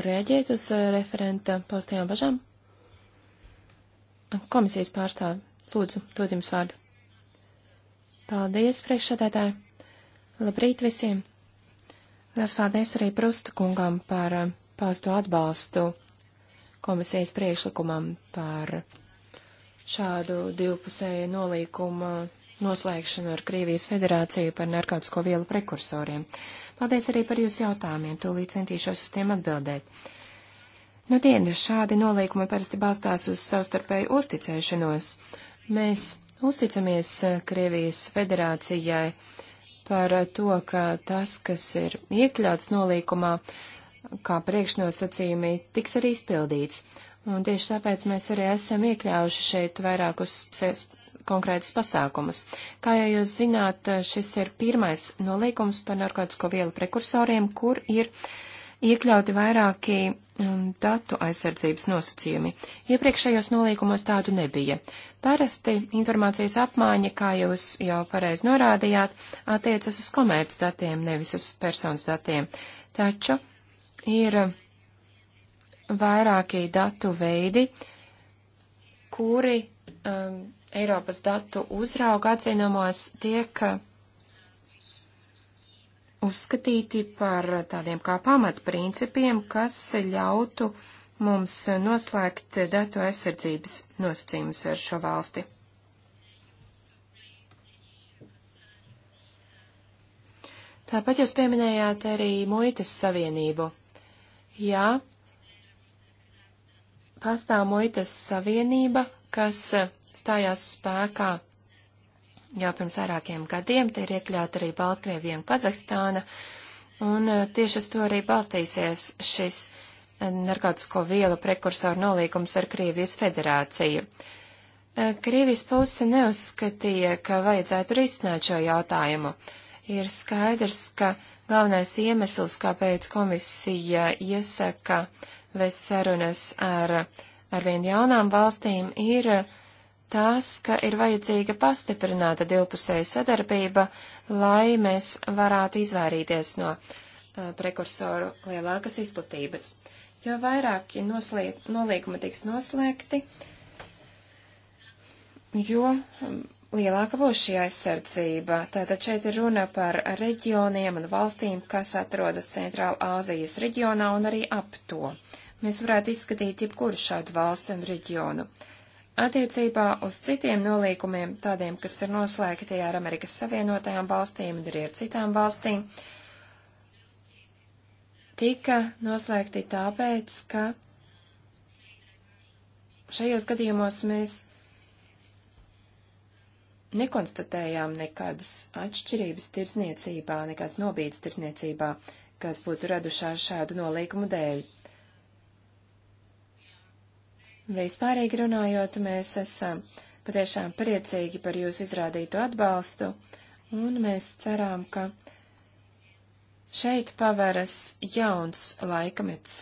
rēģēt uz referenta paustajām bažām? Komisijas pārstāvi, lūdzu, dod jums vārdu. Paldies, priekšsādētāji! Labrīt visiem! Lielas paldies arī Prusta kungam par uh, paustu atbalstu komisijas priekšlikumam par šādu divpusēju nolīkumu noslēgšanu ar Krievijas federāciju par narkotisko vielu prekursoriem. Paldies arī par jūsu jautājumiem, tūlīt centīšos uz tiem atbildēt. Nu, diena, šādi nolīkumi parasti balstās uz savstarpēju uzticēšanos. Mēs uzticamies Krievijas federācijai par to, ka tas, kas ir iekļauts nolīkumā, uh, kā priekšnosacījumi tiks arī izpildīts. Un tieši tāpēc mēs arī esam iekļāvuši šeit vairākus konkrētus pasākumus. Kā jau jūs zināt, šis ir pirmais nolīgums par narkotisko vielu prekursoriem, kur ir iekļauti vairāki um, datu aizsardzības nosacījumi. Iepriekšējos nolīgumos tādu nebija. Parasti informācijas apmaiņa, kā jūs jau pareizi norādījāt, attiecas uz komerc datiem, nevis uz personas datiem. Taču Ir vairākie datu veidi, kuri um, Eiropas datu uzrauga atzinumos tiek uzskatīti par tādiem kā pamatprincipiem, kas ļautu mums noslēgt datu aizsardzības nosacījumus ar šo valsti. Tāpat jūs pieminējāt arī muitas savienību ja pastāv muitas savienība, kas stājās spēkā jau pirms vairākiem gadiem, te ir iekļaut arī Baltkrievija un Kazahstāna, un eh, tieši uz to arī balstīsies šis eh, narkotisko vielu prekursoru nolīgums ar Krievijas federāciju. Eh, Krievijas puse neuzskatīja, ka vajadzētu risināt šo jautājumu. Ir skaidrs, ka uh, galvenais iemesls, kāpēc komisija iesaka vēst sarunas ar arvien jaunām valstīm, ir tas, ka ir vajadzīga pastiprināta divpusēja sadarbība, lai mēs varētu izvairīties no uh, prekursoru lielākas izplatības. Jo vairāk noslēg, nolīguma tiks noslēgti, jo lielāka būs šī aizsardzība. Tātad šeit ir runa par reģioniem un valstīm, kas atrodas Centrāla Āzijas reģionā un arī ap to. Mēs varētu izskatīt jebkuru šādu valstu un reģionu. Attiecībā uz citiem nolīkumiem, tādiem, kas ir noslēgti ar Amerikas Savienotajām valstīm un arī ar citām valstīm, tika noslēgti tāpēc, ka šajos gadījumos mēs nekonstatējām nekādas atšķirības tirsniecībā, nekādas nobīdes tirsniecībā, kas būtu radušās šādu nolīgumu dēļ. Vispārīgi runājot, mēs esam patiešām priecīgi par jūsu izrādīto atbalstu, un mēs ceram, ka šeit paveras jauns laikamets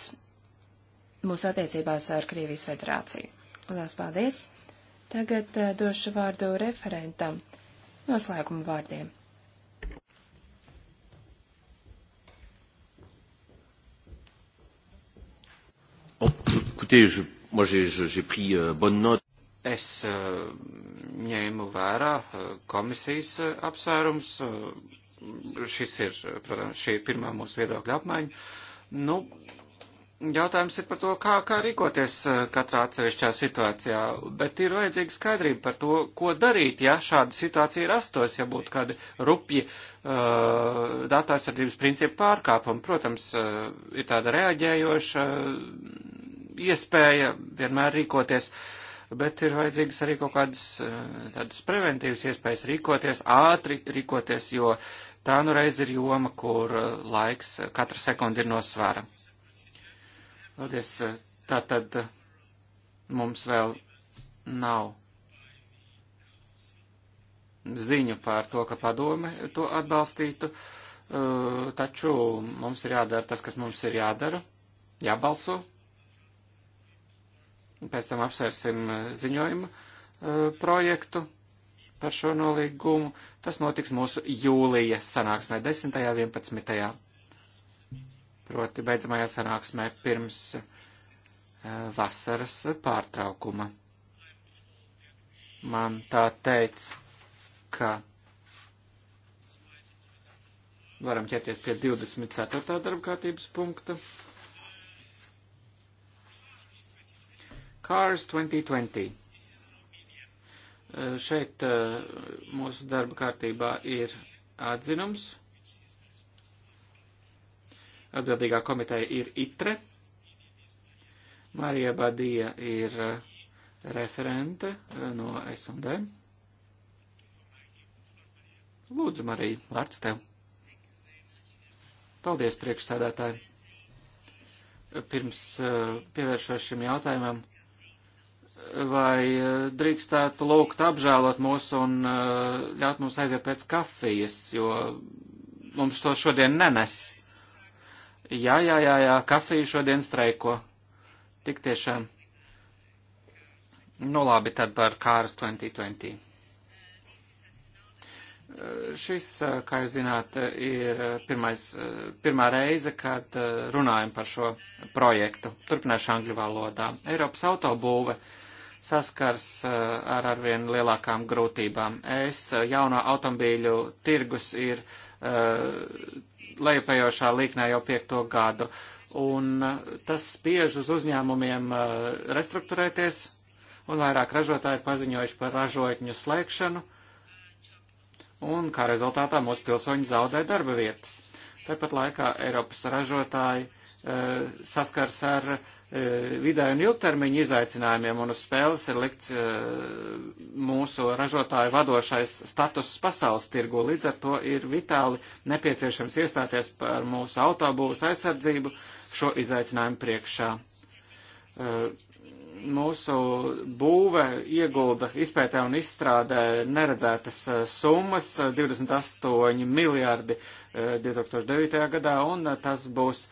mūsu attiecībās ar Krievijas federāciju. Lielas paldies! Tagad eh, došu vārdu referentam noslēguma vārdiem. Oh, écoutez, je, moi j'ai pris euh, bonne note. Es uh, ņēmu vērā eh, komisijas apsvērums. Šis ir, protams, šī ir pirmā mūsu viedokļa apmaiņa. Nu, jautājums ir par to, kā, kā rīkoties eh, katrā atsevišķā situācijā, bet ir vajadzīga skaidrība par to, ko darīt, ja šāda situācija rastos, ja būtu kādi rupji uh, eh, datu aizsardzības principu pārkāpumi. Protams, uh, ir tāda reaģējoša uh, iespēja vienmēr rīkoties. Bet ir vajadzīgas arī kaut kādas tādas preventīvas iespējas rīkoties, ātri rīkoties, jo tā nu reiz ir joma, kur laiks katra sekundi ir no svēra. Paldies. Tā tad eh, mums vēl nav ziņu par to, ka padome to atbalstītu, eh, taču mums ir jādara tas, kas mums ir jādara, jābalso. Pēc tam apsvērsim eh, ziņojumu projektu par šo nolīgumu. Tas notiks mūsu jūlijas sanāksmē 10. un 11 proti beidzamajā sanāksmē pirms eh, vasaras pārtraukuma. Man tā teica, ka varam ķerties pie 24. darba kārtības punkta. Cars 2020. Eh, šeit eh, mūsu darba kārtībā ir atzinums Atbildīgā komiteja ir ITRE. Marija Badija ir eh, referente eh, no S&D. Lūdzu, Marija, vārds tev. Paldies, priekšsādātāji. Pirms eh, pievēršos šim jautājumam, vai drīkstētu lūgt apžēlot mūs un ļaut mums aiziet pēc kafijas, jo mums to šodien nenes. Jā, jā, jā, jā, kafija šodien streiko. Tik tiešām. Nu labi, tad par kāras 2020. Šis, kā jūs zināt, ir pirmais, pirmā reize, kad runājam par šo projektu. Turpināšu angļu valodā. Eiropas autobūve saskars eh, ar arvien lielākām grūtībām. Es eh, jaunā automobīļu tirgus ir eh, lejupējošā līknē jau piekto gadu. Un uh, tas spiež uz uzņēmumiem uh, restruktūrēties, un vairāk ražotāji ir paziņojuši par ražotņu slēgšanu, un kā rezultātā mūsu pilsoņi zaudē darba vietas. Tāpat laikā Eiropas ražotāji uh, saskars ar E, vidē un ilgtermiņa izaicinājumiem, un uz spēles ir likts e, mūsu ražotāju vadošais status pasaules tirgu. Līdz ar to ir vitāli nepieciešams iestāties par mūsu autobūvas aizsardzību šo izaicinājumu priekšā. E, mūsu būve iegulda izpētē un izstrādē neredzētas summas - 28 miljārdi 2009. gadā, un tas būs uh,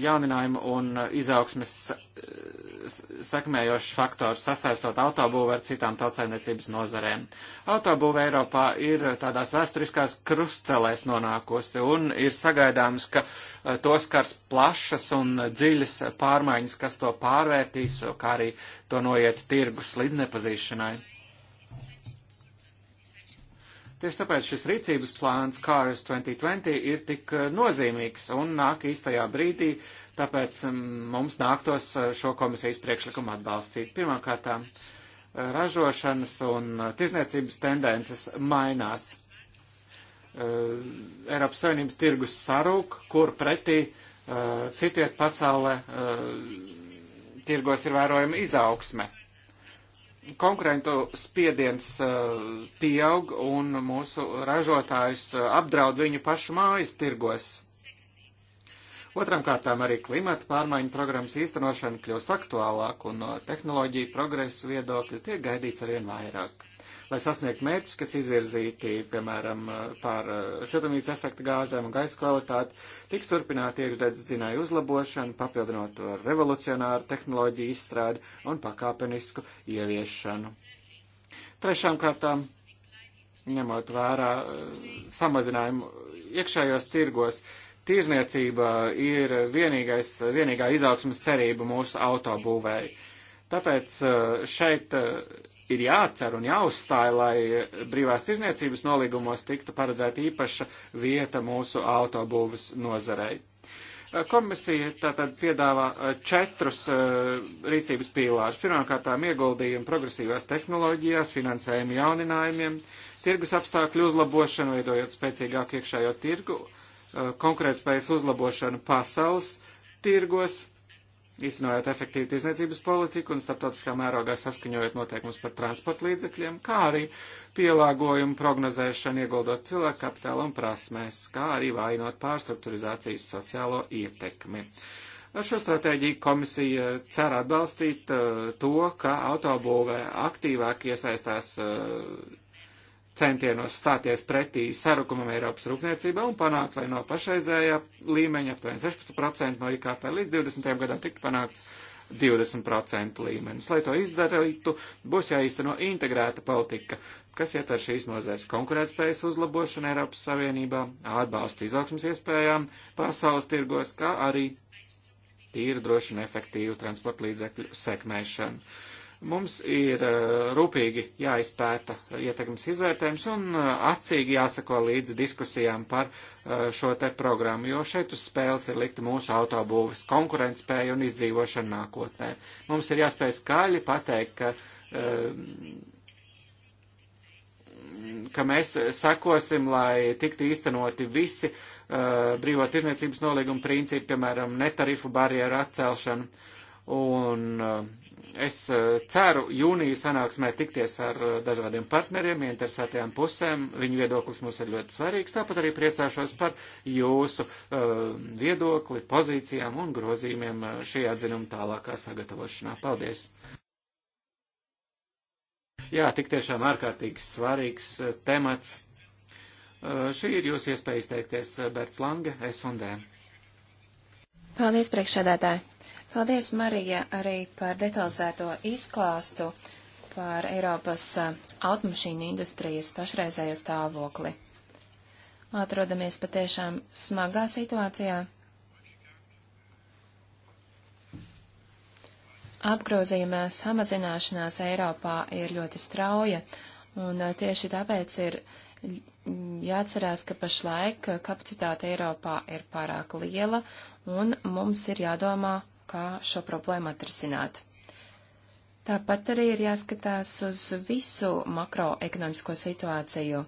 jauninājumu un izaugsmes eh, sekmējošs faktors sasaistot autobūvu ar citām tautsēmniecības nozarēm. Autobūva Eiropā ir tādās vēsturiskās krustcelēs nonākusi un ir sagaidāms, ka eh, to skars plašas un dziļas pārmaiņas, kas to pārvērtīs, kā arī to noiet tirgus līdz nepazīšanai. Tieši tāpēc šis rīcības plāns Kāras 2020 ir tik eh, nozīmīgs un nāk īstajā brīdī, tāpēc mm, mums nāktos eh, šo komisijas priekšlikumu atbalstīt. Pirmkārt, eh, ražošanas un tirzniecības tendences mainās. Eiropas Savienības tirgus sarūk, kur pretī citiet pasaulē tirgos ir vērojama izaugsme konkurentu spiediens eh, pieaug un mūsu ražotājs eh, apdraud viņu pašu mājas tirgos. Otram kārtām arī klimata pārmaiņu programmas īstenošana kļūst aktuālāk un no tehnoloģiju progresu viedokļa tiek gaidīts arvien vairāk. Lai sasniegtu mērķus, kas izvirzīti, piemēram, par eh, siltumnīca efekta gāzēm un gaisa kvalitāti, tiks turpināta iekšdedzes dzināju uzlabošana, papildinot ar revolucionāru tehnoloģiju izstrādi un pakāpenisku ieviešanu. Trešām kārtām ņemot vērā eh, samazinājumu iekšējos tirgos, tirzniecība ir vienīgais, vienīgā izaugsmas cerība mūsu autobūvēji. Tāpēc uh, šeit uh, ir jācer un jāuzstāj, lai brīvās tirzniecības nolīgumos tiktu paredzēta īpaša vieta mūsu autobūvas nozarei. Uh, komisija tātad piedāvā četrus uh, rīcības pīlārus. Pirmkārt, ieguldījumu progresīvās tehnoloģijās, finansējumu jauninājumiem, tirgus apstākļu uzlabošanu, veidojot spēcīgāku iekšējo tirgu Uh, konkurētspējas uzlabošanu pasaules tirgos, īstenojot efektīvu tirzniecības politiku un starptautiskā mērogā saskaņojot noteikumus par transporta līdzekļiem, kā arī pielāgojumu prognozēšanu ieguldot cilvēku kapitālu un prasmēs, kā arī vainot pārstrukturizācijas sociālo ietekmi. Ar šo stratēģiju komisija cer atbalstīt uh, to, ka autobūvē aktīvāk iesaistās uh, centienos stāties pretī sarukumam Eiropas rūpniecībā un panākt, lai no pašreizējā līmeņa aptuveni 16% no IKP līdz 20. gadam tiktu panākts 20% līmenis. Lai to izdarītu, būs jāīsteno integrēta politika, kas ietver šīs nozares konkurētspējas uzlabošanu Eiropas Savienībā, atbalstu izaugsmas iespējām pasaules tirgos, kā arī tīru, drošu un efektīvu transporta līdzekļu sekmēšanu. Mums ir eh, rūpīgi jāizpēta ietekmes izvērtējums un eh, acīgi jāsako līdzi diskusijām par eh, šo te programmu, jo šeit uz spēles ir likta mūsu autobūves konkurentspēja un izdzīvošana nākotnē. Mums ir jāspēj skaļi pateikt, ka, ka mēs sakosim, lai tiktu īstenoti visi brīvot izniecības nolīguma principi, piemēram, netarifu barjeru atcelšanu un uh, Es eh, ceru jūnija sanāksmē tikties ar eh, dažādiem partneriem, interesētajām pusēm. Viņu viedoklis mums ir ļoti svarīgs. Tāpat arī priecāšos par jūsu eh, viedokli, pozīcijām un grozījumiem šī atzinuma tālākā sagatavošanā. Paldies! Jā, tik tiešām ārkārtīgi svarīgs temats. Šī ir jūsu iespēja izteikties Berts Lange, S&D. Paldies, priekšsēdētāji! Paldies, Marija, arī par detalizēto izklāstu par Eiropas eh, automašīnu industrijas pašreizējo stāvokli. Atrodamies patiešām smagā situācijā. Apgrozījumā samazināšanās Eiropā ir ļoti strauja, un eh, tieši tāpēc ir jāatcerās, ka pašlaik kapacitāte Eiropā ir pārāk liela, un mums ir jādomā kā šo problēmu atrisināt. Tāpat arī ir jāskatās uz visu makroekonomisko situāciju.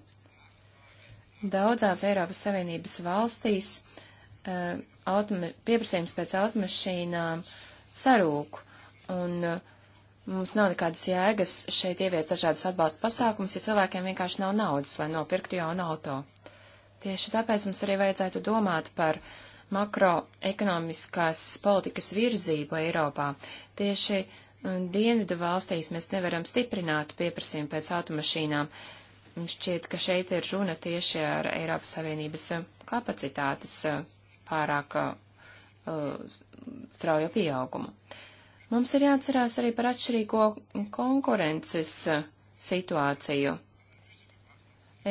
Daudzās Eiropas Savienības valstīs uh, automa, pieprasījums pēc automašīnām sarūk, un uh, Mums nav nekādas jēgas šeit ieviest dažādus atbalsta pasākumus, ja cilvēkiem vienkārši nav naudas, lai nopirktu jaunu auto. Tieši tāpēc mums arī vajadzētu domāt par makroekonomiskās politikas virzību Eiropā. Tieši mm, dienvidu valstīs mēs nevaram stiprināt pieprasījumu pēc automašīnām. Šķiet, ka šeit ir runa tieši ar Eiropas Savienības mm, kapacitātes mm, pārāk uh, straujo pieaugumu. Mums ir jāatcerās arī par atšķirīgo konkurences situāciju.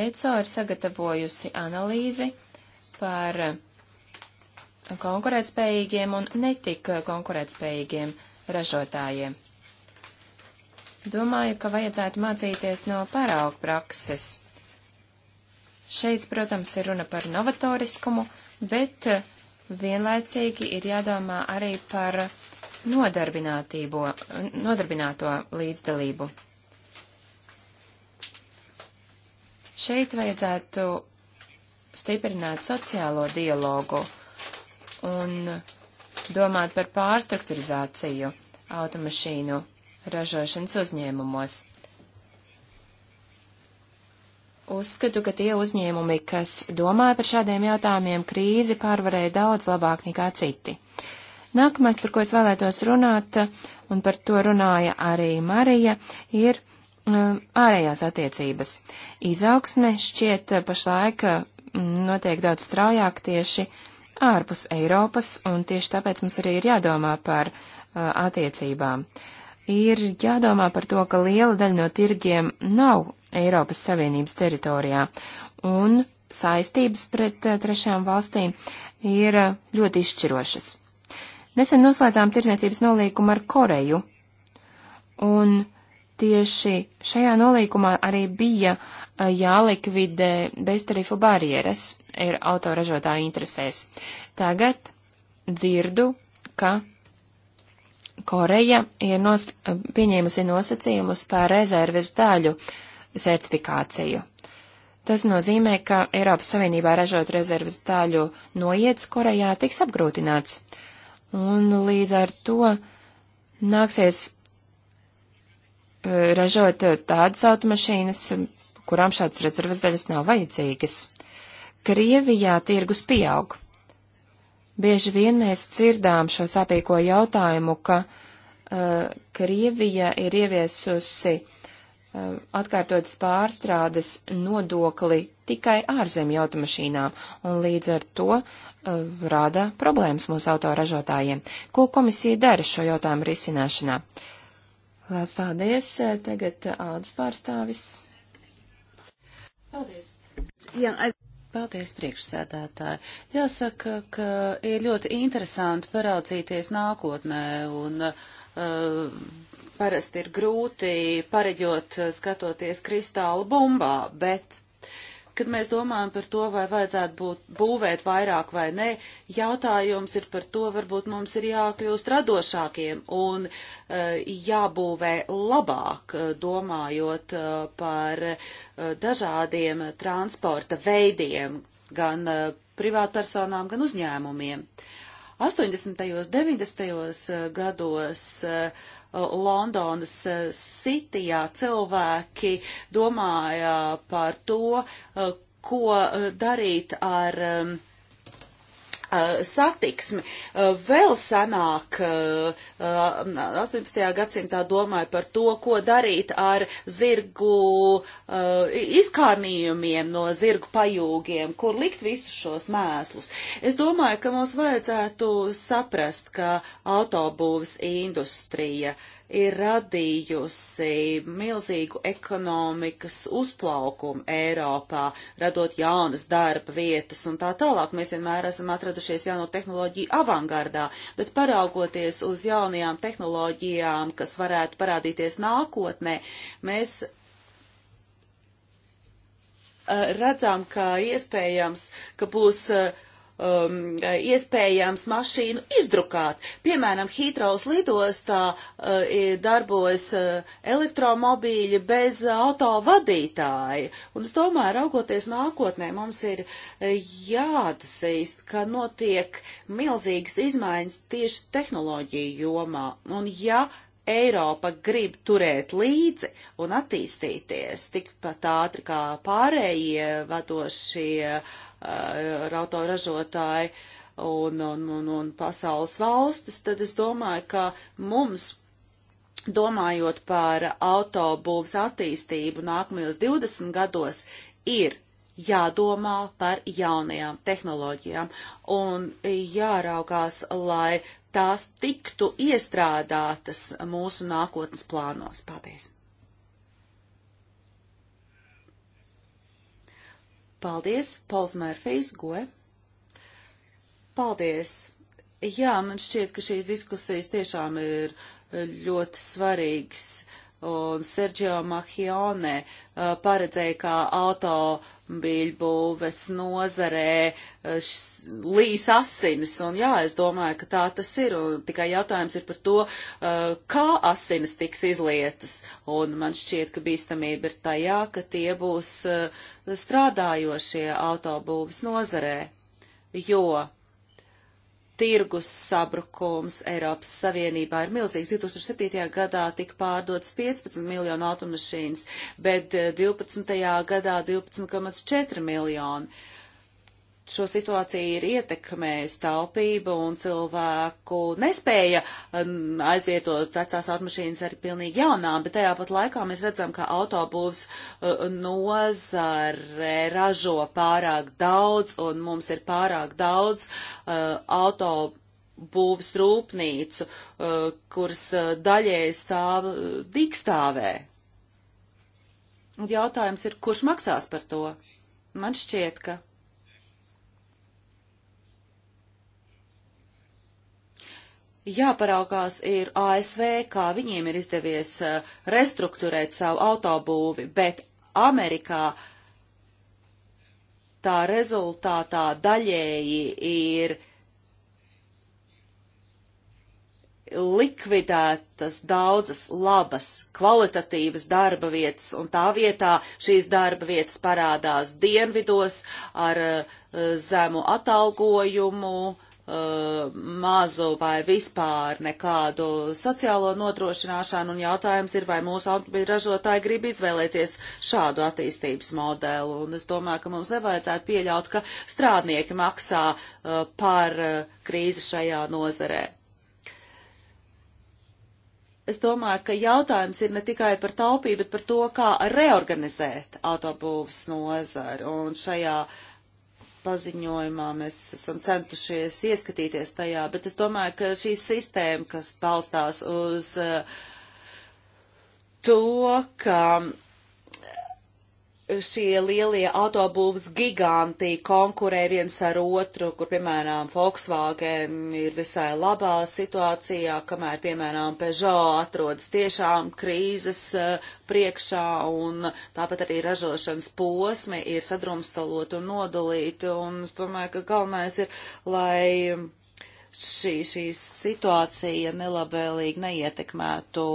ECO ir sagatavojusi analīzi par konkurētspējīgiem un netik konkurētspējīgiem ražotājiem. Domāju, ka vajadzētu mācīties no paraugu prakses. Šeit, protams, ir runa par novatoriskumu, bet vienlaicīgi ir jādomā arī par nodarbināto līdzdalību. Šeit vajadzētu stiprināt sociālo dialogu un domāt par pārstrukturizāciju automašīnu ražošanas uzņēmumos. Uzskatu, ka tie uzņēmumi, kas domāja par šādiem jautājumiem, krīzi pārvarēja daudz labāk nekā citi. Nākamais, par ko es vēlētos runāt, un par to runāja arī Marija, ir um, ārējās attiecības. Izaugsme šķiet uh, pašlaik uh, notiek daudz straujāk tieši ārpus Eiropas, un tieši tāpēc mums arī ir jādomā par uh, attiecībām. Ir jādomā par to, ka liela daļa no tirgiem nav Eiropas Savienības teritorijā, un saistības pret uh, trešām valstīm ir uh, ļoti izšķirošas. Nesen noslēdzām tirdzniecības nolīkumu ar Koreju, un tieši šajā nolīkumā arī bija uh, jālikvidē beztarifu barjeras, ir autoražotāju interesēs. Tagad dzirdu, ka Koreja ir nos, pieņēmusi nosacījumus par rezerves daļu certifikāciju. Tas nozīmē, ka Eiropas Savienībā ražot rezerves daļu noiets Korejā tiks apgrūtināts. Un līdz ar to nāksies eh, ražot eh, tādas automašīnas, kurām šādas rezerves daļas nav vajadzīgas. Krievijā tirgus pieaug. Bieži vien mēs dzirdām šo sāpīgo jautājumu, ka uh, Krievija ir ieviesusi uh, atkārtotas pārstrādes nodokli tikai ārzemju automašīnām, un līdz ar to uh, rada problēmas mūsu autoražotājiem. Ko komisija dara šo jautājumu risināšanā? Lās paldies, tagad Aldis pārstāvis. Paldies! Jā, yeah, I... Paldies, priekšsēdētāji. Jāsaka, ka ir ļoti interesanti paraudzīties nākotnē un uh, parasti ir grūti pareģot eh, skatoties kristāla bumbā, bet Kad mēs domājam par to, vai vajadzētu būt, būvēt vairāk vai nē, jautājums ir par to, varbūt mums ir jākļūst radošākiem un uh, jābūvē labāk, eh, domājot uh, par uh, dažādiem transporta veidiem, gan uh, privātpersonām, gan uzņēmumiem. 80. un 90. gados uh, Londonas sitijā eh, cilvēki domāja par to, eh, ko eh, darīt ar um, Eh, satiksmi. Eh, vēl senāk 18. Eh, gadsimtā domāja par to, ko darīt ar zirgu izkārnījumiem no zirgu pajūgiem, kur likt visus šos mēslus. Es domāju, ka mums vajadzētu saprast, ka autobūvas industrija uh, ir radījusi milzīgu ekonomikas uzplaukumu Eiropā, radot jaunas darba vietas un tā tālāk. Mēs vienmēr esam atradušies jauno tehnoloģiju avangardā, bet paraugoties uz jaunajām tehnoloģijām, kas varētu parādīties nākotnē, mēs eh, redzam, ka iespējams, ka būs uh, um, iespējams mašīnu izdrukāt. Piemēram, Hītraus lidostā uh, darbojas uh, elektromobīļi bez autovadītāja. Un es domāju, raugoties nākotnē, mums ir uh, jāatzīst, ka notiek milzīgas izmaiņas tieši tehnoloģiju jomā. Un ja Eiropa grib turēt līdzi un attīstīties tikpat ātri kā pārējie vadošie uh, ar eh, autoražotāji un, un, un, un pasaules valstis, tad es domāju, ka mums, domājot par autobūvas attīstību nākamajos 20 gados, ir jādomā par jaunajām tehnoloģijām un jāraugās, lai tās tiktu iestrādātas mūsu nākotnes plānos. Paldies! Paldies, Pols Mērfijs, goe. Paldies. Jā, man šķiet, ka šīs diskusijas tiešām ir eh, ļoti svarīgas. Un Sergio Mahione uh, Uh, paredzēja, kā automobīļu būves nozarē uh, līs asinis, un jā, es domāju, ka tā tas ir, un tikai jautājums ir par to, uh, kā asinis tiks izlietas, un man šķiet, ka bīstamība ir tajā, ka tie būs strādājošie autobūves nozarē, jo tirgus sabrukums Eiropas Savienībā ir milzīgs. 2007. gadā tika pārdotas 15 miljonu automašīnas, bet 12. Eh, gadā 12,4 miljonu šo situāciju ir ietekmējusi taupība un cilvēku nespēja aizvietot vecās automašīnas ar pilnīgi jaunām, bet tajā pat laikā mēs redzam, ka autobūvs uh, nozare ražo pārāk daudz un mums ir pārāk daudz uh, autobūvs būvs rūpnīcu, uh, kuras uh, daļēji stāv uh, dikstāvē. Un jautājums ir, kurš maksās par to? Man šķiet, ka jāparaugās ir ASV, kā viņiem ir izdevies uh, restruktūrēt savu autobūvi, bet Amerikā tā rezultātā daļēji ir likvidētas daudzas labas, kvalitatīvas darba vietas, un tā vietā šīs darba vietas parādās dienvidos ar uh, zemu atalgojumu, uh, Uh, mazu vai vispār nekādu sociālo nodrošināšanu, un jautājums ir, vai mūsu automobīļu ražotāji grib izvēlēties šādu attīstības modelu. Un es domāju, ka mums nevajadzētu pieļaut, ka strādnieki maksā uh, par uh, krīzi šajā nozarē. Es domāju, ka jautājums ir ne tikai par taupību, bet par to, kā reorganizēt autobūvas nozari. Un šajā uh, paziņojumā mēs esam centušies ieskatīties tajā, bet es domāju, ka šī sistēma, kas balstās uz eh, to, ka šie lielie autobūvas giganti konkurē viens ar otru, kur, piemēram, Volkswagen ir visai labā situācijā, kamēr, piemēram, Peugeot atrodas tiešām krīzes eh, priekšā, un tāpat arī ražošanas posmi ir sadrumstalot un nodalīti, un es domāju, ka galvenais ir, lai šī, šī situācija nelabvēlīgi neietekmētu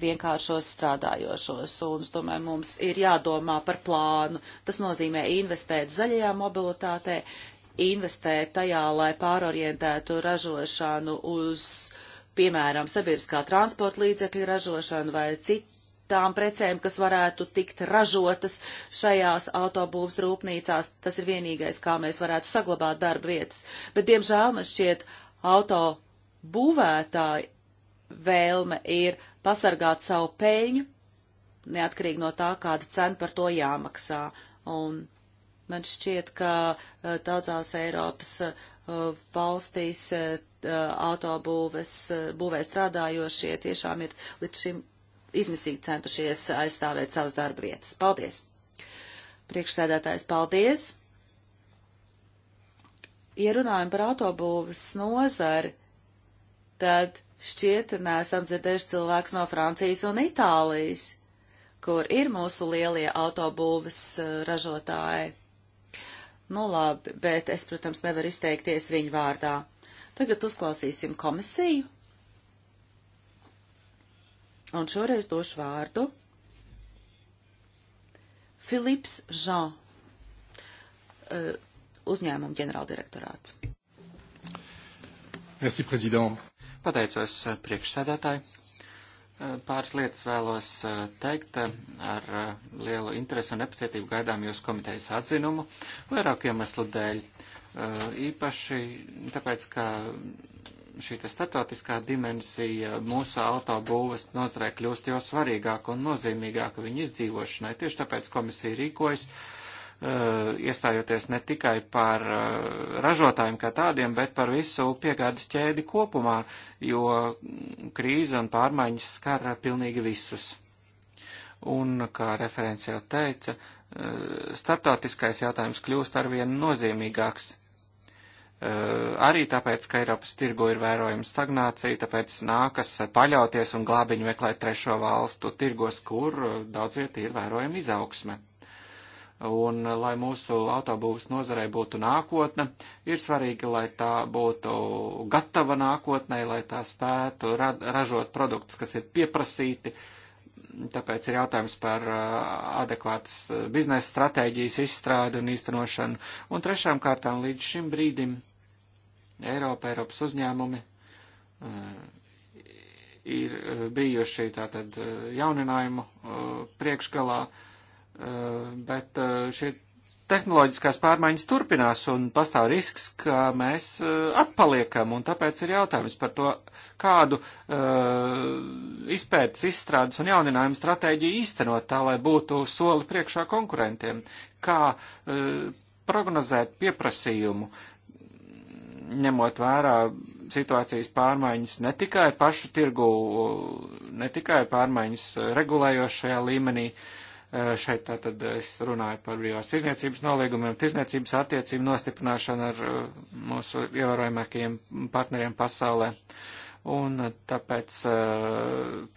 vienkāršos strādājošos. Un es domāju, mums ir jādomā par plānu. Tas nozīmē investēt zaļajā mobilitātē, investēt tajā, lai pārorientētu ražošanu uz, piemēram, sabiedriskā transporta līdzekļu ražošanu vai citu tām precēm, kas varētu tikt ražotas šajās autobūvs rūpnīcās. Tas ir vienīgais, kā mēs varētu saglabāt darba vietas. Bet, diemžēl, man šķiet, auto būvētāji vēlme ir pasargāt savu peļņu, neatkarīgi no tā, kāda cena par to jāmaksā. Un man šķiet, ka eh, daudzās Eiropas eh, valstīs eh, autobūves būvē strādājošie tiešām ir līdz šim izmisīgi centušies aizstāvēt savas darba vietas. Paldies! Priekšsēdētājs, paldies! Ja runājam par autobūves nozari, tad Šķiet, nesam dzirdējuši cilvēks no Francijas un Itālijas, kur ir mūsu lielie autobūves eh, ražotāji. Nu labi, bet es, protams, nevaru izteikties viņu vārdā. Tagad uzklausīsim komisiju. Un šoreiz došu vārdu Filips Žan, eh, uzņēmuma ģenerāldirektorāts. Merci, prezident. Pateicos eh, priekšsēdētāji. Eh, pāris lietas vēlos eh, teikt. Ar lielu interesi un nepacietību gaidām jūs komitejas atzinumu vairāku iemeslu dēļ. Īpaši tāpēc, ka šī starptautiskā dimensija mūsu autobūvas nozarē kļūst jau svarīgāka un nozīmīgāka viņa izdzīvošanai. Tieši tāpēc komisija rīkojas Eh, iestājoties ne tikai par eh, ražotājiem kā tādiem, bet par visu piegādes ķēdi kopumā, jo krīze un pārmaiņas skar pilnīgi visus. Un, kā referents jau teica, eh, starptautiskais jautājums kļūst arvien nozīmīgāks. Arī tāpēc, ka Eiropas tirgu ir vērojama stagnācija, tāpēc nākas paļauties un glābiņu meklēt trešo valstu tirgos, kur daudz vietī ir vērojama izaugsme un eh, lai mūsu autobūvas nozarei būtu nākotne, ir svarīgi, lai tā būtu gatava nākotnē, lai tā spētu ra ražot produktus, kas ir pieprasīti. Tāpēc ir jautājums par eh, adekvātas eh, biznesa stratēģijas izstrādi un īstenošanu. Un trešām kārtām līdz šim brīdim Eiropa, Eiropas uzņēmumi ir bijuši tātad jauninājumu priekšgalā Eh, bet eh, šie tehnoloģiskās pārmaiņas turpinās un pastāv risks, ka mēs eh, atpaliekam, un tāpēc ir jautājums par to, kādu uh, izpētes, izstrādes un jauninājumu stratēģiju īstenot tā, lai būtu soli priekšā konkurentiem, kā uh, prognozēt pieprasījumu, ņemot vērā situācijas pārmaiņas ne tikai pašu tirgu, ne tikai pārmaiņas regulējošajā līmenī, uh, Eh, šeit tātad es runāju par brīvās tirzniecības nolīgumiem, tirzniecības attiecību nostiprināšanu ar eh, mūsu ievērojamākajiem partneriem pasaulē. Un eh, tāpēc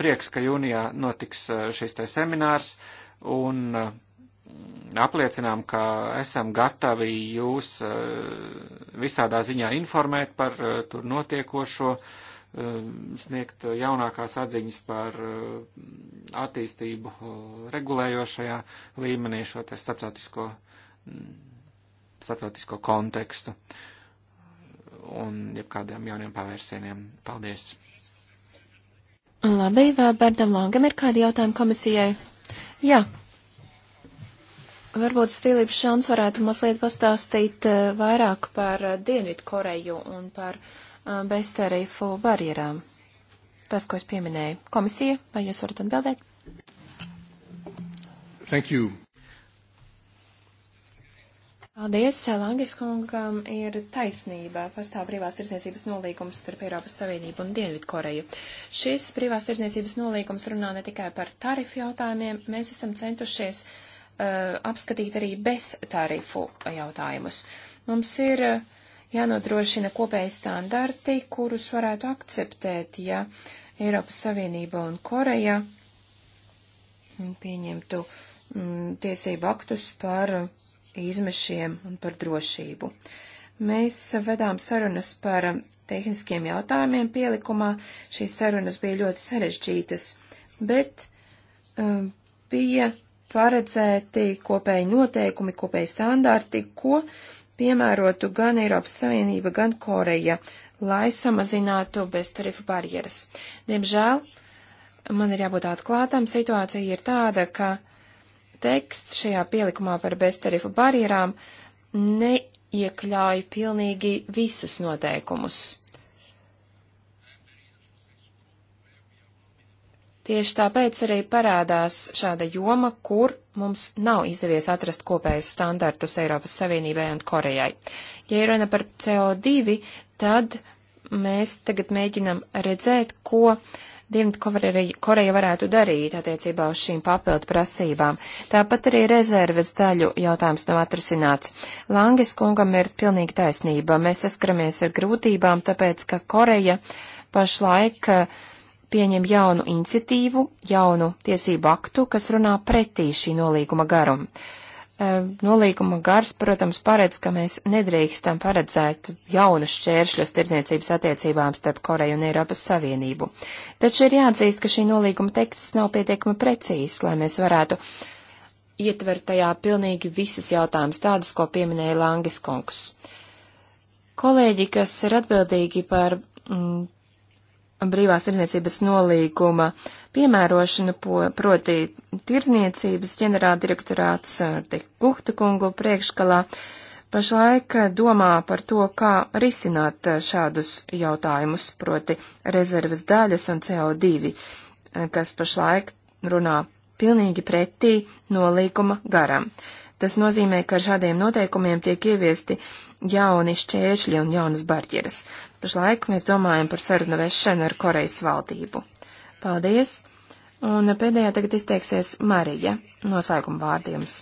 prieks, ka jūnijā notiks šis te seminārs un apliecinām, ka esam gatavi jūs visādā ziņā informēt par tur notiekošo. Uh, Um, sniegt jaunākās atziņas par uh, attīstību uh, regulējošajā līmenī šo te starptautisko, mm, starptautisko kontekstu un jebkādiem jauniem pavērsieniem. Paldies! Labi, vai Bērtam Langam ir kādi jautājumi komisijai? Jā. Varbūt Filips Šāns varētu mazliet pastāstīt uh, vairāk par Dienvidu Koreju un par uh, Uh, beztarifu barjerām. Tas, ko es pieminēju. Komisija, vai jūs varat atbildēt? Thank you. Paldies, Langis kungam ir taisnība. Pastāv privās tirsniecības nolīgums starp Eiropas Savienību un Dienvidkoreju. Šis privās tirsniecības nolīgums runā ne tikai par tarifu jautājumiem, mēs esam centušies uh, apskatīt arī bez tarifu jautājumus. Mums ir uh, jānodrošina kopēji standarti, kurus varētu akceptēt, ja Eiropas Savienība un Koreja pieņemtu mm, tiesību aktus par izmešiem un par drošību. Mēs vedām sarunas par tehniskiem jautājumiem pielikumā. Šīs sarunas bija ļoti sarežģītas, bet um, bija paredzēti kopēji noteikumi, kopēji standarti, ko piemērotu gan Eiropas Savienība, gan Koreja, lai samazinātu beztarifu barjeras. Diemžēl man ir jābūt atklātam, situācija ir tāda, ka teksts šajā pielikumā par beztarifu barjerām neiekļauj pilnīgi visus noteikumus. Tieši tāpēc arī parādās šāda joma, kur mums nav izdevies atrast kopējus standartus Eiropas Savienībai un Korejai. Ja ir runa par CO2, tad mēs tagad mēģinam redzēt, ko Dienvidkoreja varētu darīt attiecībā uz šīm papildu prasībām. Tāpat arī rezerves daļu jautājums nav atrasināts. Langis kungam ir pilnīgi taisnība. Mēs saskaramies ar grūtībām, tāpēc, ka Koreja pašlaik uh, pieņem jaunu iniciatīvu, jaunu tiesību aktu, kas runā pretī šī nolīguma garum. E, nolīguma gars, protams, paredz, ka mēs nedrīkstam paredzēt jaunus šķēršļus tirdzniecības attiecībām starp Koreju un Eiropas Savienību. Taču ir jāatzīst, ka šī nolīguma teksts nav pietiekami precīzs, lai mēs varētu ietver tajā pilnīgi visus jautājumus tādus, ko pieminēja Langis kungs. Kolēģi, kas ir atbildīgi par mm, brīvās tirdzniecības nolīguma piemērošanu, po, proti tirdzniecības ģenerāldirektorāts ar eh, te Kuhta kungu priekškalā pašlaik eh, domā par to, kā risināt eh, šādus jautājumus, proti rezerves daļas un CO2, kas pašlaik runā pilnīgi pretī nolīguma garam. Tas nozīmē, ka ar šādiem noteikumiem tiek ieviesti jauni šķēršļi un jaunas barjeras. Pašlaik mēs domājam par sarunu vešanu ar Korejas valdību. Paldies! Un pēdējā tagad izteiksies Marija noslēguma vārdījums.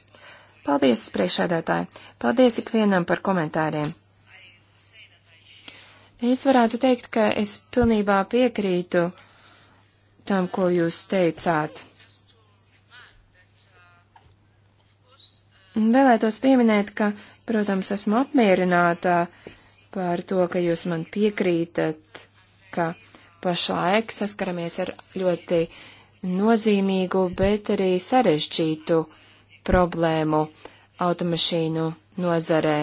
Paldies, priekšēdētāji! Paldies ikvienam par komentāriem! Es varētu teikt, ka es pilnībā piekrītu tam, ko jūs teicāt. Vēlētos pieminēt, ka, protams, esmu apmierināta uh, par to, ka jūs man piekrītat, ka pašlaik saskaramies ar ļoti nozīmīgu, bet arī sarežģītu problēmu automašīnu nozarē,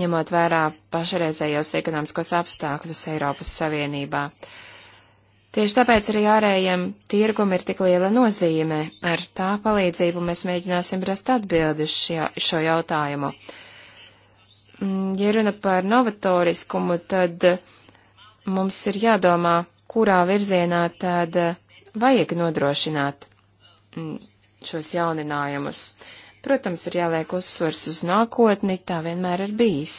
ņemot vērā pašreizējos ekonomiskos apstākļus Eiropas Savienībā. Tieši tāpēc arī ārējiem tirgum ir tik liela nozīme. Ar tā palīdzību mēs mēģināsim rast atbildi šo jautājumu. Mm, ja runa par novatoriskumu, tad mums ir jādomā, kurā virzienā tad vajag nodrošināt mm, šos jauninājumus. Protams, ir jāliek uzsvars uz nākotni, tā vienmēr ir bijis.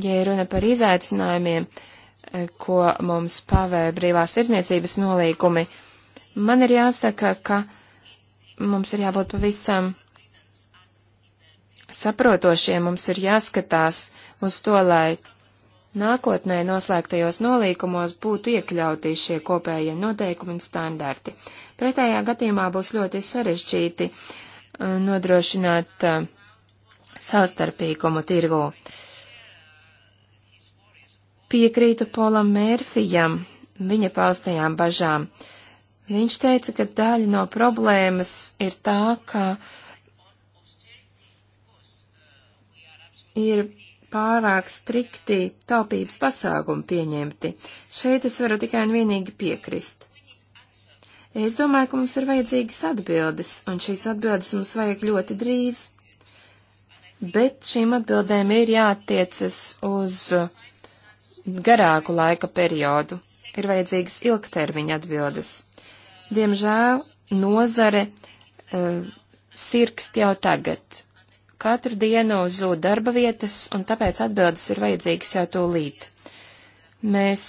Ja runa par izaicinājumiem, eh, ko mums pavēr brīvās tirdzniecības nolīgumi, man ir jāsaka, ka mums ir jābūt pavisam saprotošiem mums ir jāskatās uz to, lai nākotnē noslēgtajos nolīkumos būtu iekļauti šie kopējie noteikumi un standarti. Pretējā gadījumā būs ļoti sarežģīti uh, nodrošināt uh, savstarpīgumu tirgū. Piekrītu Polam Mērfijam, viņa paustajām bažām. Viņš teica, ka daļa no problēmas ir tā, ka uh, ir pārāk strikti taupības pasākumi pieņemti. Šeit es varu tikai un vienīgi piekrist. Es domāju, ka mums ir vajadzīgas atbildes, un šīs atbildes mums vajag ļoti drīz. Bet šīm atbildēm ir jātiecas uz garāku laika periodu. Ir vajadzīgas ilgtermiņa atbildes. Diemžēl nozare uh, sirkst jau tagad Katru dienu zūd darba vietas, un tāpēc atbildes ir vajadzīgas jau tūlīt. Mēs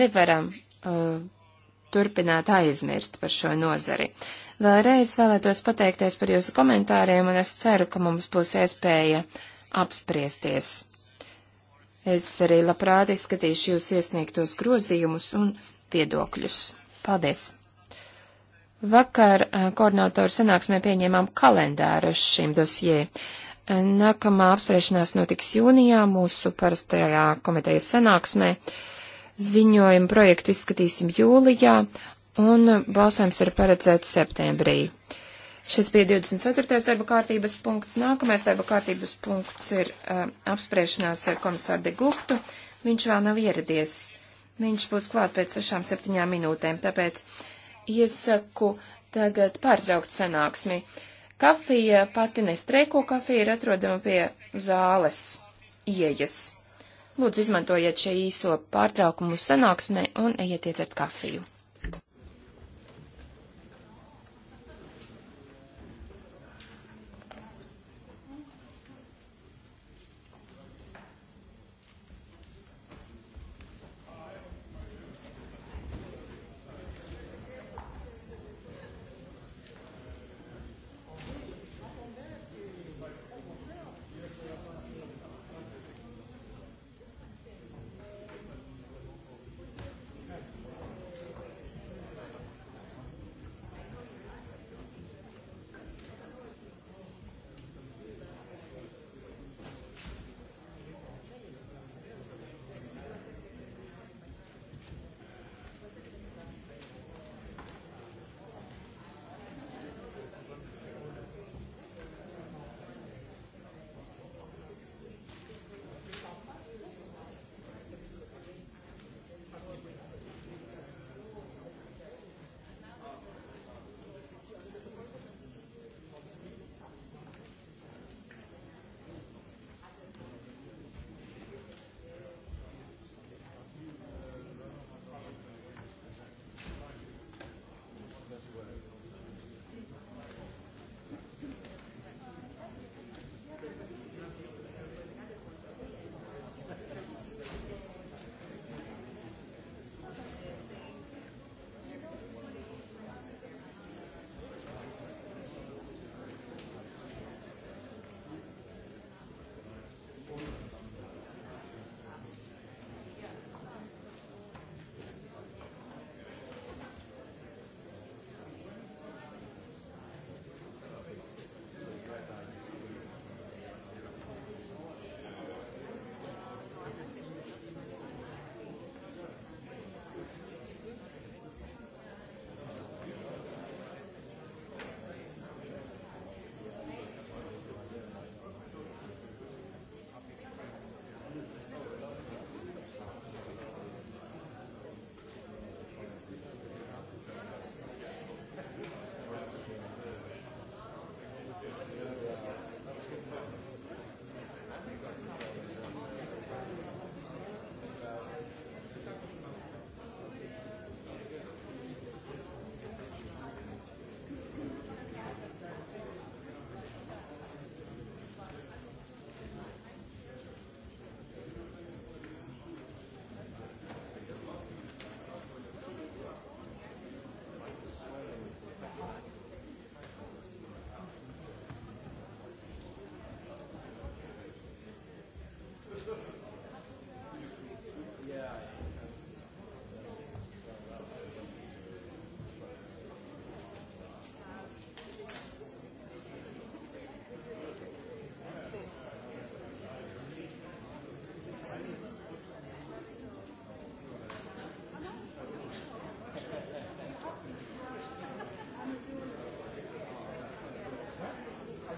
nevaram uh, turpināt aizmirst par šo nozari. Vēlreiz vēlētos pateikties par jūsu komentāriem, un es ceru, ka mums būs iespēja apspriesties. Es arī labprāt izskatīšu jūsu iesniegtos grozījumus un viedokļus. Paldies! Vakar eh, koordinatoru sanāksmē pieņēmām kalendāru šim dosjē. Eh, nākamā apspriešanās notiks jūnijā mūsu parastajā komitejas sanāksmē. Ziņojumu projektu izskatīsim jūlijā un balsojums ir paredzēts septembrī. Šis bija 24. darba kārtības punkts. Nākamais darba kārtības punkts ir uh, apspriešanās ar komisāru de Guktu. Viņš vēl nav ieradies. Viņš būs klāt pēc 6-7 minūtēm, tāpēc iesaku tagad pārtraukt sanāksmi. Kafija pati nestrēko, kafija ir atrodama pie zāles ieejas. Lūdzu, izmantojiet šo īso pārtraukumu sanāksmē un ejiet iedzert kafiju.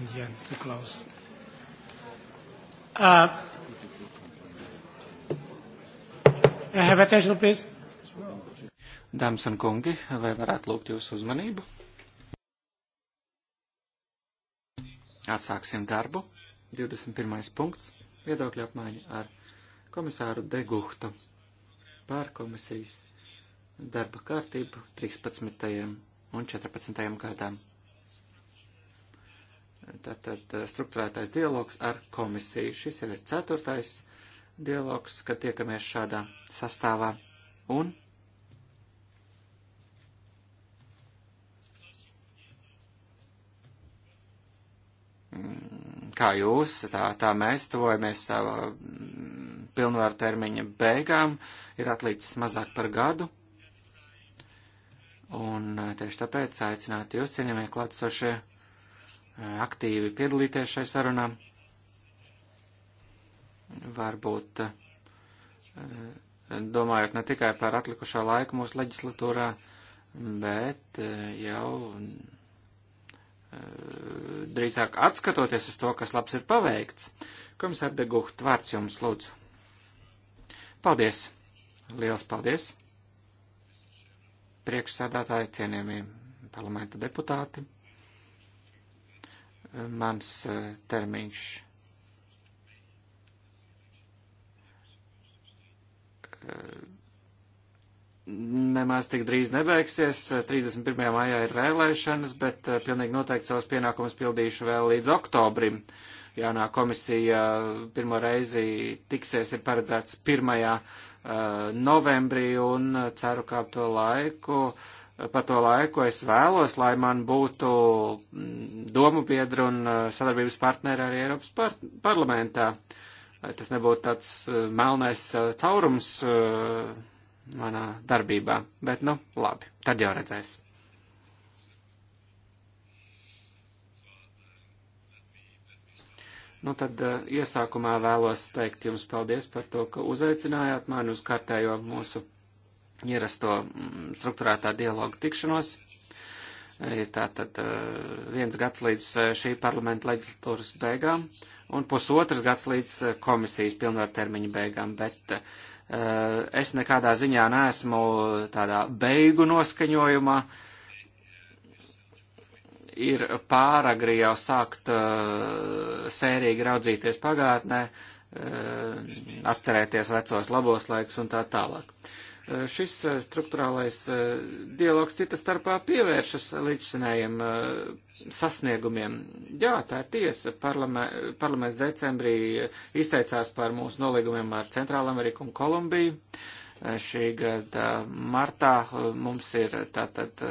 in the end to close. Uh, have attention, please. Dāmas un kungi, vai varētu lūgt jūsu uzmanību? Atsāksim darbu. 21. punkts - viedokļa apmaiņa ar komisāru Deguhtu par komisijas darba kārtību 13. un 14. gadām tātad eh, struktūrētais dialogs ar komisiju. Šis jau ir ceturtais dialogs, kad tiekamies šādā sastāvā. Un mm, kā jūs, tā, tā mēs tuvojamies sava mm, pilnvaru termiņa beigām, ir atlicis mazāk par gadu. Un eh, tieši tāpēc aicinātu jūs, cienījamie klātsošie, aktīvi piedalīties šai sarunā. Varbūt eh, domājot ne tikai par atlikušā laiku mūsu leģislatūrā, bet eh, jau eh, drīzāk atskatoties uz to, kas labs ir paveikts. Komisār Deguht, vārds jums lūdzu. Paldies! Liels paldies! Priekšsēdētāji, cienījamie parlamenta deputāti! mans e, termiņš. E, nemaz tik drīz nebeigsies. 31. E, maijā ir vēlēšanas, bet pilnīgi noteikti savus pienākumus pildīšu vēl līdz oktobrim. Jaunā komisija pirmo reizi tiksies ir paredzēts 1. novembrī un ceru, ka ap to laiku uh, pa to laiku es vēlos, lai man būtu mm, domu biedru un uh, sadarbības partneri arī Eiropas par parlamentā. Tas nebūtu tāds uh, melnais uh, taurums manā darbībā, bet nu labi, tad jau redzēs. Nu tad iesākumā vēlos teikt jums paldies par to, ka uzaicinājāt mani uz kārtējo mūsu ierasto mm, struktūrētā dialoga tikšanos. Ir tātad eh, viens gads līdz eh, šī parlamenta leģislatūras beigām un pusotrs gads līdz eh, komisijas pilnvartermiņa beigām, bet es nekādā ziņā neesmu tādā beigu noskaņojumā. Ir pāragri jau sākt sērīgi raudzīties pagātnē, atcerēties vecos labos laikus un tā tālāk. Uh, Eh, šis eh, struktūrālais eh, dialogs cita starpā pievēršas līdzsinējiem sasniegumiem. Jā, tā ir tiesa. Parlamē, parlaments decembrī izteicās par mūsu nolīgumiem ar Centrālameriku un Kolumbiju. Šī gada martā mums ir tātad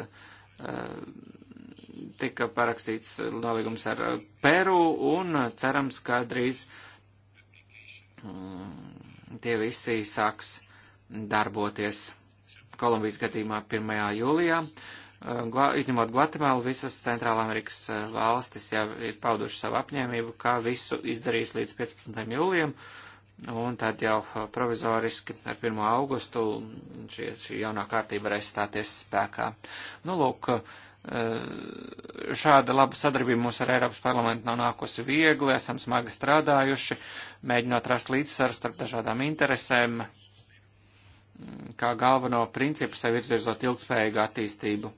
tika parakstīts nolīgums ar Peru un cerams, ka drīz mm, tie visi sāks darboties. Kolumbijas gadījumā 1. jūlijā, eh, Gua, izņemot Gvatemelu, visas Centrālamerikas eh, valstis jau ir pauduši savu apņēmību, kā visu izdarīs līdz 15. jūlijam, un tad jau eh, provizoriski ar 1. augustu šie, šī jaunā kārtība varēs stāties spēkā. Nu, lūk, šāda laba sadarbība mums ar Eiropas parlamentu nav nākusi viegli, esam smagi strādājuši, mēģinot rast līdzsvaru starp dažādām interesēm, kā galveno principu sev izvirzot ilgspējīgu attīstību.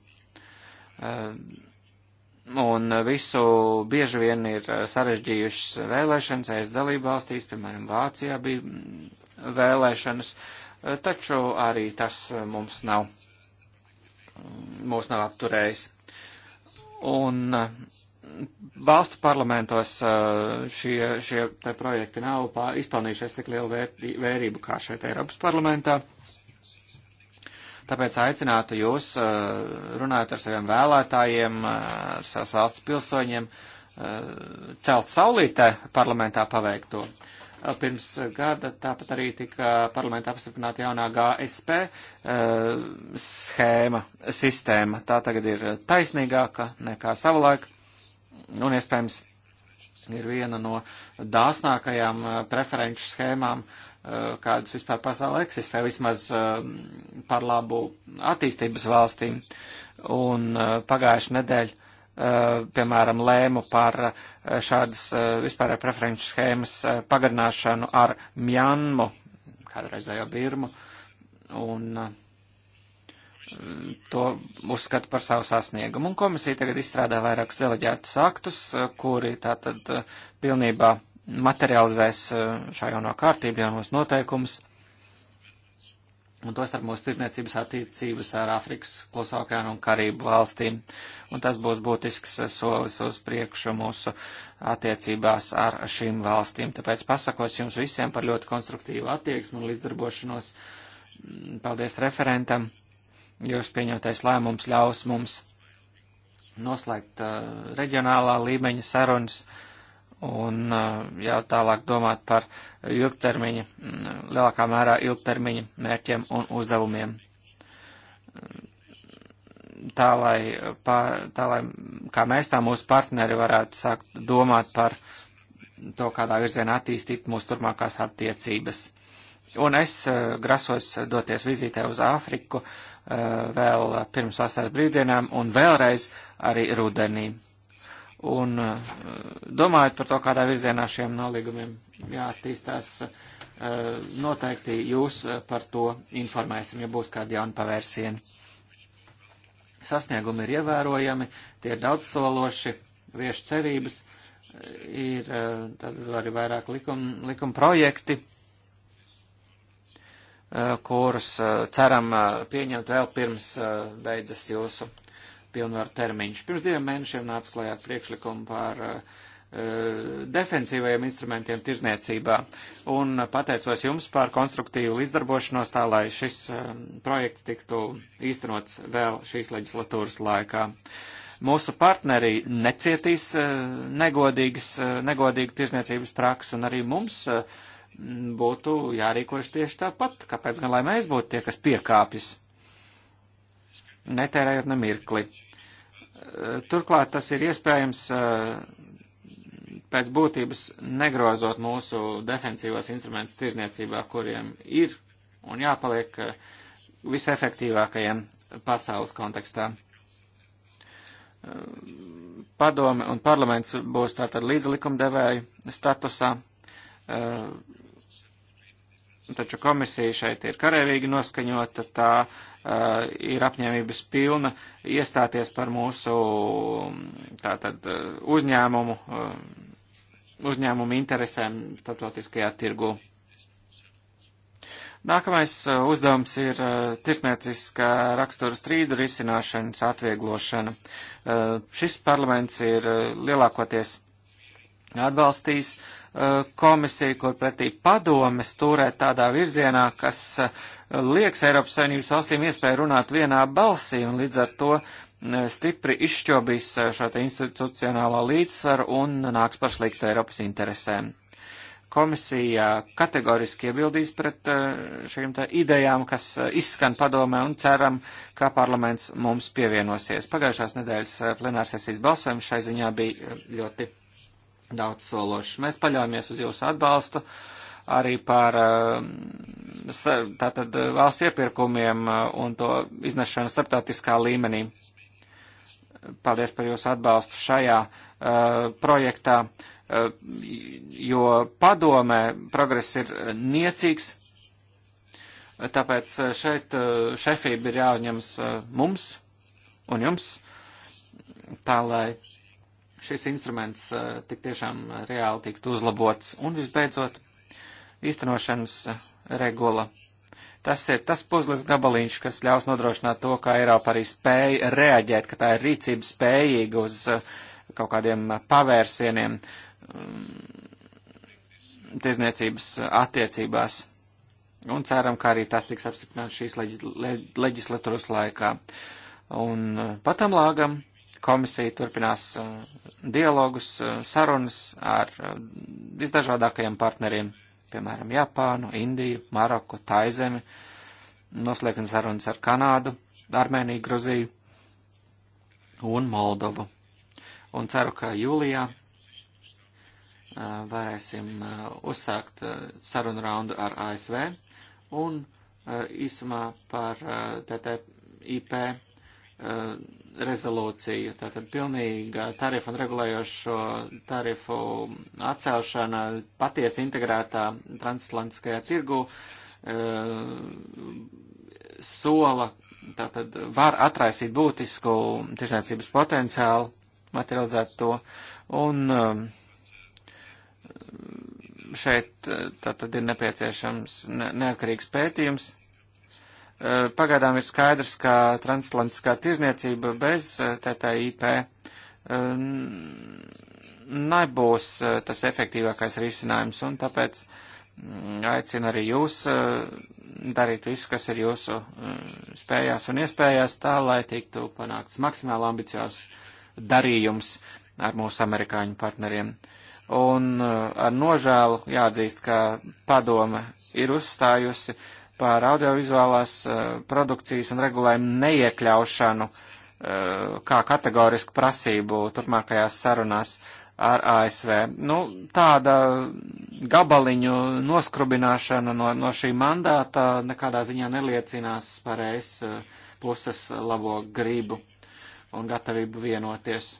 Eh, un visu bieži vien ir eh, sarežģījušas vēlēšanas, aiz dalību valstīs, piemēram, Vācijā bija mm, vēlēšanas, eh, taču arī tas mums nav, mm, mūs nav apturējis. Un valstu parlamentos šie, šie projekti nav izpelnījušies tik lielu vērību kā šeit Eiropas parlamentā. Tāpēc aicinātu jūs uh, runāt ar saviem vēlētājiem, ar uh, savas valsts pilsoņiem, uh, celt saulītē parlamentā paveikto. Pirms gada tāpat arī tika parlamentā apstiprināta jaunā GSP schēma, sistēma. Tā tagad ir taisnīgāka nekā savulaik un iespējams ir viena no dāsnākajām preferenču schēmām uh, Eh, kādas vispār pasaulē eksistē, vismaz eh, par labu attīstības valstīm. Un eh, pagājuši nedēļ, piemēram, lēmu par šādas vispārē preferenču schēmas pagarināšanu ar Mjanmu, kādreizējo Birmu, un to uzskata par savu sasniegumu. Un komisija tagad izstrādā vairākus deleģētus aktus, kuri tātad pilnībā materializēs eh, šā jaunā kārtība, jaunos noteikumus, un tos ar mūsu tirdzniecības attiecības ar Āfrikas, Klusākēnu un Karību valstīm. Un tas būs būtisks eh, solis uz priekšu mūsu attiecībās ar šīm valstīm. Tāpēc pasakos jums visiem par ļoti konstruktīvu attieksmu un līdzdarbošanos. Mm, paldies referentam. Jūs pieņemtais lēmums ļaus mums noslēgt uh, reģionālā līmeņa sarunas. Uh, un eh, jau tālāk domāt par ilgtermiņa, mm, lielākā mērā ilgtermiņa mērķiem un uzdevumiem. Tā lai, pār, tā lai, kā mēs tā mūsu partneri varētu sākt domāt par to, kādā virzienā attīstīt mūsu turmākās attiecības. Un es eh, grasos doties vizītē uz Āfriku eh, vēl pirms vasaras brīvdienām un vēlreiz arī rudenī un eh, domājot par to, kādā virzienā šiem nolīgumiem jāattīstās, eh, noteikti jūs eh, par to informēsim, ja būs kādi jauni pavērsieni. Sasniegumi ir ievērojami, tie ir daudz sološi, vieš cerības, ir tad arī vairāk likuma likum projekti, kurus ceram pieņemt vēl pirms beidzas jūsu pilnvaru termiņš. Pirms diviem mēnešiem nāca klajāt priekšlikumu par uh, defensīvajiem instrumentiem tirzniecībā. Un pateicos jums par konstruktīvu līdzdarbošanos tā, lai šis eh, projekts tiktu īstenots vēl šīs leģislatūras laikā. Mūsu partneri necietīs eh, negodīgas, negodīgu tirzniecības praksu un arī mums būtu jārīkoši tieši tāpat. Kāpēc gan lai mēs būtu tie, kas piekāpjas? netērējot ne mirkli. Turklāt tas ir iespējams pēc būtības negrozot mūsu defensīvos instrumentus tirzniecībā, kuriem ir un jāpaliek visefektīvākajiem pasaules kontekstā. Padome un parlaments būs tātad līdzlikumdevēju statusā, taču komisija šeit ir karēvīgi noskaņota, tā Eh, ir apņēmības pilna iestāties par mūsu mm, tātad, eh, uzņēmumu, eh, uzņēmumu interesēm starptautiskajā tirgu. Nākamais uzdevums ir tirsnieciskā rakstura strīdu risināšanas atvieglošana. Šis parlaments ir lielākoties atbalstīs komisiju, kur pretī padome stūrēt tādā virzienā, kas uh, liekas Eiropas Savienības valstīm iespēju runāt vienā balsī un līdz ar to stipri izšķobīs e, šo te institucionālo līdzsvaru un nāks par sliktu Eiropas interesēm. Komisija kategoriski iebildīs pret e, šīm te idejām, kas e, izskan padomē un ceram, ka parlaments mums pievienosies. Pagājušās nedēļas plenārsesijas balsojums šai ziņā bija ļoti daudz sološs. Mēs paļaujamies uz jūsu atbalstu. Uh, arī par um, tātad uh, valsts iepirkumiem uh, un to iznešanu starptautiskā līmenī. Paldies par jūsu atbalstu šajā uh, projektā, uh, jo padomē progress ir niecīgs, tāpēc uh, šeit uh, šefība ir jāuzņems uh, mums un jums, tā lai šis instruments uh, tik tiešām reāli tiktu uzlabots. Un visbeidzot, īstenošanas eh, regula. Tas ir tas puzles gabaliņš, kas ļaus nodrošināt to, ka Eiropa arī spēja reaģēt, ka tā ir rīcība spējīga uz eh, kaut kādiem eh, pavērsieniem mm, tirzniecības attiecībās. Un ceram, ka arī tas tiks apstiprināts šīs leģ leģ leģislatūras laikā. Un patam lāgam komisija turpinās dialogus, sarunas ar visdažādākajiem partneriem piemēram, Japānu, Indiju, Maroku, Taizemi, noslēgsim sarunas ar Kanādu, Armēniju, Gruziju un Moldovu. Un ceru, ka jūlijā varēsim uzsākt sarunu raundu ar ASV un īsumā par TTIP rezolūciju. Tātad pilnīga tarifu un regulējošo tarifu atcelšana patiesi integrētā transatlantiskajā tirgu e, sola, tātad var atraisīt būtisku tirsniecības potenciālu, materializēt to. Un e, šeit e, tātad ir nepieciešams neatkarīgs pētījums Eh, pagaidām ir skaidrs, ka transatlantiskā tirzniecība bez eh, TTIP eh, nebūs tas efektīvākais risinājums, un tāpēc mm, aicinu arī jūs darīt visu, kas ir jūsu spējās un iespējās, tā, lai tiktu panākts maksimāli ambiciozs darījums ar mūsu amerikāņu partneriem. Un ar nožēlu jāatzīst, ka padome ir uzstājusi uh, par audiovizuālās eh, produkcijas un regulējumu neiekļaušanu eh, kā kategorisku prasību turpmākajās sarunās ar ASV. Nu, tāda gabaliņu noskrubināšana no, no šī mandāta nekādā ziņā neliecinās par es eh, puses labo gribu un gatavību vienoties.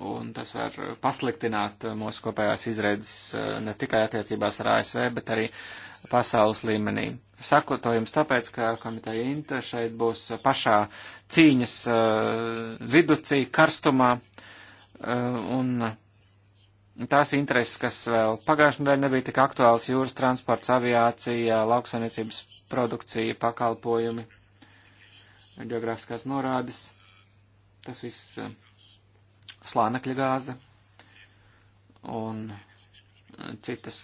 Un tas var pasliktināt mūsu kopējās izredzes ne tikai attiecībās ar ASV, bet arī uh, pasaules līmenī. Saku to jums tāpēc, ka komiteja Inta šeit būs pašā cīņas eh, viducī, karstumā, eh, un tās intereses, kas vēl pagājušajā nedēļā nebija tik aktuāls - jūras transports, aviācija, lauksaimniecības produkcija, pakalpojumi, geogrāfiskās norādes, tas viss eh, slānekļa gāze. Un citas,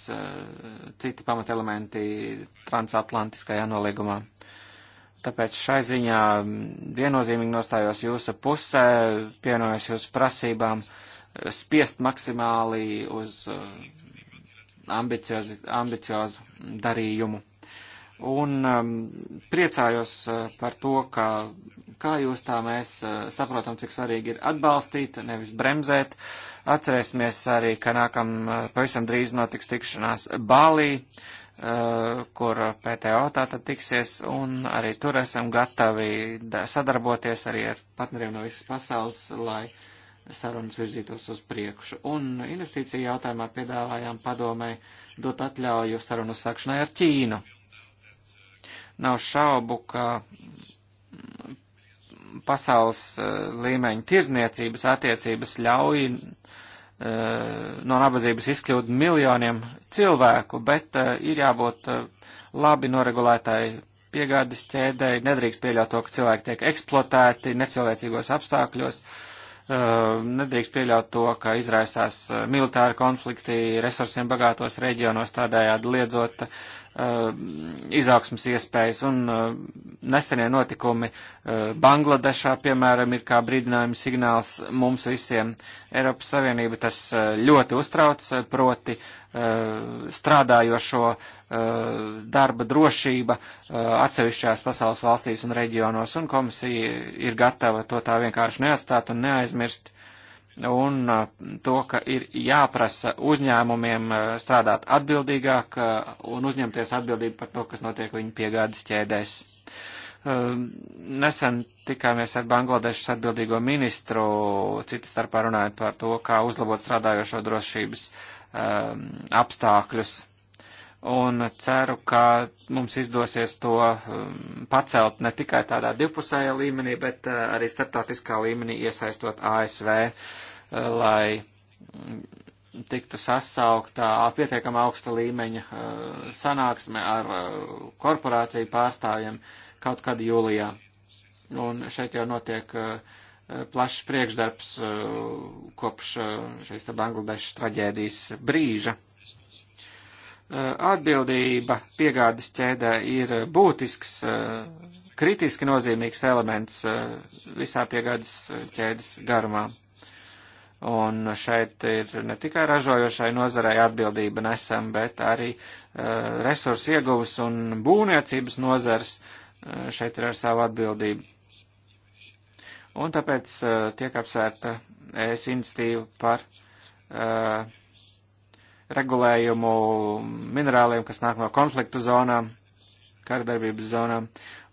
citi pamatelementi transatlantiskajā nolīgumā. Tāpēc šai ziņā viennozīmīgi nostājos jūsu pusē, pienojos jūsu prasībām spiest maksimāli uz uh, ambiciozu, ambiciozu darījumu. Un um, priecājos uh, par to, ka kā jūs tā mēs uh, saprotam, cik svarīgi ir atbalstīt, nevis bremzēt. Atcerēsimies arī, ka nākam uh, pavisam drīz notiks tikšanās Bālī, kur PTO tātad tiksies, un arī tur esam gatavi sadarboties arī ar partneriem no visas pasaules, lai sarunas virzītos uz priekšu. Un investīcija jautājumā piedāvājām padomē dot atļauju sarunu sākšanai ar Ķīnu Nav šaubu, ka pasaules eh, līmeņa tirzniecības attiecības ļauj eh, no nabadzības izkļūt miljoniem cilvēku, bet eh, ir jābūt labi noregulētai piegādes ķēdēji, nedrīkst pieļaut to, ka cilvēki tiek eksploatēti necilvēcīgos apstākļos, nedrīkst pieļaut to, ka izraisās militāri konflikti resursiem bagātos reģionos, tādējādi liedzot Eh, izaugsmas iespējas, un eh, nesenie notikumi eh, Bangladešā, piemēram, ir kā brīdinājums signāls mums visiem. Eiropas Savienība tas ļoti uztrauc, proti strādājošo darba drošība atsevišķās pasaules valstīs un reģionos, un komisija ir gatava to tā vienkārši neatstāt un neaizmirst un uh, to, ka ir jāprasa uzņēmumiem uh, strādāt atbildīgāk uh, un uzņemties atbildību par to, kas notiek viņu piegādes ķēdēs. Um, nesen tikāmies ar Bangladešas atbildīgo ministru, citas starpā runājot par to, kā uzlabot strādājošo drošības um, apstākļus un ceru, ka mums izdosies to um, pacelt ne tikai tādā divpusējā līmenī, bet arī starptautiskā līmenī iesaistot ASV lai tiktu sasaukta pietiekama augsta līmeņa uh, sanāksme ar uh, korporāciju pārstāvjiem kaut kad jūlijā. Un šeit jau notiek uh, plašs priekšdarbs kopš šīs Bangladešas traģēdijas brīža. Atbildība piegādes ķēdē ir būtisks, kritiski nozīmīgs elements visā piegādes ķēdes garumā. Un šeit ir ne tikai ražojošai nozarei atbildība nesam, bet arī uh, resursu ieguvas un būvniecības nozars uh, šeit ir ar savu atbildību. Un tāpēc uh, tiek apsvērta ES institīva par regulējumu minerāliem, kas nāk no konfliktu zonām, kārdarbības zonām.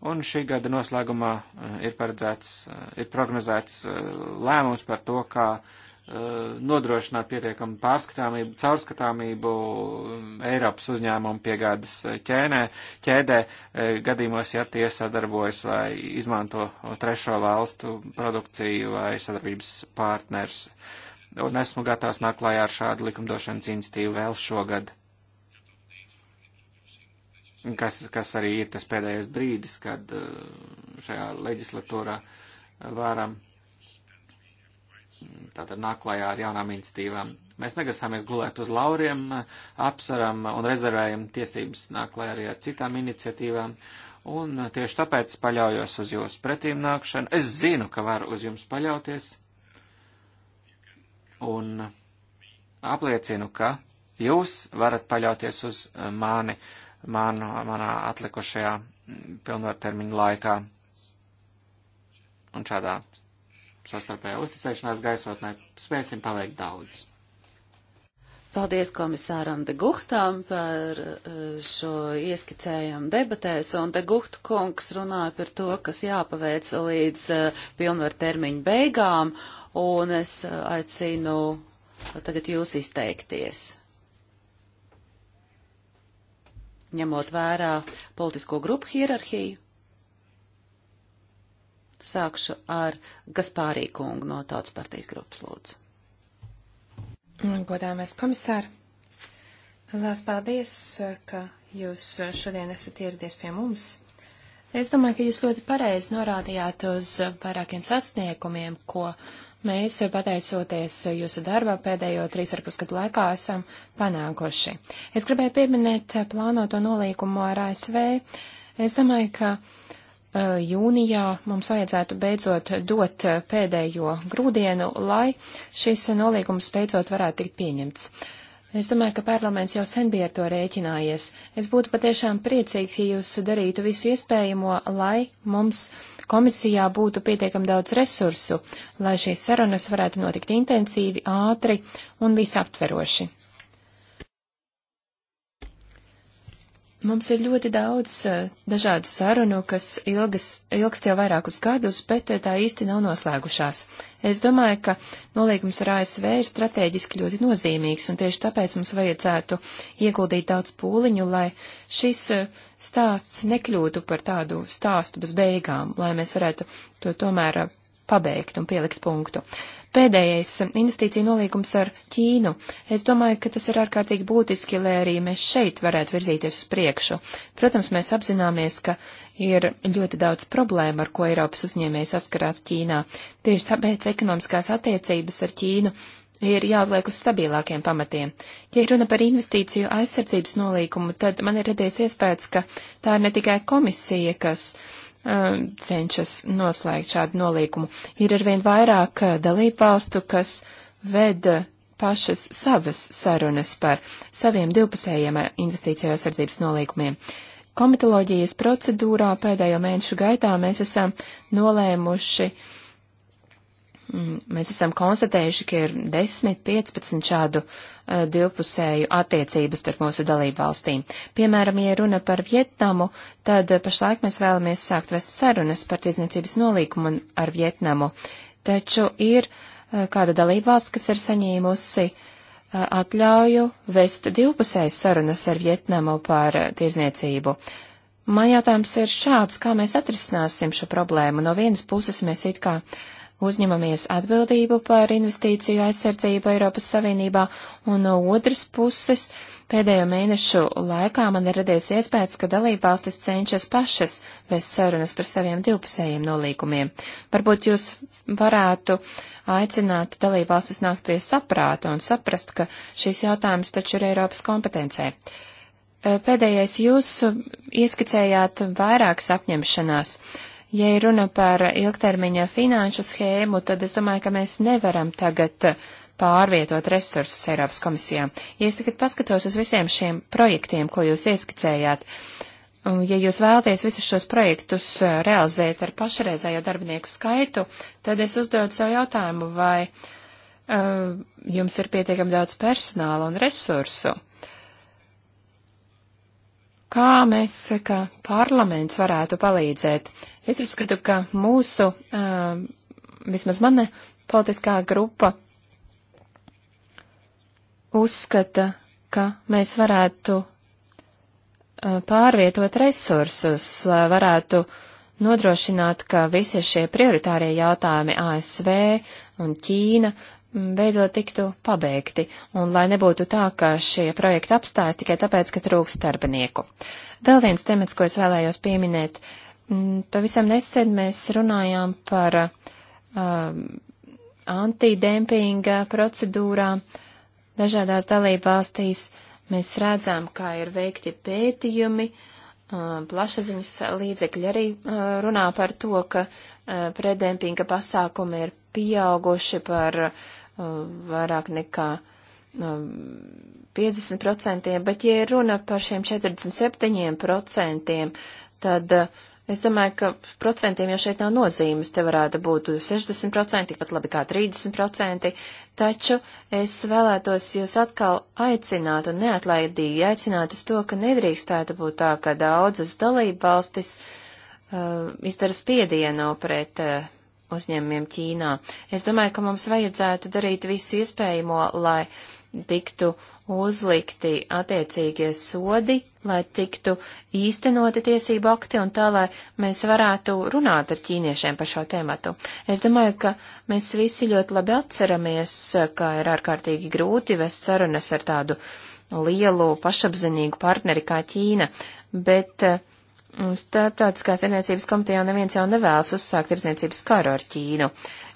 Un šī gada noslēgumā ir paredzēts, ir prognozēts lēmums par to, kā uh, Eh, nodrošināt pietiekamu pārskatāmību, caurskatāmību mm, Eiropas uzņēmumu piegādes eh, ķēnē, ķēdē, eh, gadījumos, ja tie sadarbojas vai izmanto trešo valstu produkciju vai sadarbības partners. Un esmu gatavs nākt klājā ar šādu likumdošanas institīvu vēl šogad. Kas, kas arī ir tas pēdējais brīdis, kad šajā leģislatūrā varam uh, tātad nāk klajā ar jaunām iniciatīvām. Mēs negrasāmies gulēt uz lauriem, apsaram un rezervējam tiesības nāk klajā arī ar citām iniciatīvām. Un tieši tāpēc paļaujos uz jūsu pretīm nākšanu. Es zinu, ka varu uz jums paļauties. Un apliecinu, ka jūs varat paļauties uz mani, manu, manā atlikušajā pilnvartermiņa laikā. Un šādā savstarpējā uzticēšanās gaisotnē spēsim paveikt daudz. Paldies komisāram de Guhtam par eh, šo ieskicējumu debatēs, un de Guhtu kungs runāja par to, kas jāpaveic līdz eh, pilnvar termiņu beigām, un es eh, aicinu tagad jūs izteikties. Ņemot vērā politisko grupu hierarhiju. Sākšu ar Gaspārī kungu no Tautas partijas grupas lūdzu. Godāmies komisāri, liels paldies, ka jūs šodien esat ieradies pie mums. Es domāju, ka jūs ļoti pareizi norādījāt uz vairākiem sasniegumiem, ko mēs, pateicoties jūsu darbā, pēdējo trīs ar pusgadu laikā esam panākuši. Es gribēju pieminēt plānoto nolīkumu ar ASV. Es domāju, ka Eh, jūnijā mums vajadzētu beidzot dot eh, pēdējo grūdienu, lai šis nolīgums beidzot varētu tikt pieņemts. Es domāju, ka parlaments jau sen bija ar to rēķinājies. Es būtu patiešām priecīgs, ja jūs darītu visu iespējamo, lai mums komisijā būtu pietiekam daudz resursu, lai šīs sarunas varētu notikt intensīvi, ātri un visaptveroši. Mums ir ļoti daudz eh, dažādu sarunu, kas ilgas, ilgst jau vairākus gadus, bet eh, tā īsti nav noslēgušās. Es domāju, ka nolīgums ar ASV ir strateģiski ļoti nozīmīgs, un tieši tāpēc mums vajadzētu ieguldīt daudz pūliņu, lai šis eh, stāsts nekļūtu par tādu stāstu bez beigām, lai mēs varētu to tomēr pabeigt un pielikt punktu. Pēdējais eh, - investīcija nolīgums ar Ķīnu. Es domāju, ka tas ir ārkārtīgi būtiski, lai arī mēs šeit varētu virzīties uz priekšu. Protams, mēs apzināmies, ka ir ļoti daudz problēmu, ar ko Eiropas uzņēmēji saskarās Ķīnā. Tieši tāpēc ekonomiskās attiecības ar Ķīnu ir jāuzliek uz stabilākiem pamatiem. Ja runa par investīciju aizsardzības nolīkumu, tad man ir radies iespējas, ka tā ir ne tikai komisija, kas Um, cenšas noslēgt šādu nolīgumu. Ir arvien vairāk uh, dalībvalstu, kas ved uh, pašas savas sarunas par saviem divpusējiem uh, investīciju aizsardzības nolīgumiem. Komitoloģijas procedūrā pēdējo mēnešu gaitā mēs esam nolēmuši, mm, mēs esam konstatējuši, ka ir 10-15 šādu uh, Eh, divpusēju attiecības starp mūsu dalībvalstīm. Piemēram, ja runa par Vietnamu, tad eh, pašlaik mēs vēlamies sākt vest sarunas par tirdzniecības nolīkumu ar Vietnamu, taču ir eh, kāda dalībvalsts, kas ir saņēmusi atļauju vest divpusējas sarunas ar Vietnamu par tirdzniecību. Man jautājums ir šāds, kā mēs atrisināsim šo problēmu. No vienas puses mēs it kā uh, uzņemamies atbildību par investīciju aizsardzību Eiropas Savienībā, un no otras puses pēdējo mēnešu laikā man ir radies iespējas, ka dalībvalstis cenšas pašas vēst sarunas par saviem divpusējiem nolīkumiem. Varbūt jūs varētu aicināt dalībvalstis nākt pie saprāta un saprast, ka šis jautājums taču ir Eiropas kompetencē. Pēdējais jūs ieskicējāt vairākas apņemšanās. Uh, Ja ir runa par ilgtermiņa finanšu schēmu, tad es domāju, ka mēs nevaram tagad pārvietot resursus Eiropas komisijā. Ja es tagad paskatos uz visiem šiem projektiem, ko jūs ieskicējāt, ja jūs vēlaties visus šos projektus uh, realizēt ar pašreizējo darbinieku skaitu, tad es uzdodu sev jautājumu, vai uh, jums ir pietiekami daudz personāla un resursu. Uh, Kā mēs, kā parlaments, varētu palīdzēt? Es uzskatu, ka mūsu, vismaz mana politiskā grupa, uzskata, ka mēs varētu pārvietot resursus, lai varētu nodrošināt, ka visi šie prioritārie jautājumi ASV un Ķīna beidzot tiktu pabeigti, un lai nebūtu tā, ka šie projekti apstājas tikai tāpēc, ka trūks darbinieku. Vēl viens temats, ko es vēlējos pieminēt, mm, pavisam nesen mēs runājām par uh, antidempinga procedūrām dažādās dalībvalstīs. Mēs redzam, kā ir veikti pētījumi, uh, Uh, plašsaziņas līdzekļi arī uh, runā par to, ka uh, predempinga pasākumi ir pieauguši par vairāk nekā 50%, um, bet ja runa par šiem 47%, tad uh, Es domāju, ka procentiem jau šeit nav nozīmes. Te varētu būt 60%, pat labi kā 30%, taču es vēlētos jūs atkal aicināt un neatlaidīgi aicināt uz to, ka nedrīkstētu būt tā, ka daudzas dalība valstis uh, izdara spiedienu pret uh, uzņēmumiem Ķīnā. Es domāju, ka mums vajadzētu darīt visu iespējamo, lai tiktu uh, uzlikti attiecīgie sodi, lai tiktu īstenoti tiesību akti un tā, lai mēs varētu runāt ar ķīniešiem par šo tēmatu. Es domāju, ka mēs visi ļoti labi atceramies, ka ir ārkārtīgi grūti vest sarunas ar tādu lielu pašapziņīgu partneri kā Ķīna, bet eh, Starptautiskās tirdzniecības komitejā neviens jau nevēlas uzsākt tirdzniecības karu ar Ķīnu.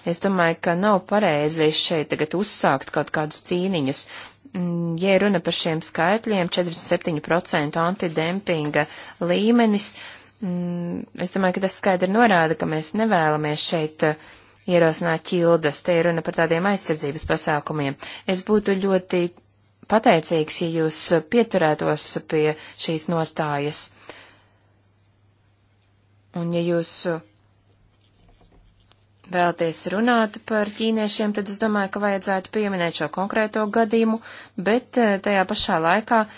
Es domāju, ka nav pareizi šeit tagad uzsākt kaut kādus cīniņus. Mm, ja runa par šiem skaitļiem, 47% antidempinga līmenis, mm, es domāju, ka tas skaidri norāda, ka mēs nevēlamies šeit uh, ierosināt ķildas, te ir runa par tādiem aizsardzības pasākumiem. Es būtu ļoti pateicīgs, ja jūs pieturētos pie šīs nostājas. Un ja jūs vēlaties runāt par ķīniešiem, tad es domāju, ka vajadzētu pieminēt šo konkrēto gadījumu, bet eh, tajā pašā laikā m,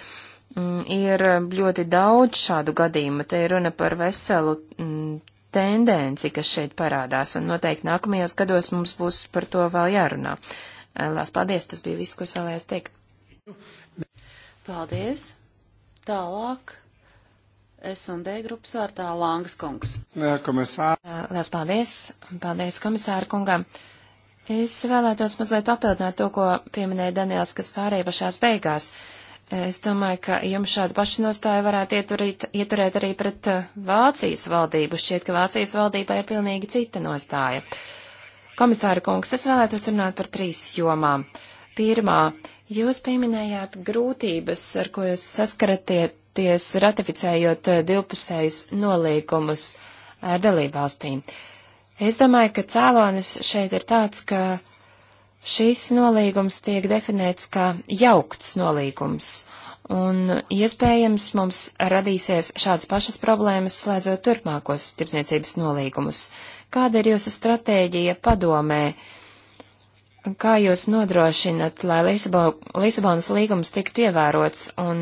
mm, ir ļoti daudz šādu gadījumu. Te ir runa par veselu m, mm, tendenci, kas šeit parādās, un noteikti nākamajos gados mums būs par to vēl jārunā. Eh, Lās paldies, tas bija viss, ko es vēlējos teikt. Paldies. Tālāk S&D grupas vārtā Langas kungs. Lielas paldies! Paldies komisāra kungam! Es vēlētos mazliet papildināt to, ko pieminēja Daniels, kas pārēja pašās beigās. Es domāju, ka jums šādu pašu nostāju varētu ieturīt, ieturēt arī pret Vācijas valdību. Šķiet, ka Vācijas valdībā ir pilnīgi cita nostāja. Komisāra kungs, es vēlētos runāt par trīs jomām. Pirmā, jūs pieminējāt grūtības, ar ko jūs saskaraties panākties ratificējot eh, divpusējus nolīgumus ar dalībvalstīm. Es domāju, ka cēlonis šeit ir tāds, ka šis nolīgums tiek definēts kā jaukts nolīgums, un iespējams mums radīsies šādas pašas problēmas, slēdzot turpmākos tirdzniecības nolīgumus. Kāda ir jūsu stratēģija padomē? Uh, Kā jūs nodrošinat, lai Lisabo, Lisabonas līgums tiktu ievērots un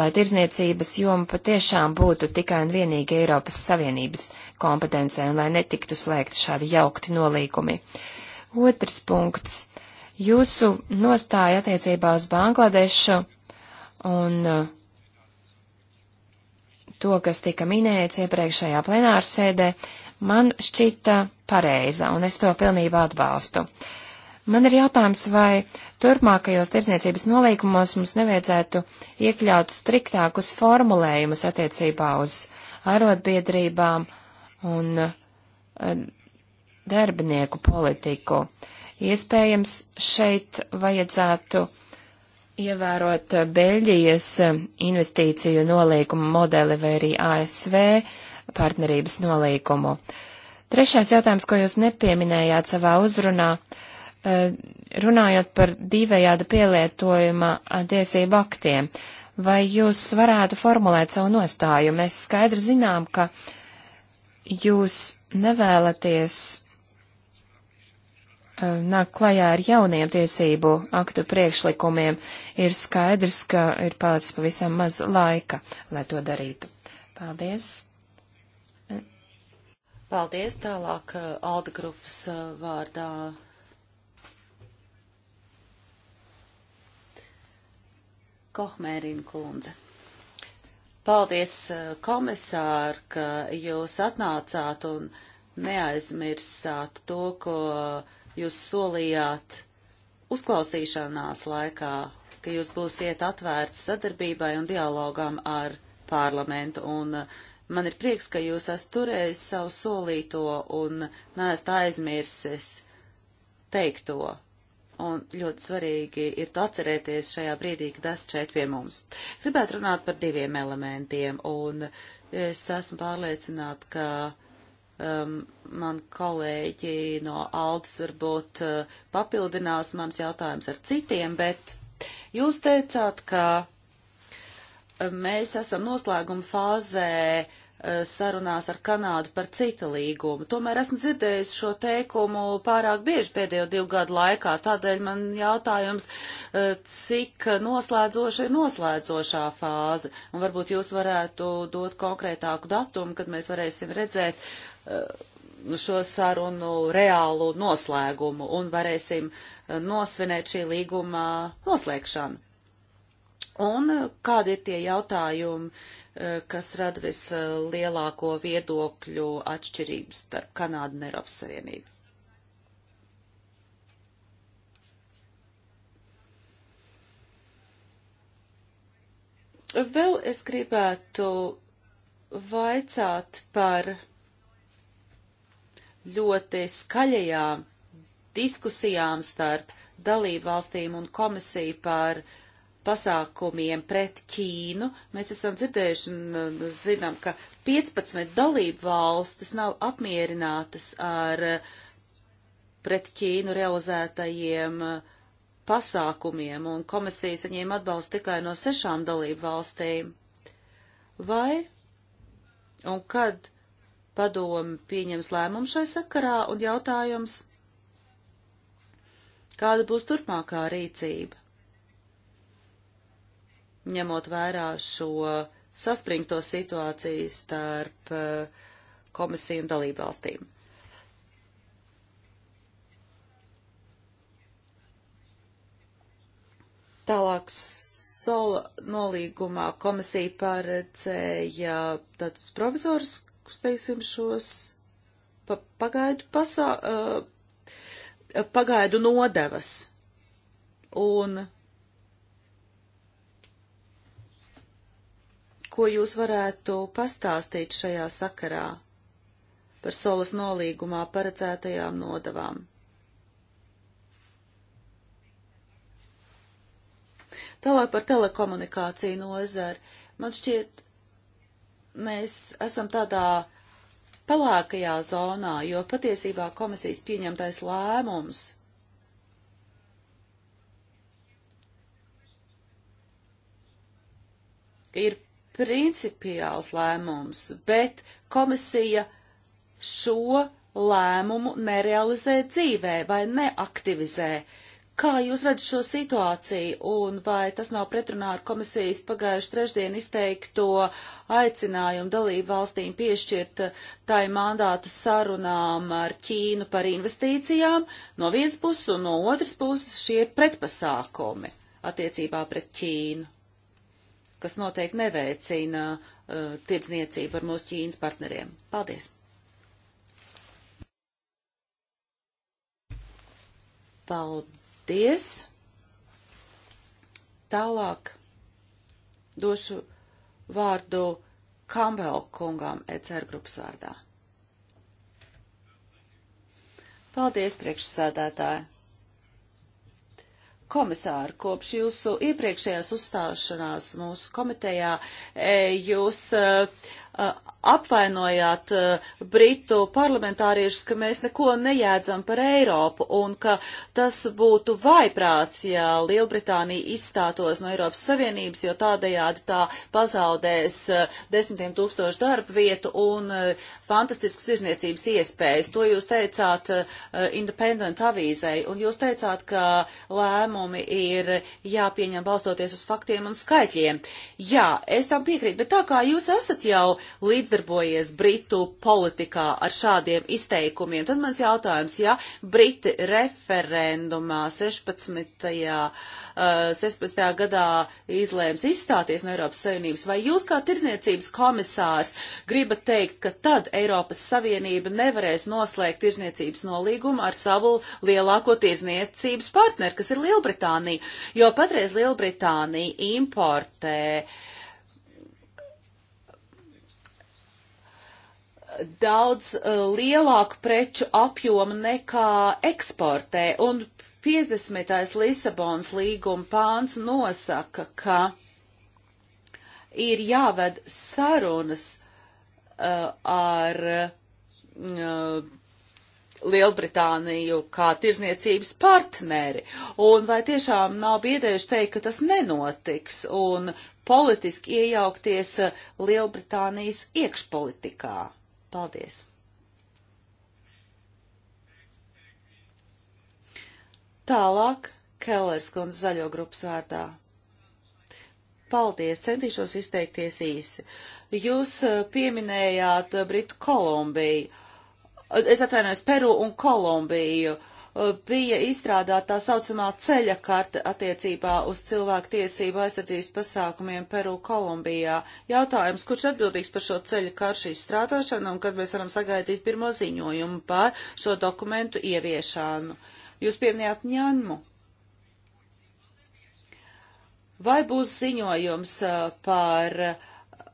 lai tirzniecības joma patiešām būtu tikai un vienīgi Eiropas Savienības kompetencē un lai netiktu slēgti šādi jaukti nolīgumi? Otrs punkts. Jūsu nostāja attiecībā uz Bangladešu un uh, to, kas tika minēts iepriekšējā plenārsēdē, man šķita pareiza un es to pilnībā atbalstu. Uh, Man ir jautājums, vai turpmākajos tirdzniecības nolīkumos mums nevajadzētu iekļaut striktākus formulējumus attiecībā uz arotbiedrībām un eh, darbinieku politiku. Iespējams, šeit vajadzētu ievērot Beļģijas investīciju nolīkumu modeli vai arī ASV partnerības nolīkumu. Trešais jautājums, ko jūs nepieminējāt savā uzrunā, uh, Eh, runājot par divējāda pielietojuma eh, tiesību aktiem, vai jūs varētu formulēt savu nostāju? Mēs skaidri zinām, ka jūs nevēlaties eh, nāk klajā ar jauniem tiesību aktu priekšlikumiem. Ir skaidrs, ka ir palicis pavisam maz laika, lai to darītu. Paldies! Paldies tālāk Alda grupas vārdā Kohmērina kundze. Paldies, eh, komisār, ka jūs atnācāt un neaizmirsāt to, ko jūs solījāt uzklausīšanās laikā, ka jūs būsiet atvērts sadarbībai un dialogam ar parlamentu. Un eh, man ir prieks, ka jūs esat turējis savu solīto un neesat aizmirsis teikto un ļoti svarīgi ir to atcerēties šajā brīdī, kad esat šeit pie mums. Gribētu runāt par diviem elementiem, un es esmu pārliecināta, ka um, man kolēģi no Aldas varbūt uh, papildinās mans jautājums ar citiem, bet jūs teicāt, ka uh, mēs esam noslēguma fāzē Eh, sarunās ar Kanādu par cita līgumu. Tomēr esmu dzirdējis šo teikumu pārāk bieži pēdējo divu gadu laikā, tādēļ man jautājums, eh, cik noslēdzoša ir noslēdzošā fāze, un varbūt jūs varētu dot konkrētāku datumu, kad mēs varēsim redzēt eh, šo sarunu reālu noslēgumu un varēsim nosvinēt šī līguma noslēgšanu. Un kādi ir tie jautājumi, Eh, kas rada vislielāko viedokļu atšķirības starp Kanādu un Eiropas Savienību. Vēl es gribētu vaicāt par ļoti skaļajām diskusijām starp dalību valstīm un komisiju par uh, pasākumiem pret Ķīnu. Mēs esam dzirdējuši un zinām, ka 15 dalību valstis nav apmierinātas ar eh, pret Ķīnu realizētajiem eh, pasākumiem, un komisija saņēma atbalstu tikai no sešām dalību valstīm. Vai un kad padomi pieņems lēmumu šai sakarā un jautājums, kāda būs turpmākā rīcība? ņemot vērā šo saspringto situāciju starp eh, komisiju un dalībvalstīm. Tālāk sola nolīgumā komisija paredzēja tādus provizoriskus, teiksim, šos pa, pagaidu pasā, uh, pagaidu nodevas. Un ko jūs varētu pastāstīt šajā sakarā par solas nolīgumā paredzētajām nodavām. Tālāk par telekomunikāciju nozari. Man šķiet, mēs esam tādā pelēkajā zonā, jo patiesībā komisijas pieņemtais lēmums ir principiāls lēmums, bet komisija šo lēmumu nerealizē dzīvē vai neaktivizē. Kā jūs redzat šo situāciju un vai tas nav pretrunā ar komisijas pagājuši trešdien izteikto aicinājumu dalību valstīm piešķirt tai mandātu sarunām ar Ķīnu par investīcijām no vienas puses un no otras puses šie pretpasākumi attiecībā pret Ķīnu? kas noteikti neveicina uh, tirdzniecību ar mūsu Ķīnas partneriem. Paldies! Paldies! Tālāk došu vārdu Kambel kungam ECR grupas vārdā. Paldies, priekšsēdētāji! Komisāri, kopš jūsu iepriekšējās uzstāšanās mūsu komitejā eh, jūs uh, Eh, apvainojāt eh, Britu parlamentāriešus, ka mēs neko nejēdzam par Eiropu un ka tas būtu vaiprāts, ja Lielbritānija izstātos no Eiropas Savienības, jo tādējādi tā pazaudēs eh, desmitiem tūkstošu darba vietu un fantastiskas tirzniecības iespējas. To jūs teicāt Independent avīzei un jūs teicāt, ka lēmumi ir jāpieņem balstoties uz faktiem un skaitļiem. Jā, es tam piekrītu, bet tā kā jūs esat jau līdzdarbojies Britu politikā ar šādiem izteikumiem. Tad mans jautājums, ja Briti referendumā 16. Uh, 16. gadā izlēms izstāties no Eiropas Savienības, vai jūs kā tirzniecības komisārs gribat teikt, ka tad Eiropas Savienība nevarēs noslēgt tirzniecības nolīgumu ar savu lielāko tirzniecības partneri, kas ir Lielbritānija, jo patreiz Lielbritānija importē uh, daudz eh, lielāku preču apjomu nekā eksportē, un 50. Lisabonas līguma pāns nosaka, ka ir jāved sarunas uh, ar uh, Lielbritāniju kā tirzniecības partneri, un vai tiešām nav biedējuši teikt, ka tas nenotiks, un politiski iejaukties Lielbritānijas iekšpolitikā. Paldies! Tālāk Kellers kundze zaļo grupas vārdā. Paldies, centīšos izteikties īsi. Jūs eh, pieminējāt Britu Kolumbiju. Es atvainojos Peru un Kolumbiju bija izstrādāta tā saucamā ceļa karta attiecībā uz cilvēku tiesību aizsardzības pasākumiem Peru Kolumbijā. Jautājums, kurš atbildīgs par šo ceļa karšu izstrādāšanu un kad mēs varam sagaidīt pirmo ziņojumu par šo dokumentu ieviešanu? Jūs pieminējāt ņēmumu. Vai būs ziņojums uh, par uh,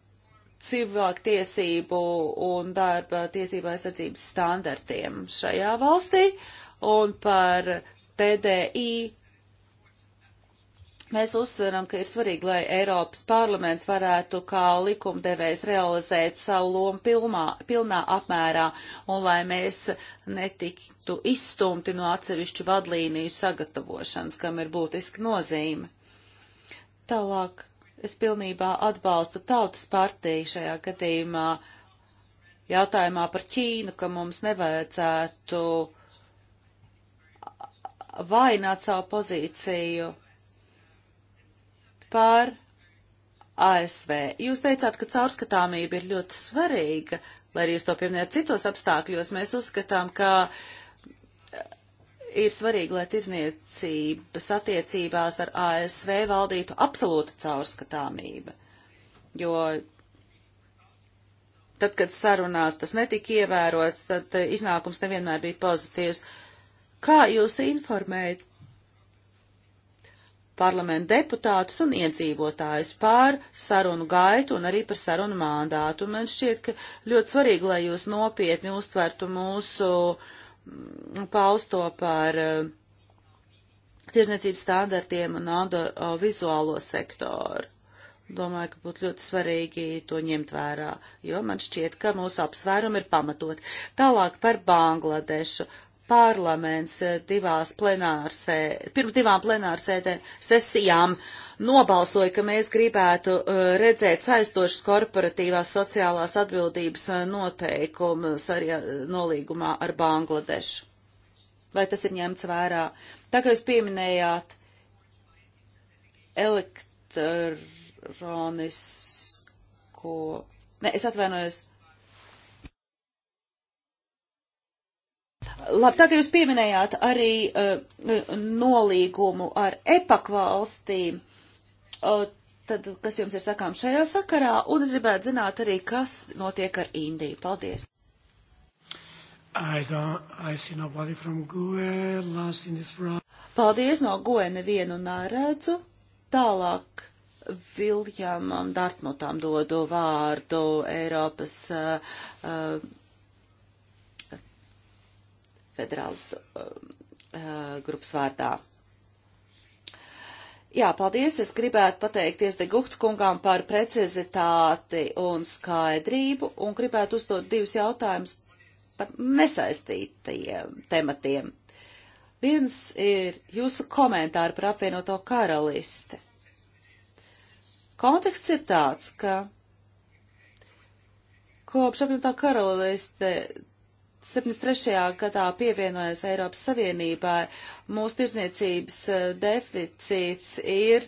cilvēktiesību un darba tiesību aizsardzības standartiem šajā valstī? Uh, un par TDI. Mēs uzsveram, ka ir svarīgi, lai Eiropas parlaments varētu kā likumdevējs realizēt savu lomu pilnā, pilnā apmērā un lai mēs netiktu izstumti no atsevišķu vadlīniju sagatavošanas, kam ir būtiska nozīme. Tālāk es pilnībā atbalstu tautas partiju šajā gadījumā jautājumā par Ķīnu, ka mums nevajadzētu uh, vainot savu pozīciju par ASV. Jūs teicāt, ka caurskatāmība ir ļoti svarīga, lai arī jūs to pieminējat citos apstākļos. Mēs uzskatām, ka eh, ir svarīgi, lai tirzniecības attiecībās ar ASV valdītu absolūta caurskatāmība. Jo tad, kad sarunās tas netika ievērots, tad eh, iznākums nevienmēr bija pozitīvs. Uh, Kā jūs informējat parlamentu deputātus un iedzīvotājus pār sarunu gaitu un arī par sarunu mandātu. Man šķiet, ka ļoti svarīgi, lai jūs nopietni uztvertu mūsu mm, pausto par eh, tirzniecības standartiem un vizuālo sektoru. Domāju, ka būtu ļoti svarīgi to ņemt vērā, jo man šķiet, ka mūsu apsvērumi ir pamatot. Tālāk par Bangladešu parlaments eh, divās plenārsē, pirms divām plenārsētēm sesijām nobalsoja, ka mēs gribētu eh, redzēt saistošas korporatīvās sociālās atbildības eh, noteikumus arī nolīgumā ar Bangladešu. Vai tas ir ņemts vērā? Tā kā jūs pieminējāt elektronisko, ne, es atvainojos, Labi, tā kā jūs pieminējāt arī uh, nolīgumu ar EPAK valstīm, uh, tad kas jums ir sakām šajā sakarā? Un es gribētu zināt arī, kas notiek ar Indiju. Paldies! I I GUE, e, Paldies no GOE nevienu neredzu. Tālāk Viljamam Dartmutam dodu vārdu Eiropas uh, uh, federālistu um, uh, grupas vārdā. Jā, paldies. Es gribētu pateikties te Guhta kungām par precizitāti un skaidrību un gribētu uzdot divus jautājumus par nesaistītajiem tematiem. Viens ir jūsu komentāri par apvienoto karalisti. Konteksts ir tāds, ka kopš apvienotā karaliste 73. gadā pievienojas Eiropas Savienībai, mūsu tirzniecības eh, deficīts ir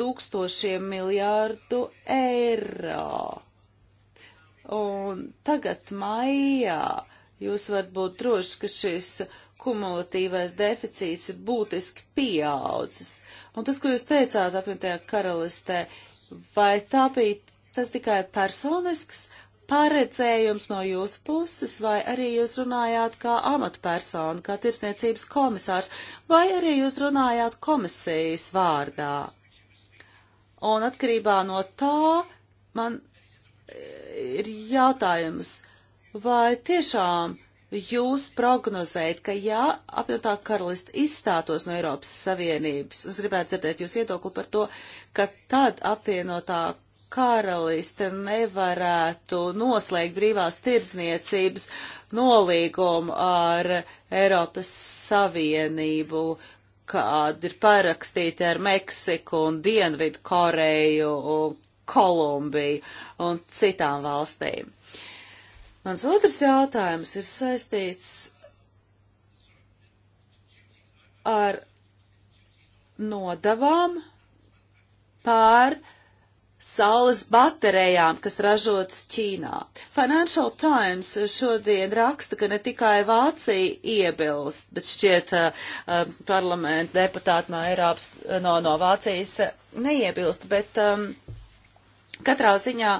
tūkstošiem miljārdu eiro. Un tagad maijā jūs varat būt droši, ka šis kumulatīvais deficīts ir būtiski pieaudzis. Un tas, ko jūs teicāt apvienotajā karalistē, vai tā bija tas tikai personisks? Uh, paredzējums no jūsu puses, vai arī jūs runājāt kā amatpersona, kā tirsniecības komisārs, vai arī jūs runājāt komisijas vārdā. Un atkarībā no tā man e, ir jautājums, vai tiešām jūs prognozējat, ka ja apvienotā karalista izstātos no Eiropas Savienības, es gribētu dzirdēt jūs iedokli par to, ka tad apvienotā karaliste nevarētu noslēgt brīvās tirdzniecības nolīgumu ar Eiropas Savienību, kāda ir parakstīta ar Meksiku un Dienvidu Koreju un Kolumbiju un citām valstīm. Mans otrs jautājums ir saistīts ar nodavām pār saules baterijām, kas ražotas Ķīnā. Financial Times šodien raksta, ka ne tikai Vācija iebilst, bet šķiet uh, parlamenta deputāti no Eiropas, eh, no, no Vācijas neiebilst, bet um, katrā ziņā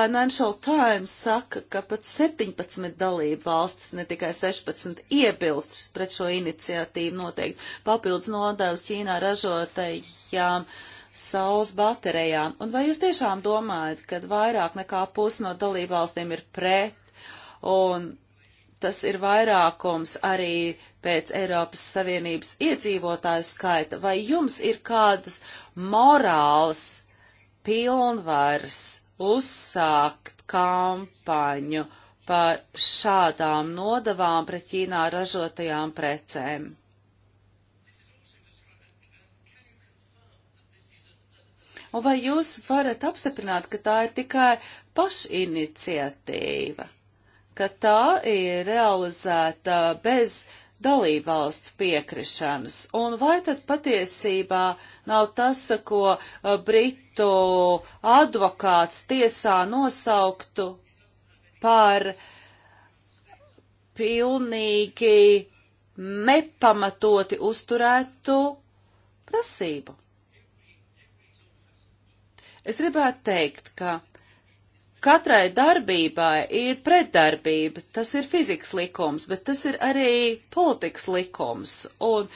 Financial Times saka, ka pat 17 dalību valstis, ne tikai 16, iebilst pret šo iniciatīvu noteikti papildus nodevs Ķīnā ražotajām. Uh, saules baterijām. Un vai jūs tiešām domājat, ka vairāk nekā pusi no dalībvalstīm ir pret, un tas ir vairākums arī pēc Eiropas Savienības iedzīvotāju skaita, vai jums ir kādas morāls pilnvars uzsākt kampaņu par šādām nodavām pret Ķīnā ražotajām precēm? Un vai jūs varat apstiprināt, ka tā ir tikai pašiniciatīva, ka tā ir realizēta bez dalībvalstu piekrišanas? Un vai tad patiesībā nav tas, ko Britu advokāts tiesā nosauktu par pilnīgi nepamatoti uzturētu prasību? Es gribētu teikt, ka katrai darbībai ir pretdarbība, tas ir fizikas likums, bet tas ir arī politikas likums. Un,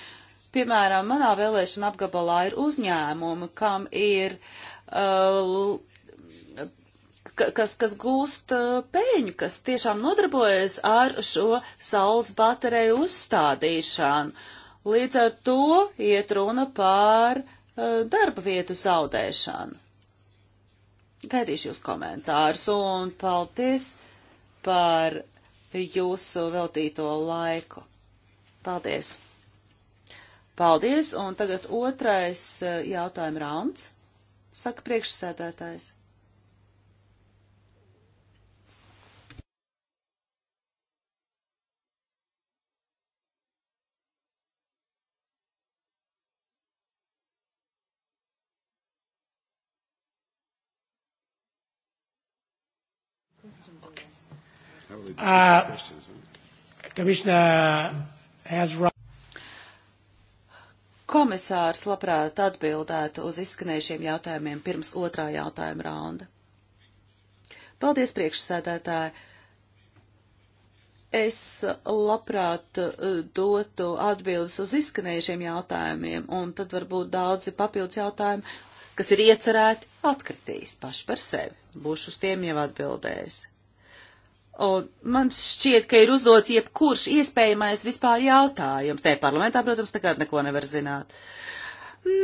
piemēram, manā vēlēšana apgabalā ir uzņēmumi, kam ir. Uh, kas, kas gūst uh, pēļņu, kas tiešām nodarbojas ar šo saules bateriju uzstādīšanu. Līdz ar to iet runa pār uh, darba vietu zaudēšanu. Gaidīšu jūs komentārus un paldies par jūsu veltīto laiku. Paldies! Paldies, un tagad otrais eh, jautājuma rauns, saka priekšsēdētājs. Uh, Commissioner has right komisārs labprāt atbildētu uz izskanējušiem jautājumiem pirms otrā jautājuma raunda. Paldies, priekšsēdētāji! Es labprāt uh, dotu atbildes uz izskanējušiem jautājumiem, un tad varbūt daudzi papildus jautājumi, kas ir iecerēti, atkritīs paši par sevi. Būšu uz tiem jau atbildējis. Un man šķiet, ka ir uzdots jebkurš iespējamais vispār jautājums. Te parlamentā, protams, nekad neko nevar zināt.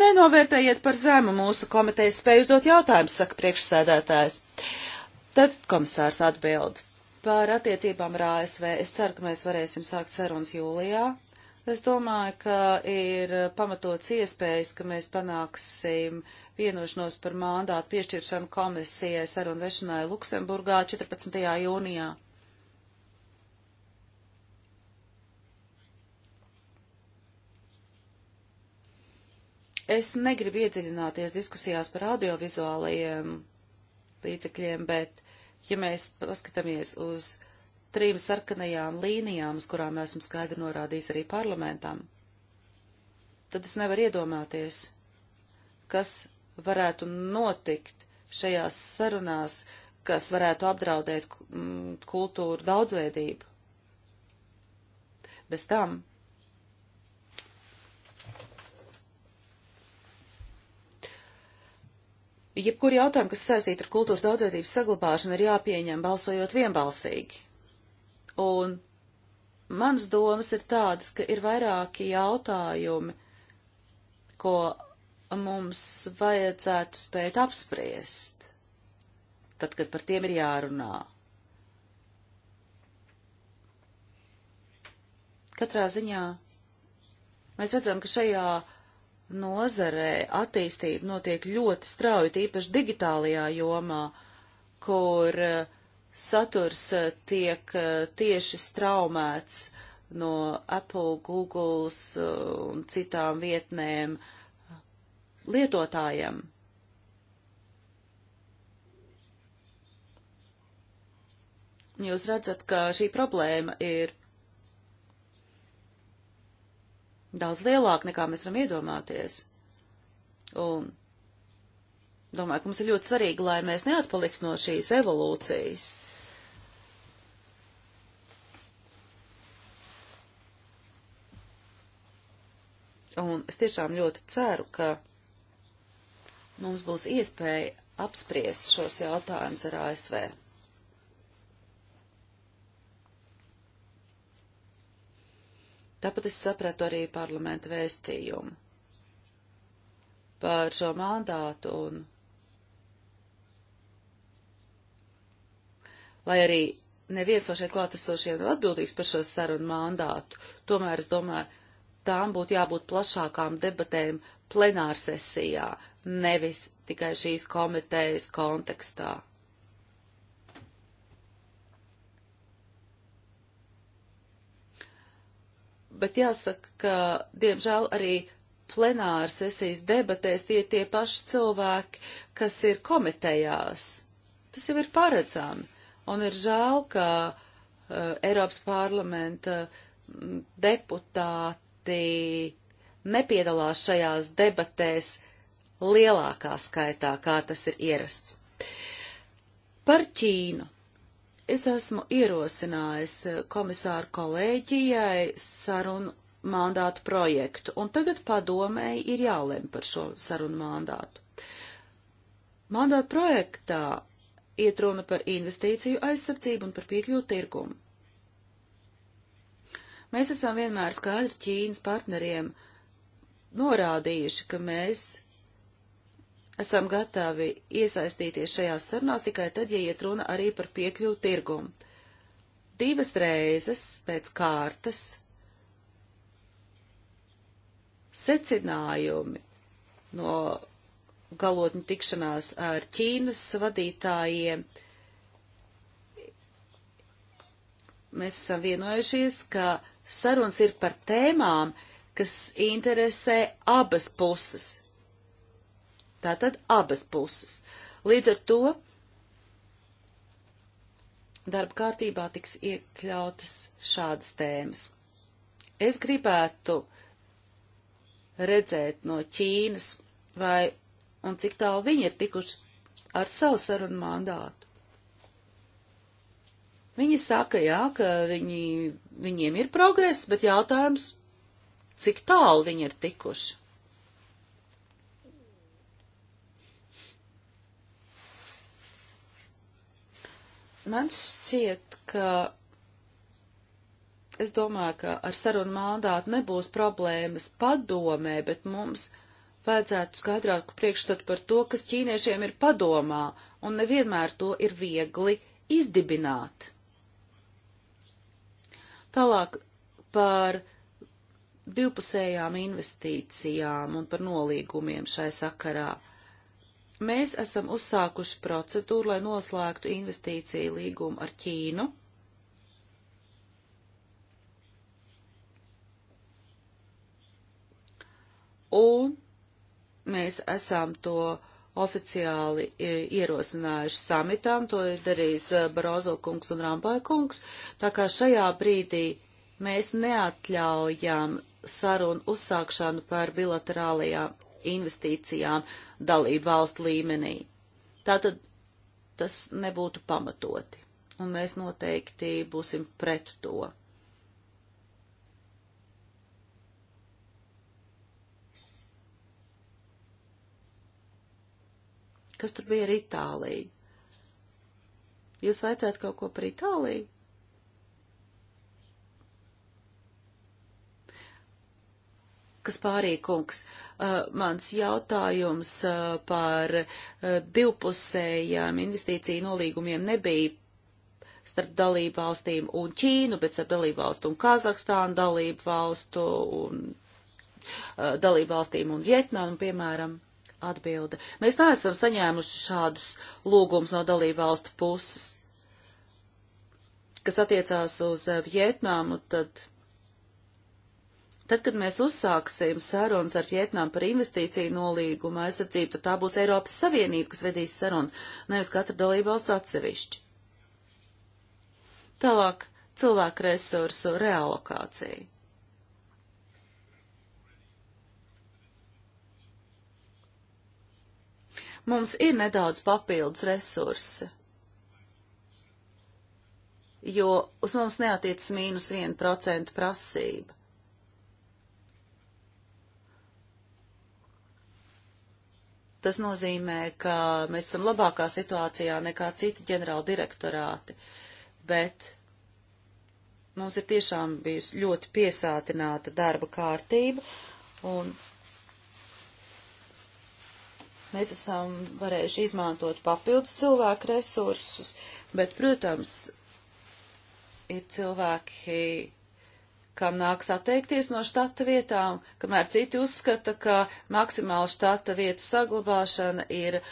Nenovērtējiet par zemu mūsu komitejas spēju uzdot jautājumus, saka priekšsēdētājs. Tad komisārs atbild par attiecībām ar ASV. Es ceru, ka mēs varēsim sākt sarunas jūlijā. Es domāju, ka ir pamatots iespējas, ka mēs panāksim vienošanos par mandātu piešķiršanu komisijai sarunvešanai Luksemburgā 14. jūnijā. Es negribu iedziļināties diskusijās par audiovizuālajiem līdzekļiem, bet, ja mēs paskatāmies uz trim sarkanajām līnijām, uz kurām esmu skaidri norādījis arī parlamentam, tad es nevaru iedomāties, kas varētu notikt šajās sarunās, kas varētu apdraudēt mm, kultūru daudzveidību. Bez tam Jebkuri jautājumi, kas saistīti ar kultūras daudzveidības saglabāšanu, ir jāpieņem balsojot vienbalsīgi. Un mans domas ir tādas, ka ir vairāki jautājumi, ko mums vajadzētu spēt apspriest, tad, kad par tiem ir jārunā. Katrā ziņā mēs redzam, ka šajā nozarē attīstība notiek ļoti strauji, tīpaši digitālajā jomā, kur eh, saturs eh, tiek eh, tieši straumēts no Apple, Google un citām vietnēm lietotājiem. Jūs redzat, ka šī problēma ir daudz lielāka, nekā mēs varam iedomāties. Un domāju, ka mums ir ļoti svarīgi, lai mēs neatpaliktu no šīs evolūcijas. Un es tiešām ļoti ceru, ka mums būs iespēja apspriest šos jautājumus ar ASV. Tāpat es sapratu arī parlamenta vēstījumu par šo mandātu un lai arī neviens no šeit klātesošiem nav atbildīgs par šo sarunu mandātu, tomēr es domāju, tām būtu jābūt plašākām debatēm plenārsesijā, nevis tikai šīs komitejas kontekstā. bet jāsaka, ka diemžēl arī plenāra sesijas debatēs tie tie paši cilvēki, kas ir komitejās. Tas jau ir paredzami. Un ir žēl, ka uh, Eiropas parlamenta mm, deputāti nepiedalās šajās debatēs lielākā skaitā, kā tas ir ierasts. Par Ķīnu. Es esmu ierosinājis eh, komisāru kolēģijai sarunu mandātu projektu, un tagad padomēji ir jālem par šo sarunu mandātu. Mandātu projektā iet runa par investīciju aizsardzību un par piekļuvu tirgumu. Mēs esam vienmēr skaidri Ķīnas partneriem norādījuši, ka mēs esam gatavi iesaistīties šajās sarunās tikai tad, ja iet runa arī par piekļuvu tirgumu. Divas reizes pēc kārtas secinājumi no galotņu tikšanās ar Ķīnas vadītājiem. Mēs esam vienojušies, ka sarunas ir par tēmām, kas interesē abas puses Tātad abas puses. Līdz ar to darba kārtībā tiks iekļautas šādas tēmas. Es gribētu redzēt no Ķīnas vai un cik tālu viņi ir tikuši ar savu sarunu mandātu. Viņi saka, jā, ka viņi, viņiem ir progress, bet jautājums, cik tālu viņi ir tikuši. Man šķiet, ka es domāju, ka ar sarunu mandātu nebūs problēmas padomē, bet mums vajadzētu skaidrāku priekšstatu par to, kas ķīniešiem ir padomā, un nevienmēr to ir viegli izdibināt. Tālāk par divpusējām investīcijām un par nolīgumiem šai sakarā. Mēs esam uzsākuši procedūru, lai noslēgtu investīciju līgumu ar Ķīnu. Un mēs esam to oficiāli e, ierosinājuši samitām, to ir darījis e, Barozo kungs un Ramboja kungs, tā kā šajā brīdī mēs neatļaujam sarunu uzsākšanu par bilaterālajām investīcijām dalību valstu līmenī. Tātad tas nebūtu pamatoti, un mēs noteikti būsim pret to. Kas tur bija ar Itāliju? Jūs vajadzētu kaut ko par Itāliju? kas pārīkungs. Uh, mans jautājums uh, par uh, divpusējām investīciju nolīgumiem nebija starp dalību valstīm un Ķīnu, bet starp dalību valstu un Kazahstānu dalību valstu un uh, dalību valstīm un Vietnamu, piemēram, atbilde. Mēs neesam saņēmuši šādus lūgumus no dalību valstu puses. Kas attiecās uz uh, Vietnamu, tad Tad, kad mēs uzsāksim sarunas ar Vietnām par investīciju nolīgumu aizsardzību, tad tā būs Eiropas Savienība, kas vedīs sarunas, nevis katra dalībvalsts atsevišķi. Tālāk cilvēku resursu realokācija. Mums ir nedaudz papildus resursi, jo uz mums neatiecas mīnus 1% prasība. Tas nozīmē, ka mēs esam labākā situācijā nekā citi ģenerāla direktorāti, bet mums ir tiešām bijusi ļoti piesātināta darba kārtība, un mēs esam varējuši izmantot papildus cilvēku resursus, bet, protams, ir cilvēki, kam nāks atteikties no štata vietām, kamēr citi uzskata, ka maksimāla štata vietu saglabāšana ir eh,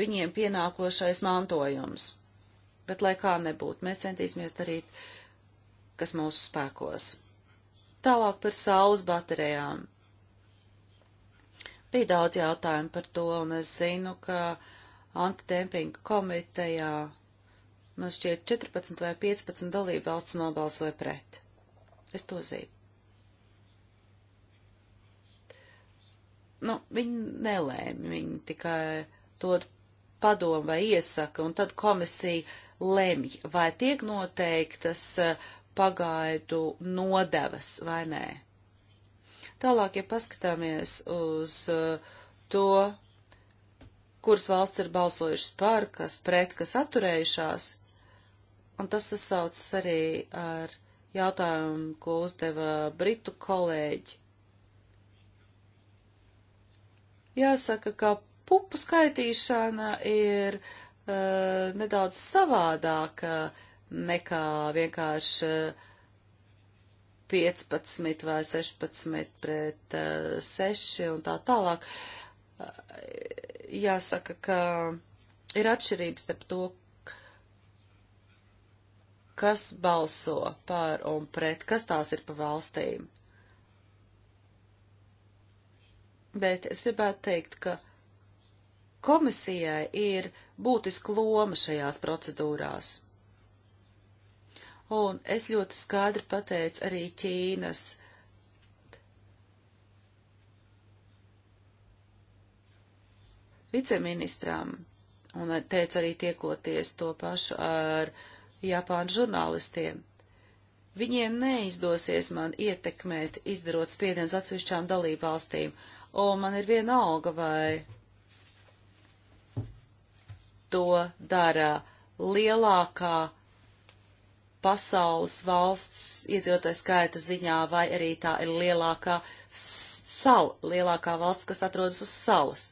viņiem pienākošais mantojums. Bet lai kā nebūtu, mēs centīsimies darīt, kas mūsu spēkos. Tālāk par saules baterijām. Bija daudz jautājumu par to, un es zinu, ka antidempinga komitejā man šķiet 14 vai 15 dalībvalsts nobalsoja pret. Es to zinu. Nu, viņi nelēma, viņi tikai to padomu vai iesaka, un tad komisija lemj, vai tiek noteiktas eh, pagaidu nodevas vai nē. Tālāk, ja paskatāmies uz eh, to, kuras valsts ir balsojušas par, kas pret, kas atturējušās, un tas sasaucas arī ar jautājumu, ko uzdeva britu kolēģi. Jāsaka, ka pupu skaitīšana ir uh, nedaudz savādāka nekā vienkārši 15 vai 16 pret uh, 6 un tā tālāk. Uh, jāsaka, ka ir atšķirības starp to, kas balso par un pret, kas tās ir pa valstīm. Bet es gribētu teikt, ka komisijai ir būtiska loma šajās procedūrās. Un es ļoti skaidri pateicu arī Ķīnas viceministram, un teicu arī tiekoties to pašu ar uh, Japāņu žurnālistiem. Viņiem neizdosies man ietekmēt, izdarot spiedienus atsevišķām dalībvalstīm, un man ir viena alga, vai to dara lielākā pasaules valsts iedzīvotāju skaita ziņā, vai arī tā ir lielākā sala, lielākā valsts, kas atrodas uz salas.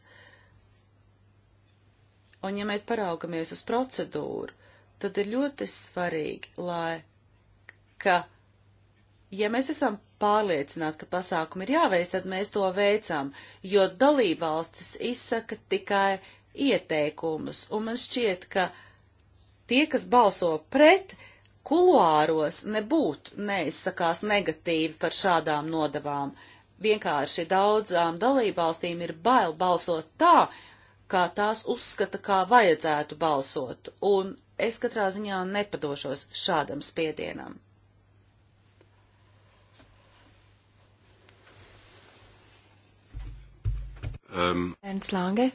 Un ja mēs paraugamies uz procedūru, tad ir ļoti svarīgi, lai, ka, ja mēs esam pārliecināti, ka pasākumi ir jāveic, tad mēs to veicam, jo dalībvalstis izsaka tikai ieteikumus, un man šķiet, ka tie, kas balso pret, kuluāros nebūtu neizsakās negatīvi par šādām nodavām. Vienkārši daudzām dalībvalstīm ir bail balsot tā, kā tās uzskata, kā vajadzētu balsot, un es katrā ziņā nepadošos šādam spiedienam. Um. Ernsts Lange.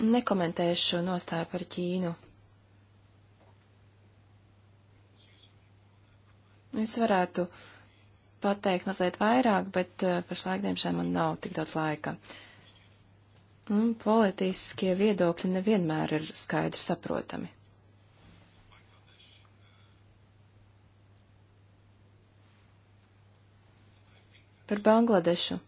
Nekomentēšu nostāju par Ķīnu. Es varētu pateikt mazliet vairāk, bet uh, pašlaik, diemžēl, man nav tik daudz laika. Uh, un politiskie viedokļi nevienmēr ir skaidri saprotami. Par Bangladešu.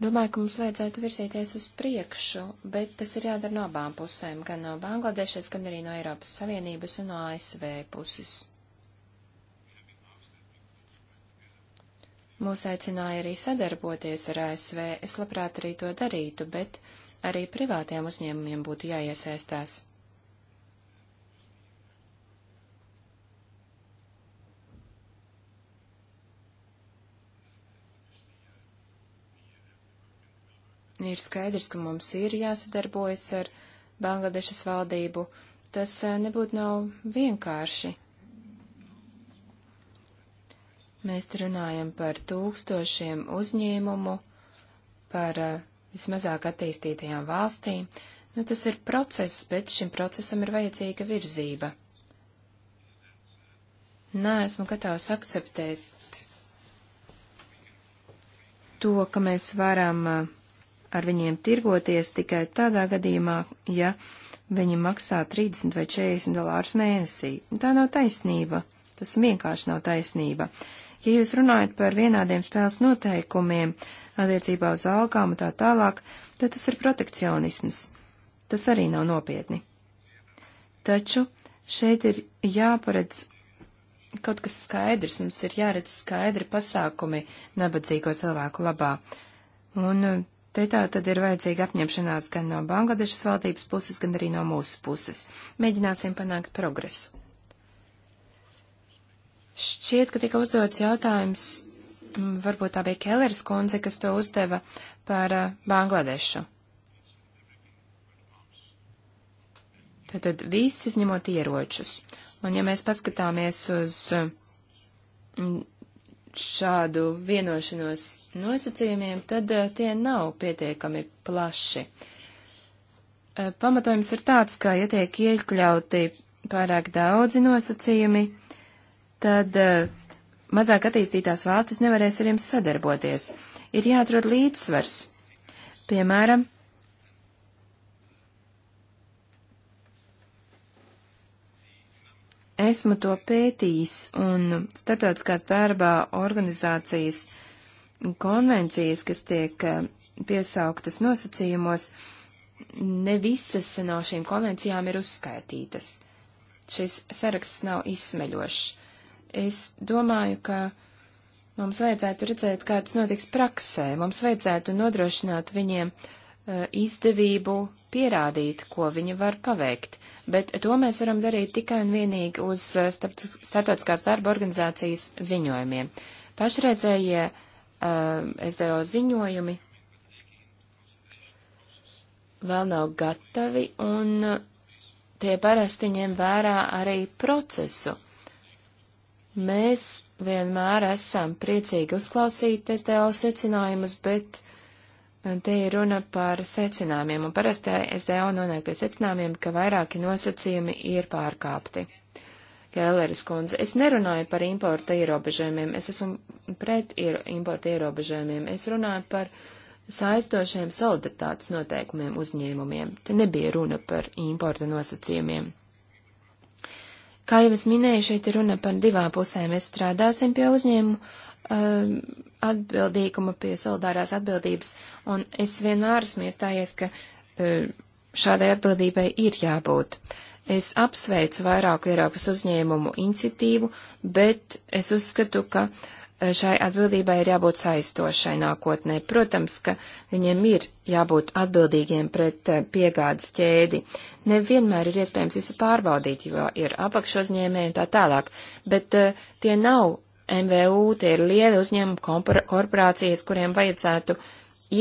Domāju, ka mums vajadzētu virzīties uz priekšu, bet tas ir jādara no abām pusēm, gan no Bangladešas, gan arī no Eiropas Savienības un no ASV puses. Mūs aicināja arī sadarboties ar ASV, es labprāt arī to darītu, bet arī privātiem uzņēmumiem būtu jāiesaistās. ir skaidrs, ka mums ir jāsadarbojas ar Bangladešas valdību. Tas eh, nebūtu nav vienkārši. Mēs runājam par tūkstošiem uzņēmumu, par uh, vismazāk attīstītajām valstīm. Nu, tas ir process, bet šim procesam ir vajadzīga virzība. Nē, esmu gatavs akceptēt to, ka mēs varam uh, ar viņiem tirgoties tikai tādā gadījumā, ja viņi maksā 30 vai 40 dolārus mēnesī. Tā nav taisnība. Tas vienkārši nav taisnība. Uh, Ja jūs runājat par vienādiem spēles noteikumiem attiecībā uz algām un tā tālāk, tad tas ir protekcionisms. Tas arī nav nopietni. Taču šeit ir jāparedz kaut kas skaidrs, mums ir jāredz skaidri pasākumi nabadzīgo cilvēku labā. Un uh, te tā tad ir vajadzīga apņemšanās gan no Bangladešas valdības puses, gan arī no mūsu puses. Mēģināsim panākt progresu. Šķiet, ka tika uzdots jautājums, varbūt tā bija Kelleris kundze, kas to uzdeva par uh, Bangladešu. Tātad viss izņemot ieročus. Un ja mēs paskatāmies uz šādu vienošanos nosacījumiem, tad uh, tie nav pietiekami plaši. Uh, pamatojums ir tāds, ka, ja tiek iekļauti pārāk daudzi nosacījumi, tad eh, mazāk attīstītās valstis nevarēs ar jums sadarboties. Ir jāatrod līdzsvars. Piemēram, esmu to pētījis, un starptautiskās darbā organizācijas konvencijas, kas tiek eh, piesauktas nosacījumos, ne visas no šīm konvencijām ir uzskaitītas. Šis saraksts nav izsmeļošs. Es domāju, ka mums vajadzētu redzēt, kā tas notiks praksē. Mums vajadzētu nodrošināt viņiem e, izdevību pierādīt, ko viņi var paveikt, bet to mēs varam darīt tikai un vienīgi uz e, starptautiskās darba organizācijas ziņojumiem. Pašreizējie uh, e, SDO ziņojumi vēl nav gatavi, un tie parasti ņem vērā arī procesu. Mēs vienmēr esam priecīgi uzklausīt SDO secinājumus, bet eh, te ir runa par secinājumiem, un parasti SDO nonāk pie secinājumiem, ka vairāki nosacījumi ir pārkāpti. Kēleris kundze, es nerunāju par importa ierobežojumiem, es esmu pret iero, importa ierobežojumiem, es runāju par saistošiem solidaritātes noteikumiem uzņēmumiem. Te nebija runa par importa nosacījumiem. Kā jau es minēju, šeit ir runa par divām pusēm. Mēs strādāsim pie uzņēmumu uh, um, atbildīguma, pie solidārās atbildības, un es vienmēr esmu iestājies, ka uh, šādai atbildībai ir jābūt. Es apsveicu vairāku Eiropas uzņēmumu iniciatīvu, bet es uzskatu, ka uh, šai atbildībai ir jābūt saistošai nākotnē. Protams, ka viņiem ir jābūt atbildīgiem pret eh, piegādes ķēdi. Nevienmēr ir iespējams visu pārbaudīt, jo ir apakšuzņēmēji un tā tālāk, bet eh, tie nav MVU, tie ir lieli uzņēmumi, korporācijas, kuriem vajadzētu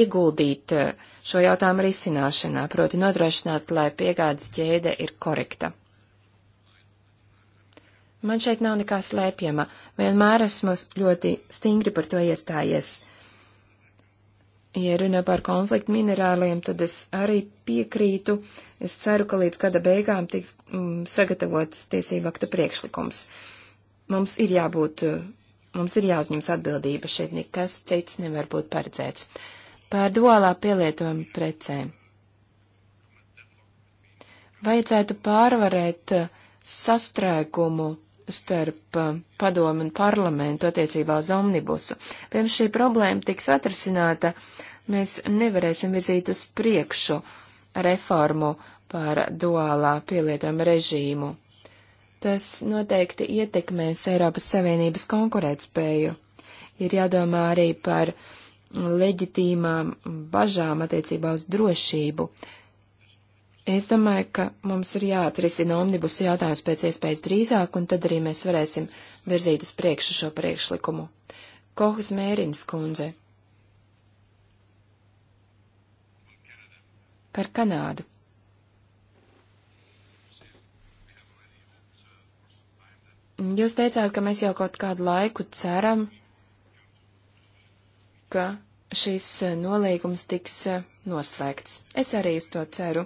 ieguldīt eh, šo jautājumu risināšanā, proti nodrošināt, lai piegādes ķēde ir korekta. Man šeit nav nekā slēpjama, vienmēr esmu ļoti stingri par to iestājies. Ja runa par konfliktu minerāliem, tad es arī piekrītu. Es ceru, ka līdz gada beigām tiks mm, sagatavots tiesību akta priekšlikums. Mums ir jābūt, eh, mums ir jāuzņems atbildība šeit, nekas cits nevar būt paredzēts. Pār duālā pielietojuma precēm. Vajadzētu pārvarēt eh, sastrēgumu starp eh, padomu un parlamentu attiecībā uz omnibusu. Pirms šī problēma tiks atrasināta, mēs nevarēsim virzīt uz priekšu reformu par duālā pielietojuma režīmu. Tas noteikti ietekmēs Eiropas Savienības konkurētspēju. Ir jādomā arī par leģitīmām bažām attiecībā uz drošību, Es domāju, ka mums ir jāatrisina omnibus jautājums pēc iespējas drīzāk, un tad arī mēs varēsim virzīt uz priekšu šo priekšlikumu. Kohus Mērins kundze. Par Kanādu. Jūs teicāt, ka mēs jau kaut kādu laiku ceram, ka šis nolīgums tiks eh, noslēgts. Es arī uz to ceru.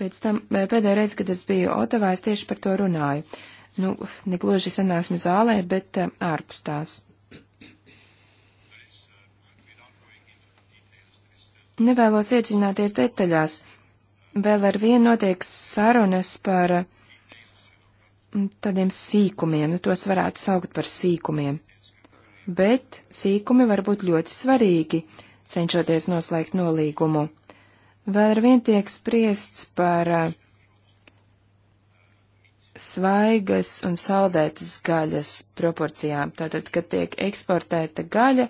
Pēc tam eh, pēdējā reize, kad es biju Otavā, es tieši par to runāju. Nu, negluži sanāksmi zālē, bet eh, ārpus tās. Nevēlos iedziļināties detaļās. Vēl ar vienu notiek sarunas par mm, tādiem sīkumiem, nu tos varētu saukt par sīkumiem. Bet sīkumi var būt ļoti svarīgi, cenšoties noslēgt nolīgumu. Vēl ar vien tiek spriests par eh, svaigas un saldētas gaļas proporcijām. Tātad, kad tiek eksportēta gaļa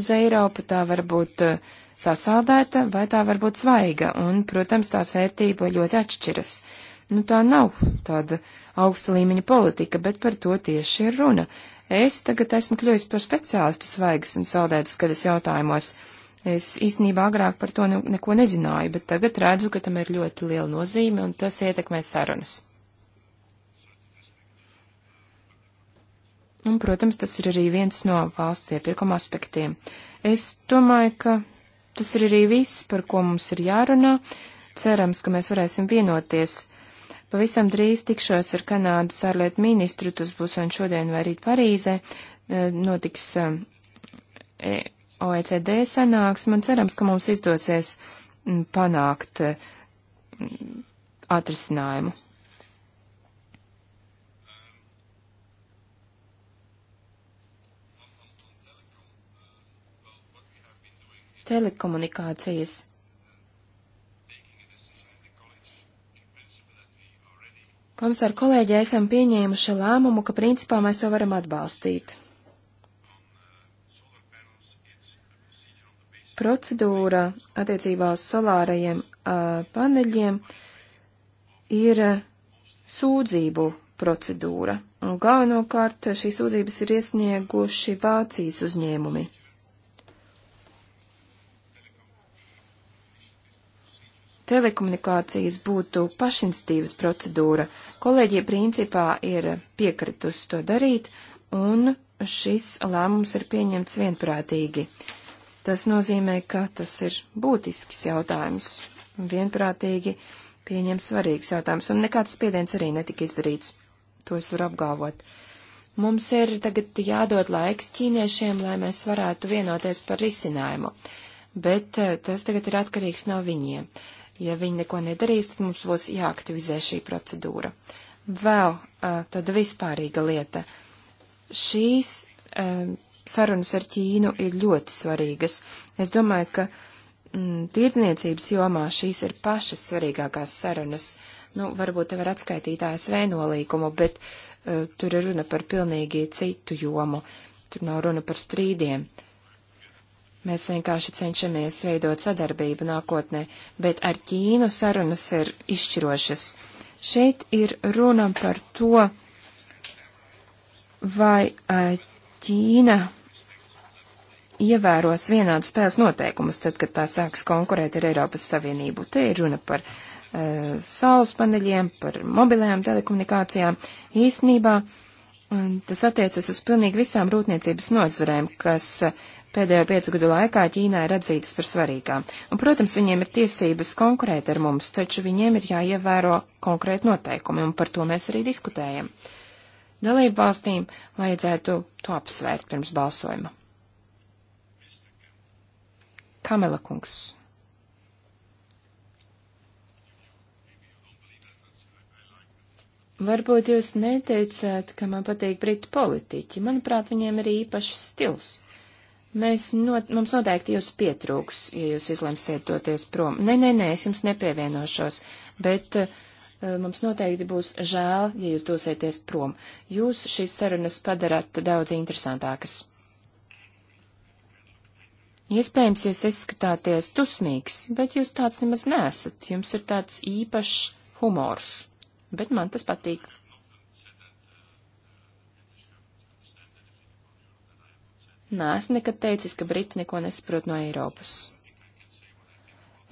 uz Eiropu, tā var būt eh, sasaldēta vai tā var būt svaiga, un, protams, tās vērtība ļoti atšķiras. Nu, tā nav tāda augsta līmeņa politika, bet par to tieši ir runa. Es tagad esmu kļuvis par speciālistu svaigas un saldētas gaļas jautājumos. Es īstenībā agrāk par to neko nezināju, bet tagad redzu, ka tam ir ļoti liela nozīme un tas ietekmē sarunas. Un, protams, tas ir arī viens no valsts iepirkuma aspektiem. Es domāju, ka tas ir arī viss, par ko mums ir jārunā. Cerams, ka mēs varēsim vienoties. Pavisam drīz tikšos ar Kanādas ārlietu ministru, tas būs vien nu šodien vai rīt Parīzē, eh, notiks eh, OECD sanāksmu un cerams, ka mums izdosies mm, panākt eh, mm, atrisinājumu. Telekomunikācijas. Komisāra kolēģi esam pieņēmuši lēmumu, ka principā mēs to varam atbalstīt. procedūra attiecībā uz solārajiem uh, paneļiem ir sūdzību procedūra, un galvenokārt šīs sūdzības ir iesnieguši Vācijas uzņēmumi. Telekomunikācijas būtu pašinstīvas procedūra. Kolēģija principā ir piekritusi to darīt, un šis lēmums ir pieņemts vienprātīgi. Uh, Tas nozīmē, ka tas ir būtisks jautājums. Vienprātīgi pieņem svarīgs jautājums, un nekāds spiediens arī netika izdarīts. To es varu apgalvot. Mums ir tagad jādod laiks ķīniešiem, lai mēs varētu vienoties par risinājumu, bet eh, tas tagad ir atkarīgs no viņiem. Ja viņi neko nedarīs, tad mums būs jāaktivizē šī procedūra. Vēl eh, tāda vispārīga lieta. Šīs eh, sarunas ar Ķīnu ir ļoti svarīgas. Es domāju, ka mm, tirdzniecības jomā šīs ir pašas svarīgākās sarunas. Nu, varbūt te var atskaitīt ASV nolīkumu, bet uh, tur ir runa par pilnīgi citu jomu. Tur nav runa par strīdiem. Mēs vienkārši cenšamies veidot sadarbību nākotnē, bet ar Ķīnu sarunas ir izšķirošas. Šeit ir runa par to, vai uh, Ķīna ievēros vienādu spēles noteikumus, tad, kad tā sāks konkurēt ar Eiropas Savienību. Te ir runa par uh, saules paneļiem, par mobilajām telekomunikācijām. Īsnībā mm, tas attiecas uz pilnīgi visām rūpniecības nozarēm, kas eh, pēdējo piecu gadu laikā Ķīnā ir atzītas par svarīgām. Un, protams, viņiem ir tiesības konkurēt ar mums, taču viņiem ir jāievēro konkrēti noteikumi, un par to mēs arī diskutējam. Uh, dalību valstīm vajadzētu to apsvērt pirms balsojuma. Kamela kungs. Varbūt jūs neteicāt, ka man patīk britu politiķi. Manuprāt, viņiem ir īpašs stils. Mēs not, mums noteikti jūs pietrūks, ja jūs izlemsiet doties prom. Nē, nē, nē, es jums nepievienošos, bet uh, Eh, mums noteikti būs žēl, ja jūs dosieties prom. Jūs šīs sarunas padarat daudz interesantākas. Iespējams, jūs izskatāties dusmīgs, bet jūs tāds nemaz nesat. Jums ir tāds īpašs humors, bet man tas patīk. Nē, esmu nekad teicis, ka Briti neko nesaprot no Eiropas.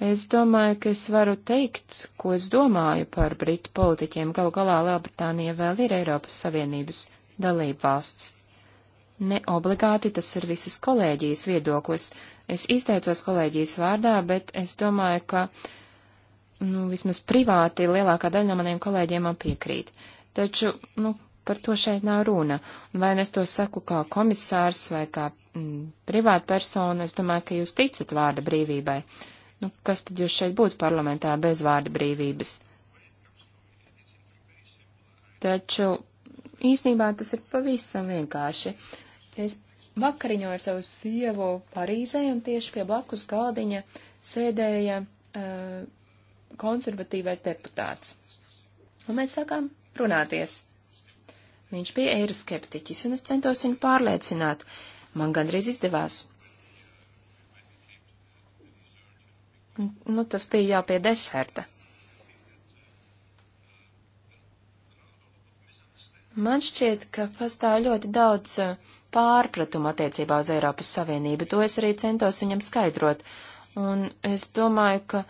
Es domāju, ka es varu teikt, ko es domāju par britu politiķiem. Galu galā Lielbritānija vēl ir Eiropas Savienības dalība valsts. Ne obligāti tas ir visas kolēģijas viedoklis. Es izteicos kolēģijas vārdā, bet es domāju, ka, nu, vismaz privāti lielākā daļa no maniem kolēģiem man piekrīt. Taču, nu, par to šeit nav runa. Vai nu es to saku kā komisārs vai kā mm, privāta persona, es domāju, ka jūs ticat vārda brīvībai. Uh, Nu, kas tad jūs šeit būtu parlamentā bez vārda brīvības? Taču īsnībā tas ir pavisam vienkārši. Es vakariņo ar savu sievu Parīzē un tieši pie blakus galdiņa sēdēja uh, konservatīvais deputāts. Un mēs sākām runāties. Viņš bija eiroskeptiķis, un es centos viņu pārliecināt. Man gandrīz izdevās. Nu, tas bija jau pie deserta. Man šķiet, ka pastāv ļoti daudz uh, pārpratumu attiecībā uz Eiropas Savienību. To es arī centos viņam skaidrot. Un es domāju, ka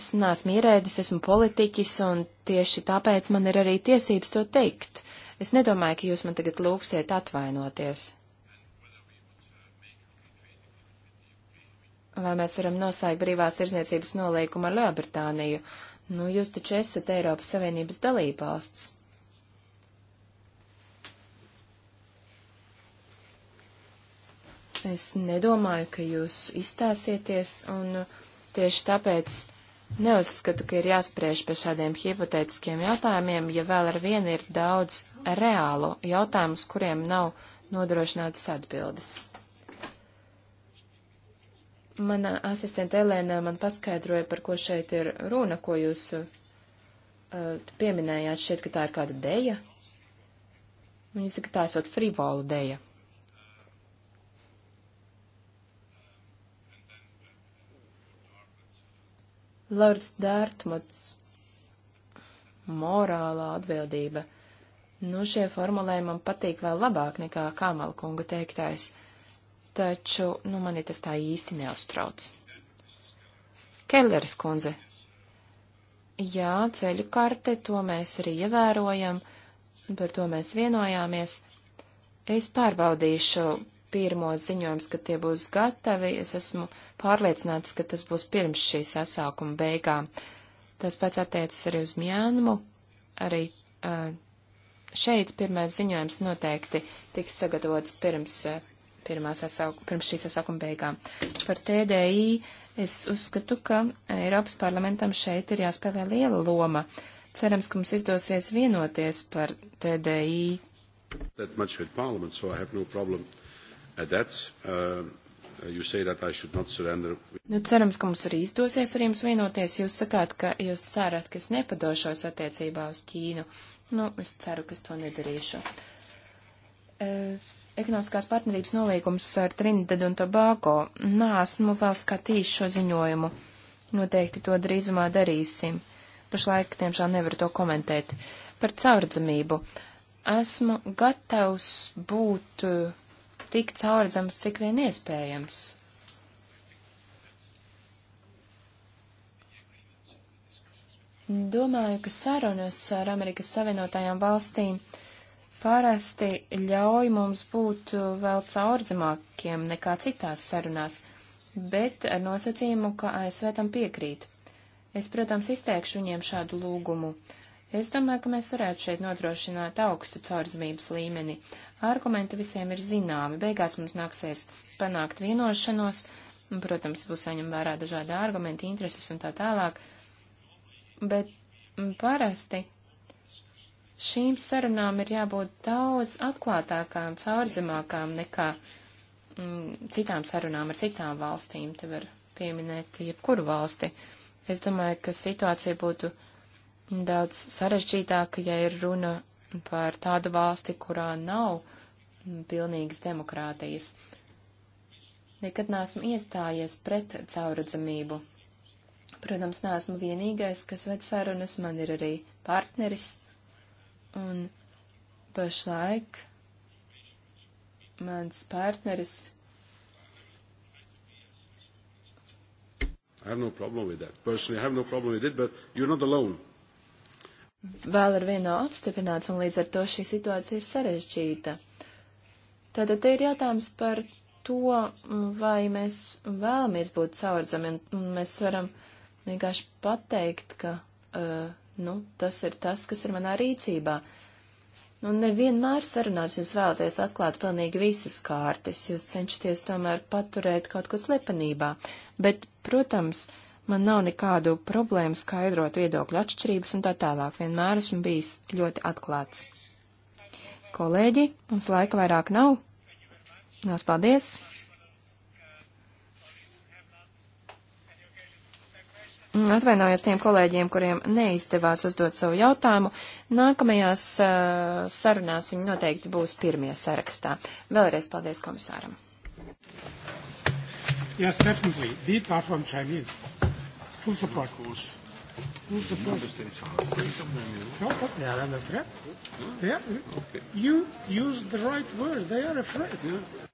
es neesmu ierēdis, esmu politiķis, un tieši tāpēc man ir arī tiesības to teikt. Es nedomāju, ka jūs man tagad lūksiet atvainoties. vai mēs varam noslēgt brīvās tirzniecības nolīgumu ar Lielbritāniju. Nu, jūs taču esat Eiropas Savienības dalībvalsts. Es nedomāju, ka jūs izstāsieties, un tieši tāpēc neuzskatu, ka ir jāspriež par šādiem hipotētiskiem jautājumiem, ja vēl ar vienu ir daudz reālu jautājumu, uz kuriem nav nodrošinātas atbildes. Mana asistente Elēna man paskaidroja, par ko šeit ir runa, ko jūs uh, pieminējāt šeit, ka tā ir kāda deja. Viņa nu, saka, tā esot frivola deja. Lords Dārtmats morālā atbildība. Nu, šie formulējumi man patīk vēl labāk nekā Kāmala kunga teiktais taču, nu, mani tas tā īsti neuztrauc. Kelleres kundze. Jā, ceļu karte, to mēs arī ievērojam, par to mēs vienojāmies. Es pārbaudīšu pirmos ziņojums, kad tie būs gatavi. Es esmu pārliecināts, ka tas būs pirms šī sasaukuma beigām. Tas pats attiecas arī uz Mjānumu. Arī uh, šeit pirmais ziņojums noteikti tiks sagatavots pirms uh, sasauk, pirms šī sasaukuma beigām. Par TDI es uzskatu, ka Eiropas parlamentam šeit ir jāspēlē liela loma. Cerams, ka mums izdosies vienoties par TDI. So no uh, nu, cerams, ka mums arī izdosies ar jums vienoties. Jūs sakāt, ka jūs cerat, ka es nepadošos attiecībā uz Ķīnu. Nu, es ceru, ka es to nedarīšu. Uh, ekonomiskās partnerības nolīgums ar Trinidad un Tobago. Nāsmu vēl skatījis šo ziņojumu. Noteikti to drīzumā darīsim. Pašlaik, tiemžēl, nevaru to komentēt. Par caurdzamību. Esmu gatavs būt eh, tik caurdzams, cik vien iespējams. Domāju, ka sarunas ar Amerikas Savienotajām valstīm parasti ļauj mums būt vēl caurdzamākiem nekā citās sarunās, bet ar nosacījumu, ka ASV tam piekrīt. Es, protams, izteikšu viņiem šādu lūgumu. Es domāju, ka mēs varētu šeit nodrošināt augstu caurzmības līmeni. Argumenti visiem ir zināmi, beigās mums nāksies panākt vienošanos, un, protams, būs saņem vērā dažādi argumenti, intereses un tā tālāk, bet parasti Šīm sarunām ir jābūt daudz atklātākām, caurzemākām nekā mm, citām sarunām ar citām valstīm. Te var pieminēt jebkuru valsti. Es domāju, ka situācija būtu daudz sarežģītāka, ja ir runa par tādu valsti, kurā nav mm, pilnīgas demokrātijas. Nekad neesmu iestājies pret cauradzamību. Protams, neesmu vienīgais, kas ved sarunas, man ir arī partneris, Un pašlaik mans partneris. I have no problem with that. Personally, I have no problem with it, but you're not alone. Vēl ar vienu nav apstiprināts, un līdz ar to šī situācija ir sarežģīta. Tātad te ir jautājums par to, mm, vai mēs vēlamies būt caurdzami, un mēs varam vienkārši pateikt, ka uh, Nu, tas ir tas, kas ir manā rīcībā. Nu, nevienmēr sarunās jūs vēlaties atklāt pilnīgi visas kārtas, jūs cenšaties tomēr paturēt kaut ko slepenībā, bet, protams, man nav nekādu problēmu skaidrot viedokļu atšķirības un tā tālāk, vienmēr esmu bijis ļoti atklāts. Kolēģi, mums laika vairāk nav. Nās paldies! Mm, atvainojos tiem kolēģiem, kuriem neizdevās uzdot savu jautājumu. Nākamajās uh, sarunās viņi noteikti būs pirmie sarakstā. Vēlreiz paldies komisāram. Yes, definitely. Lead are from Chinese. Full support. Of course. Full support. The states are free sometimes. They are under threat. Yeah. They are, okay. You use the right word. They are afraid. Yeah.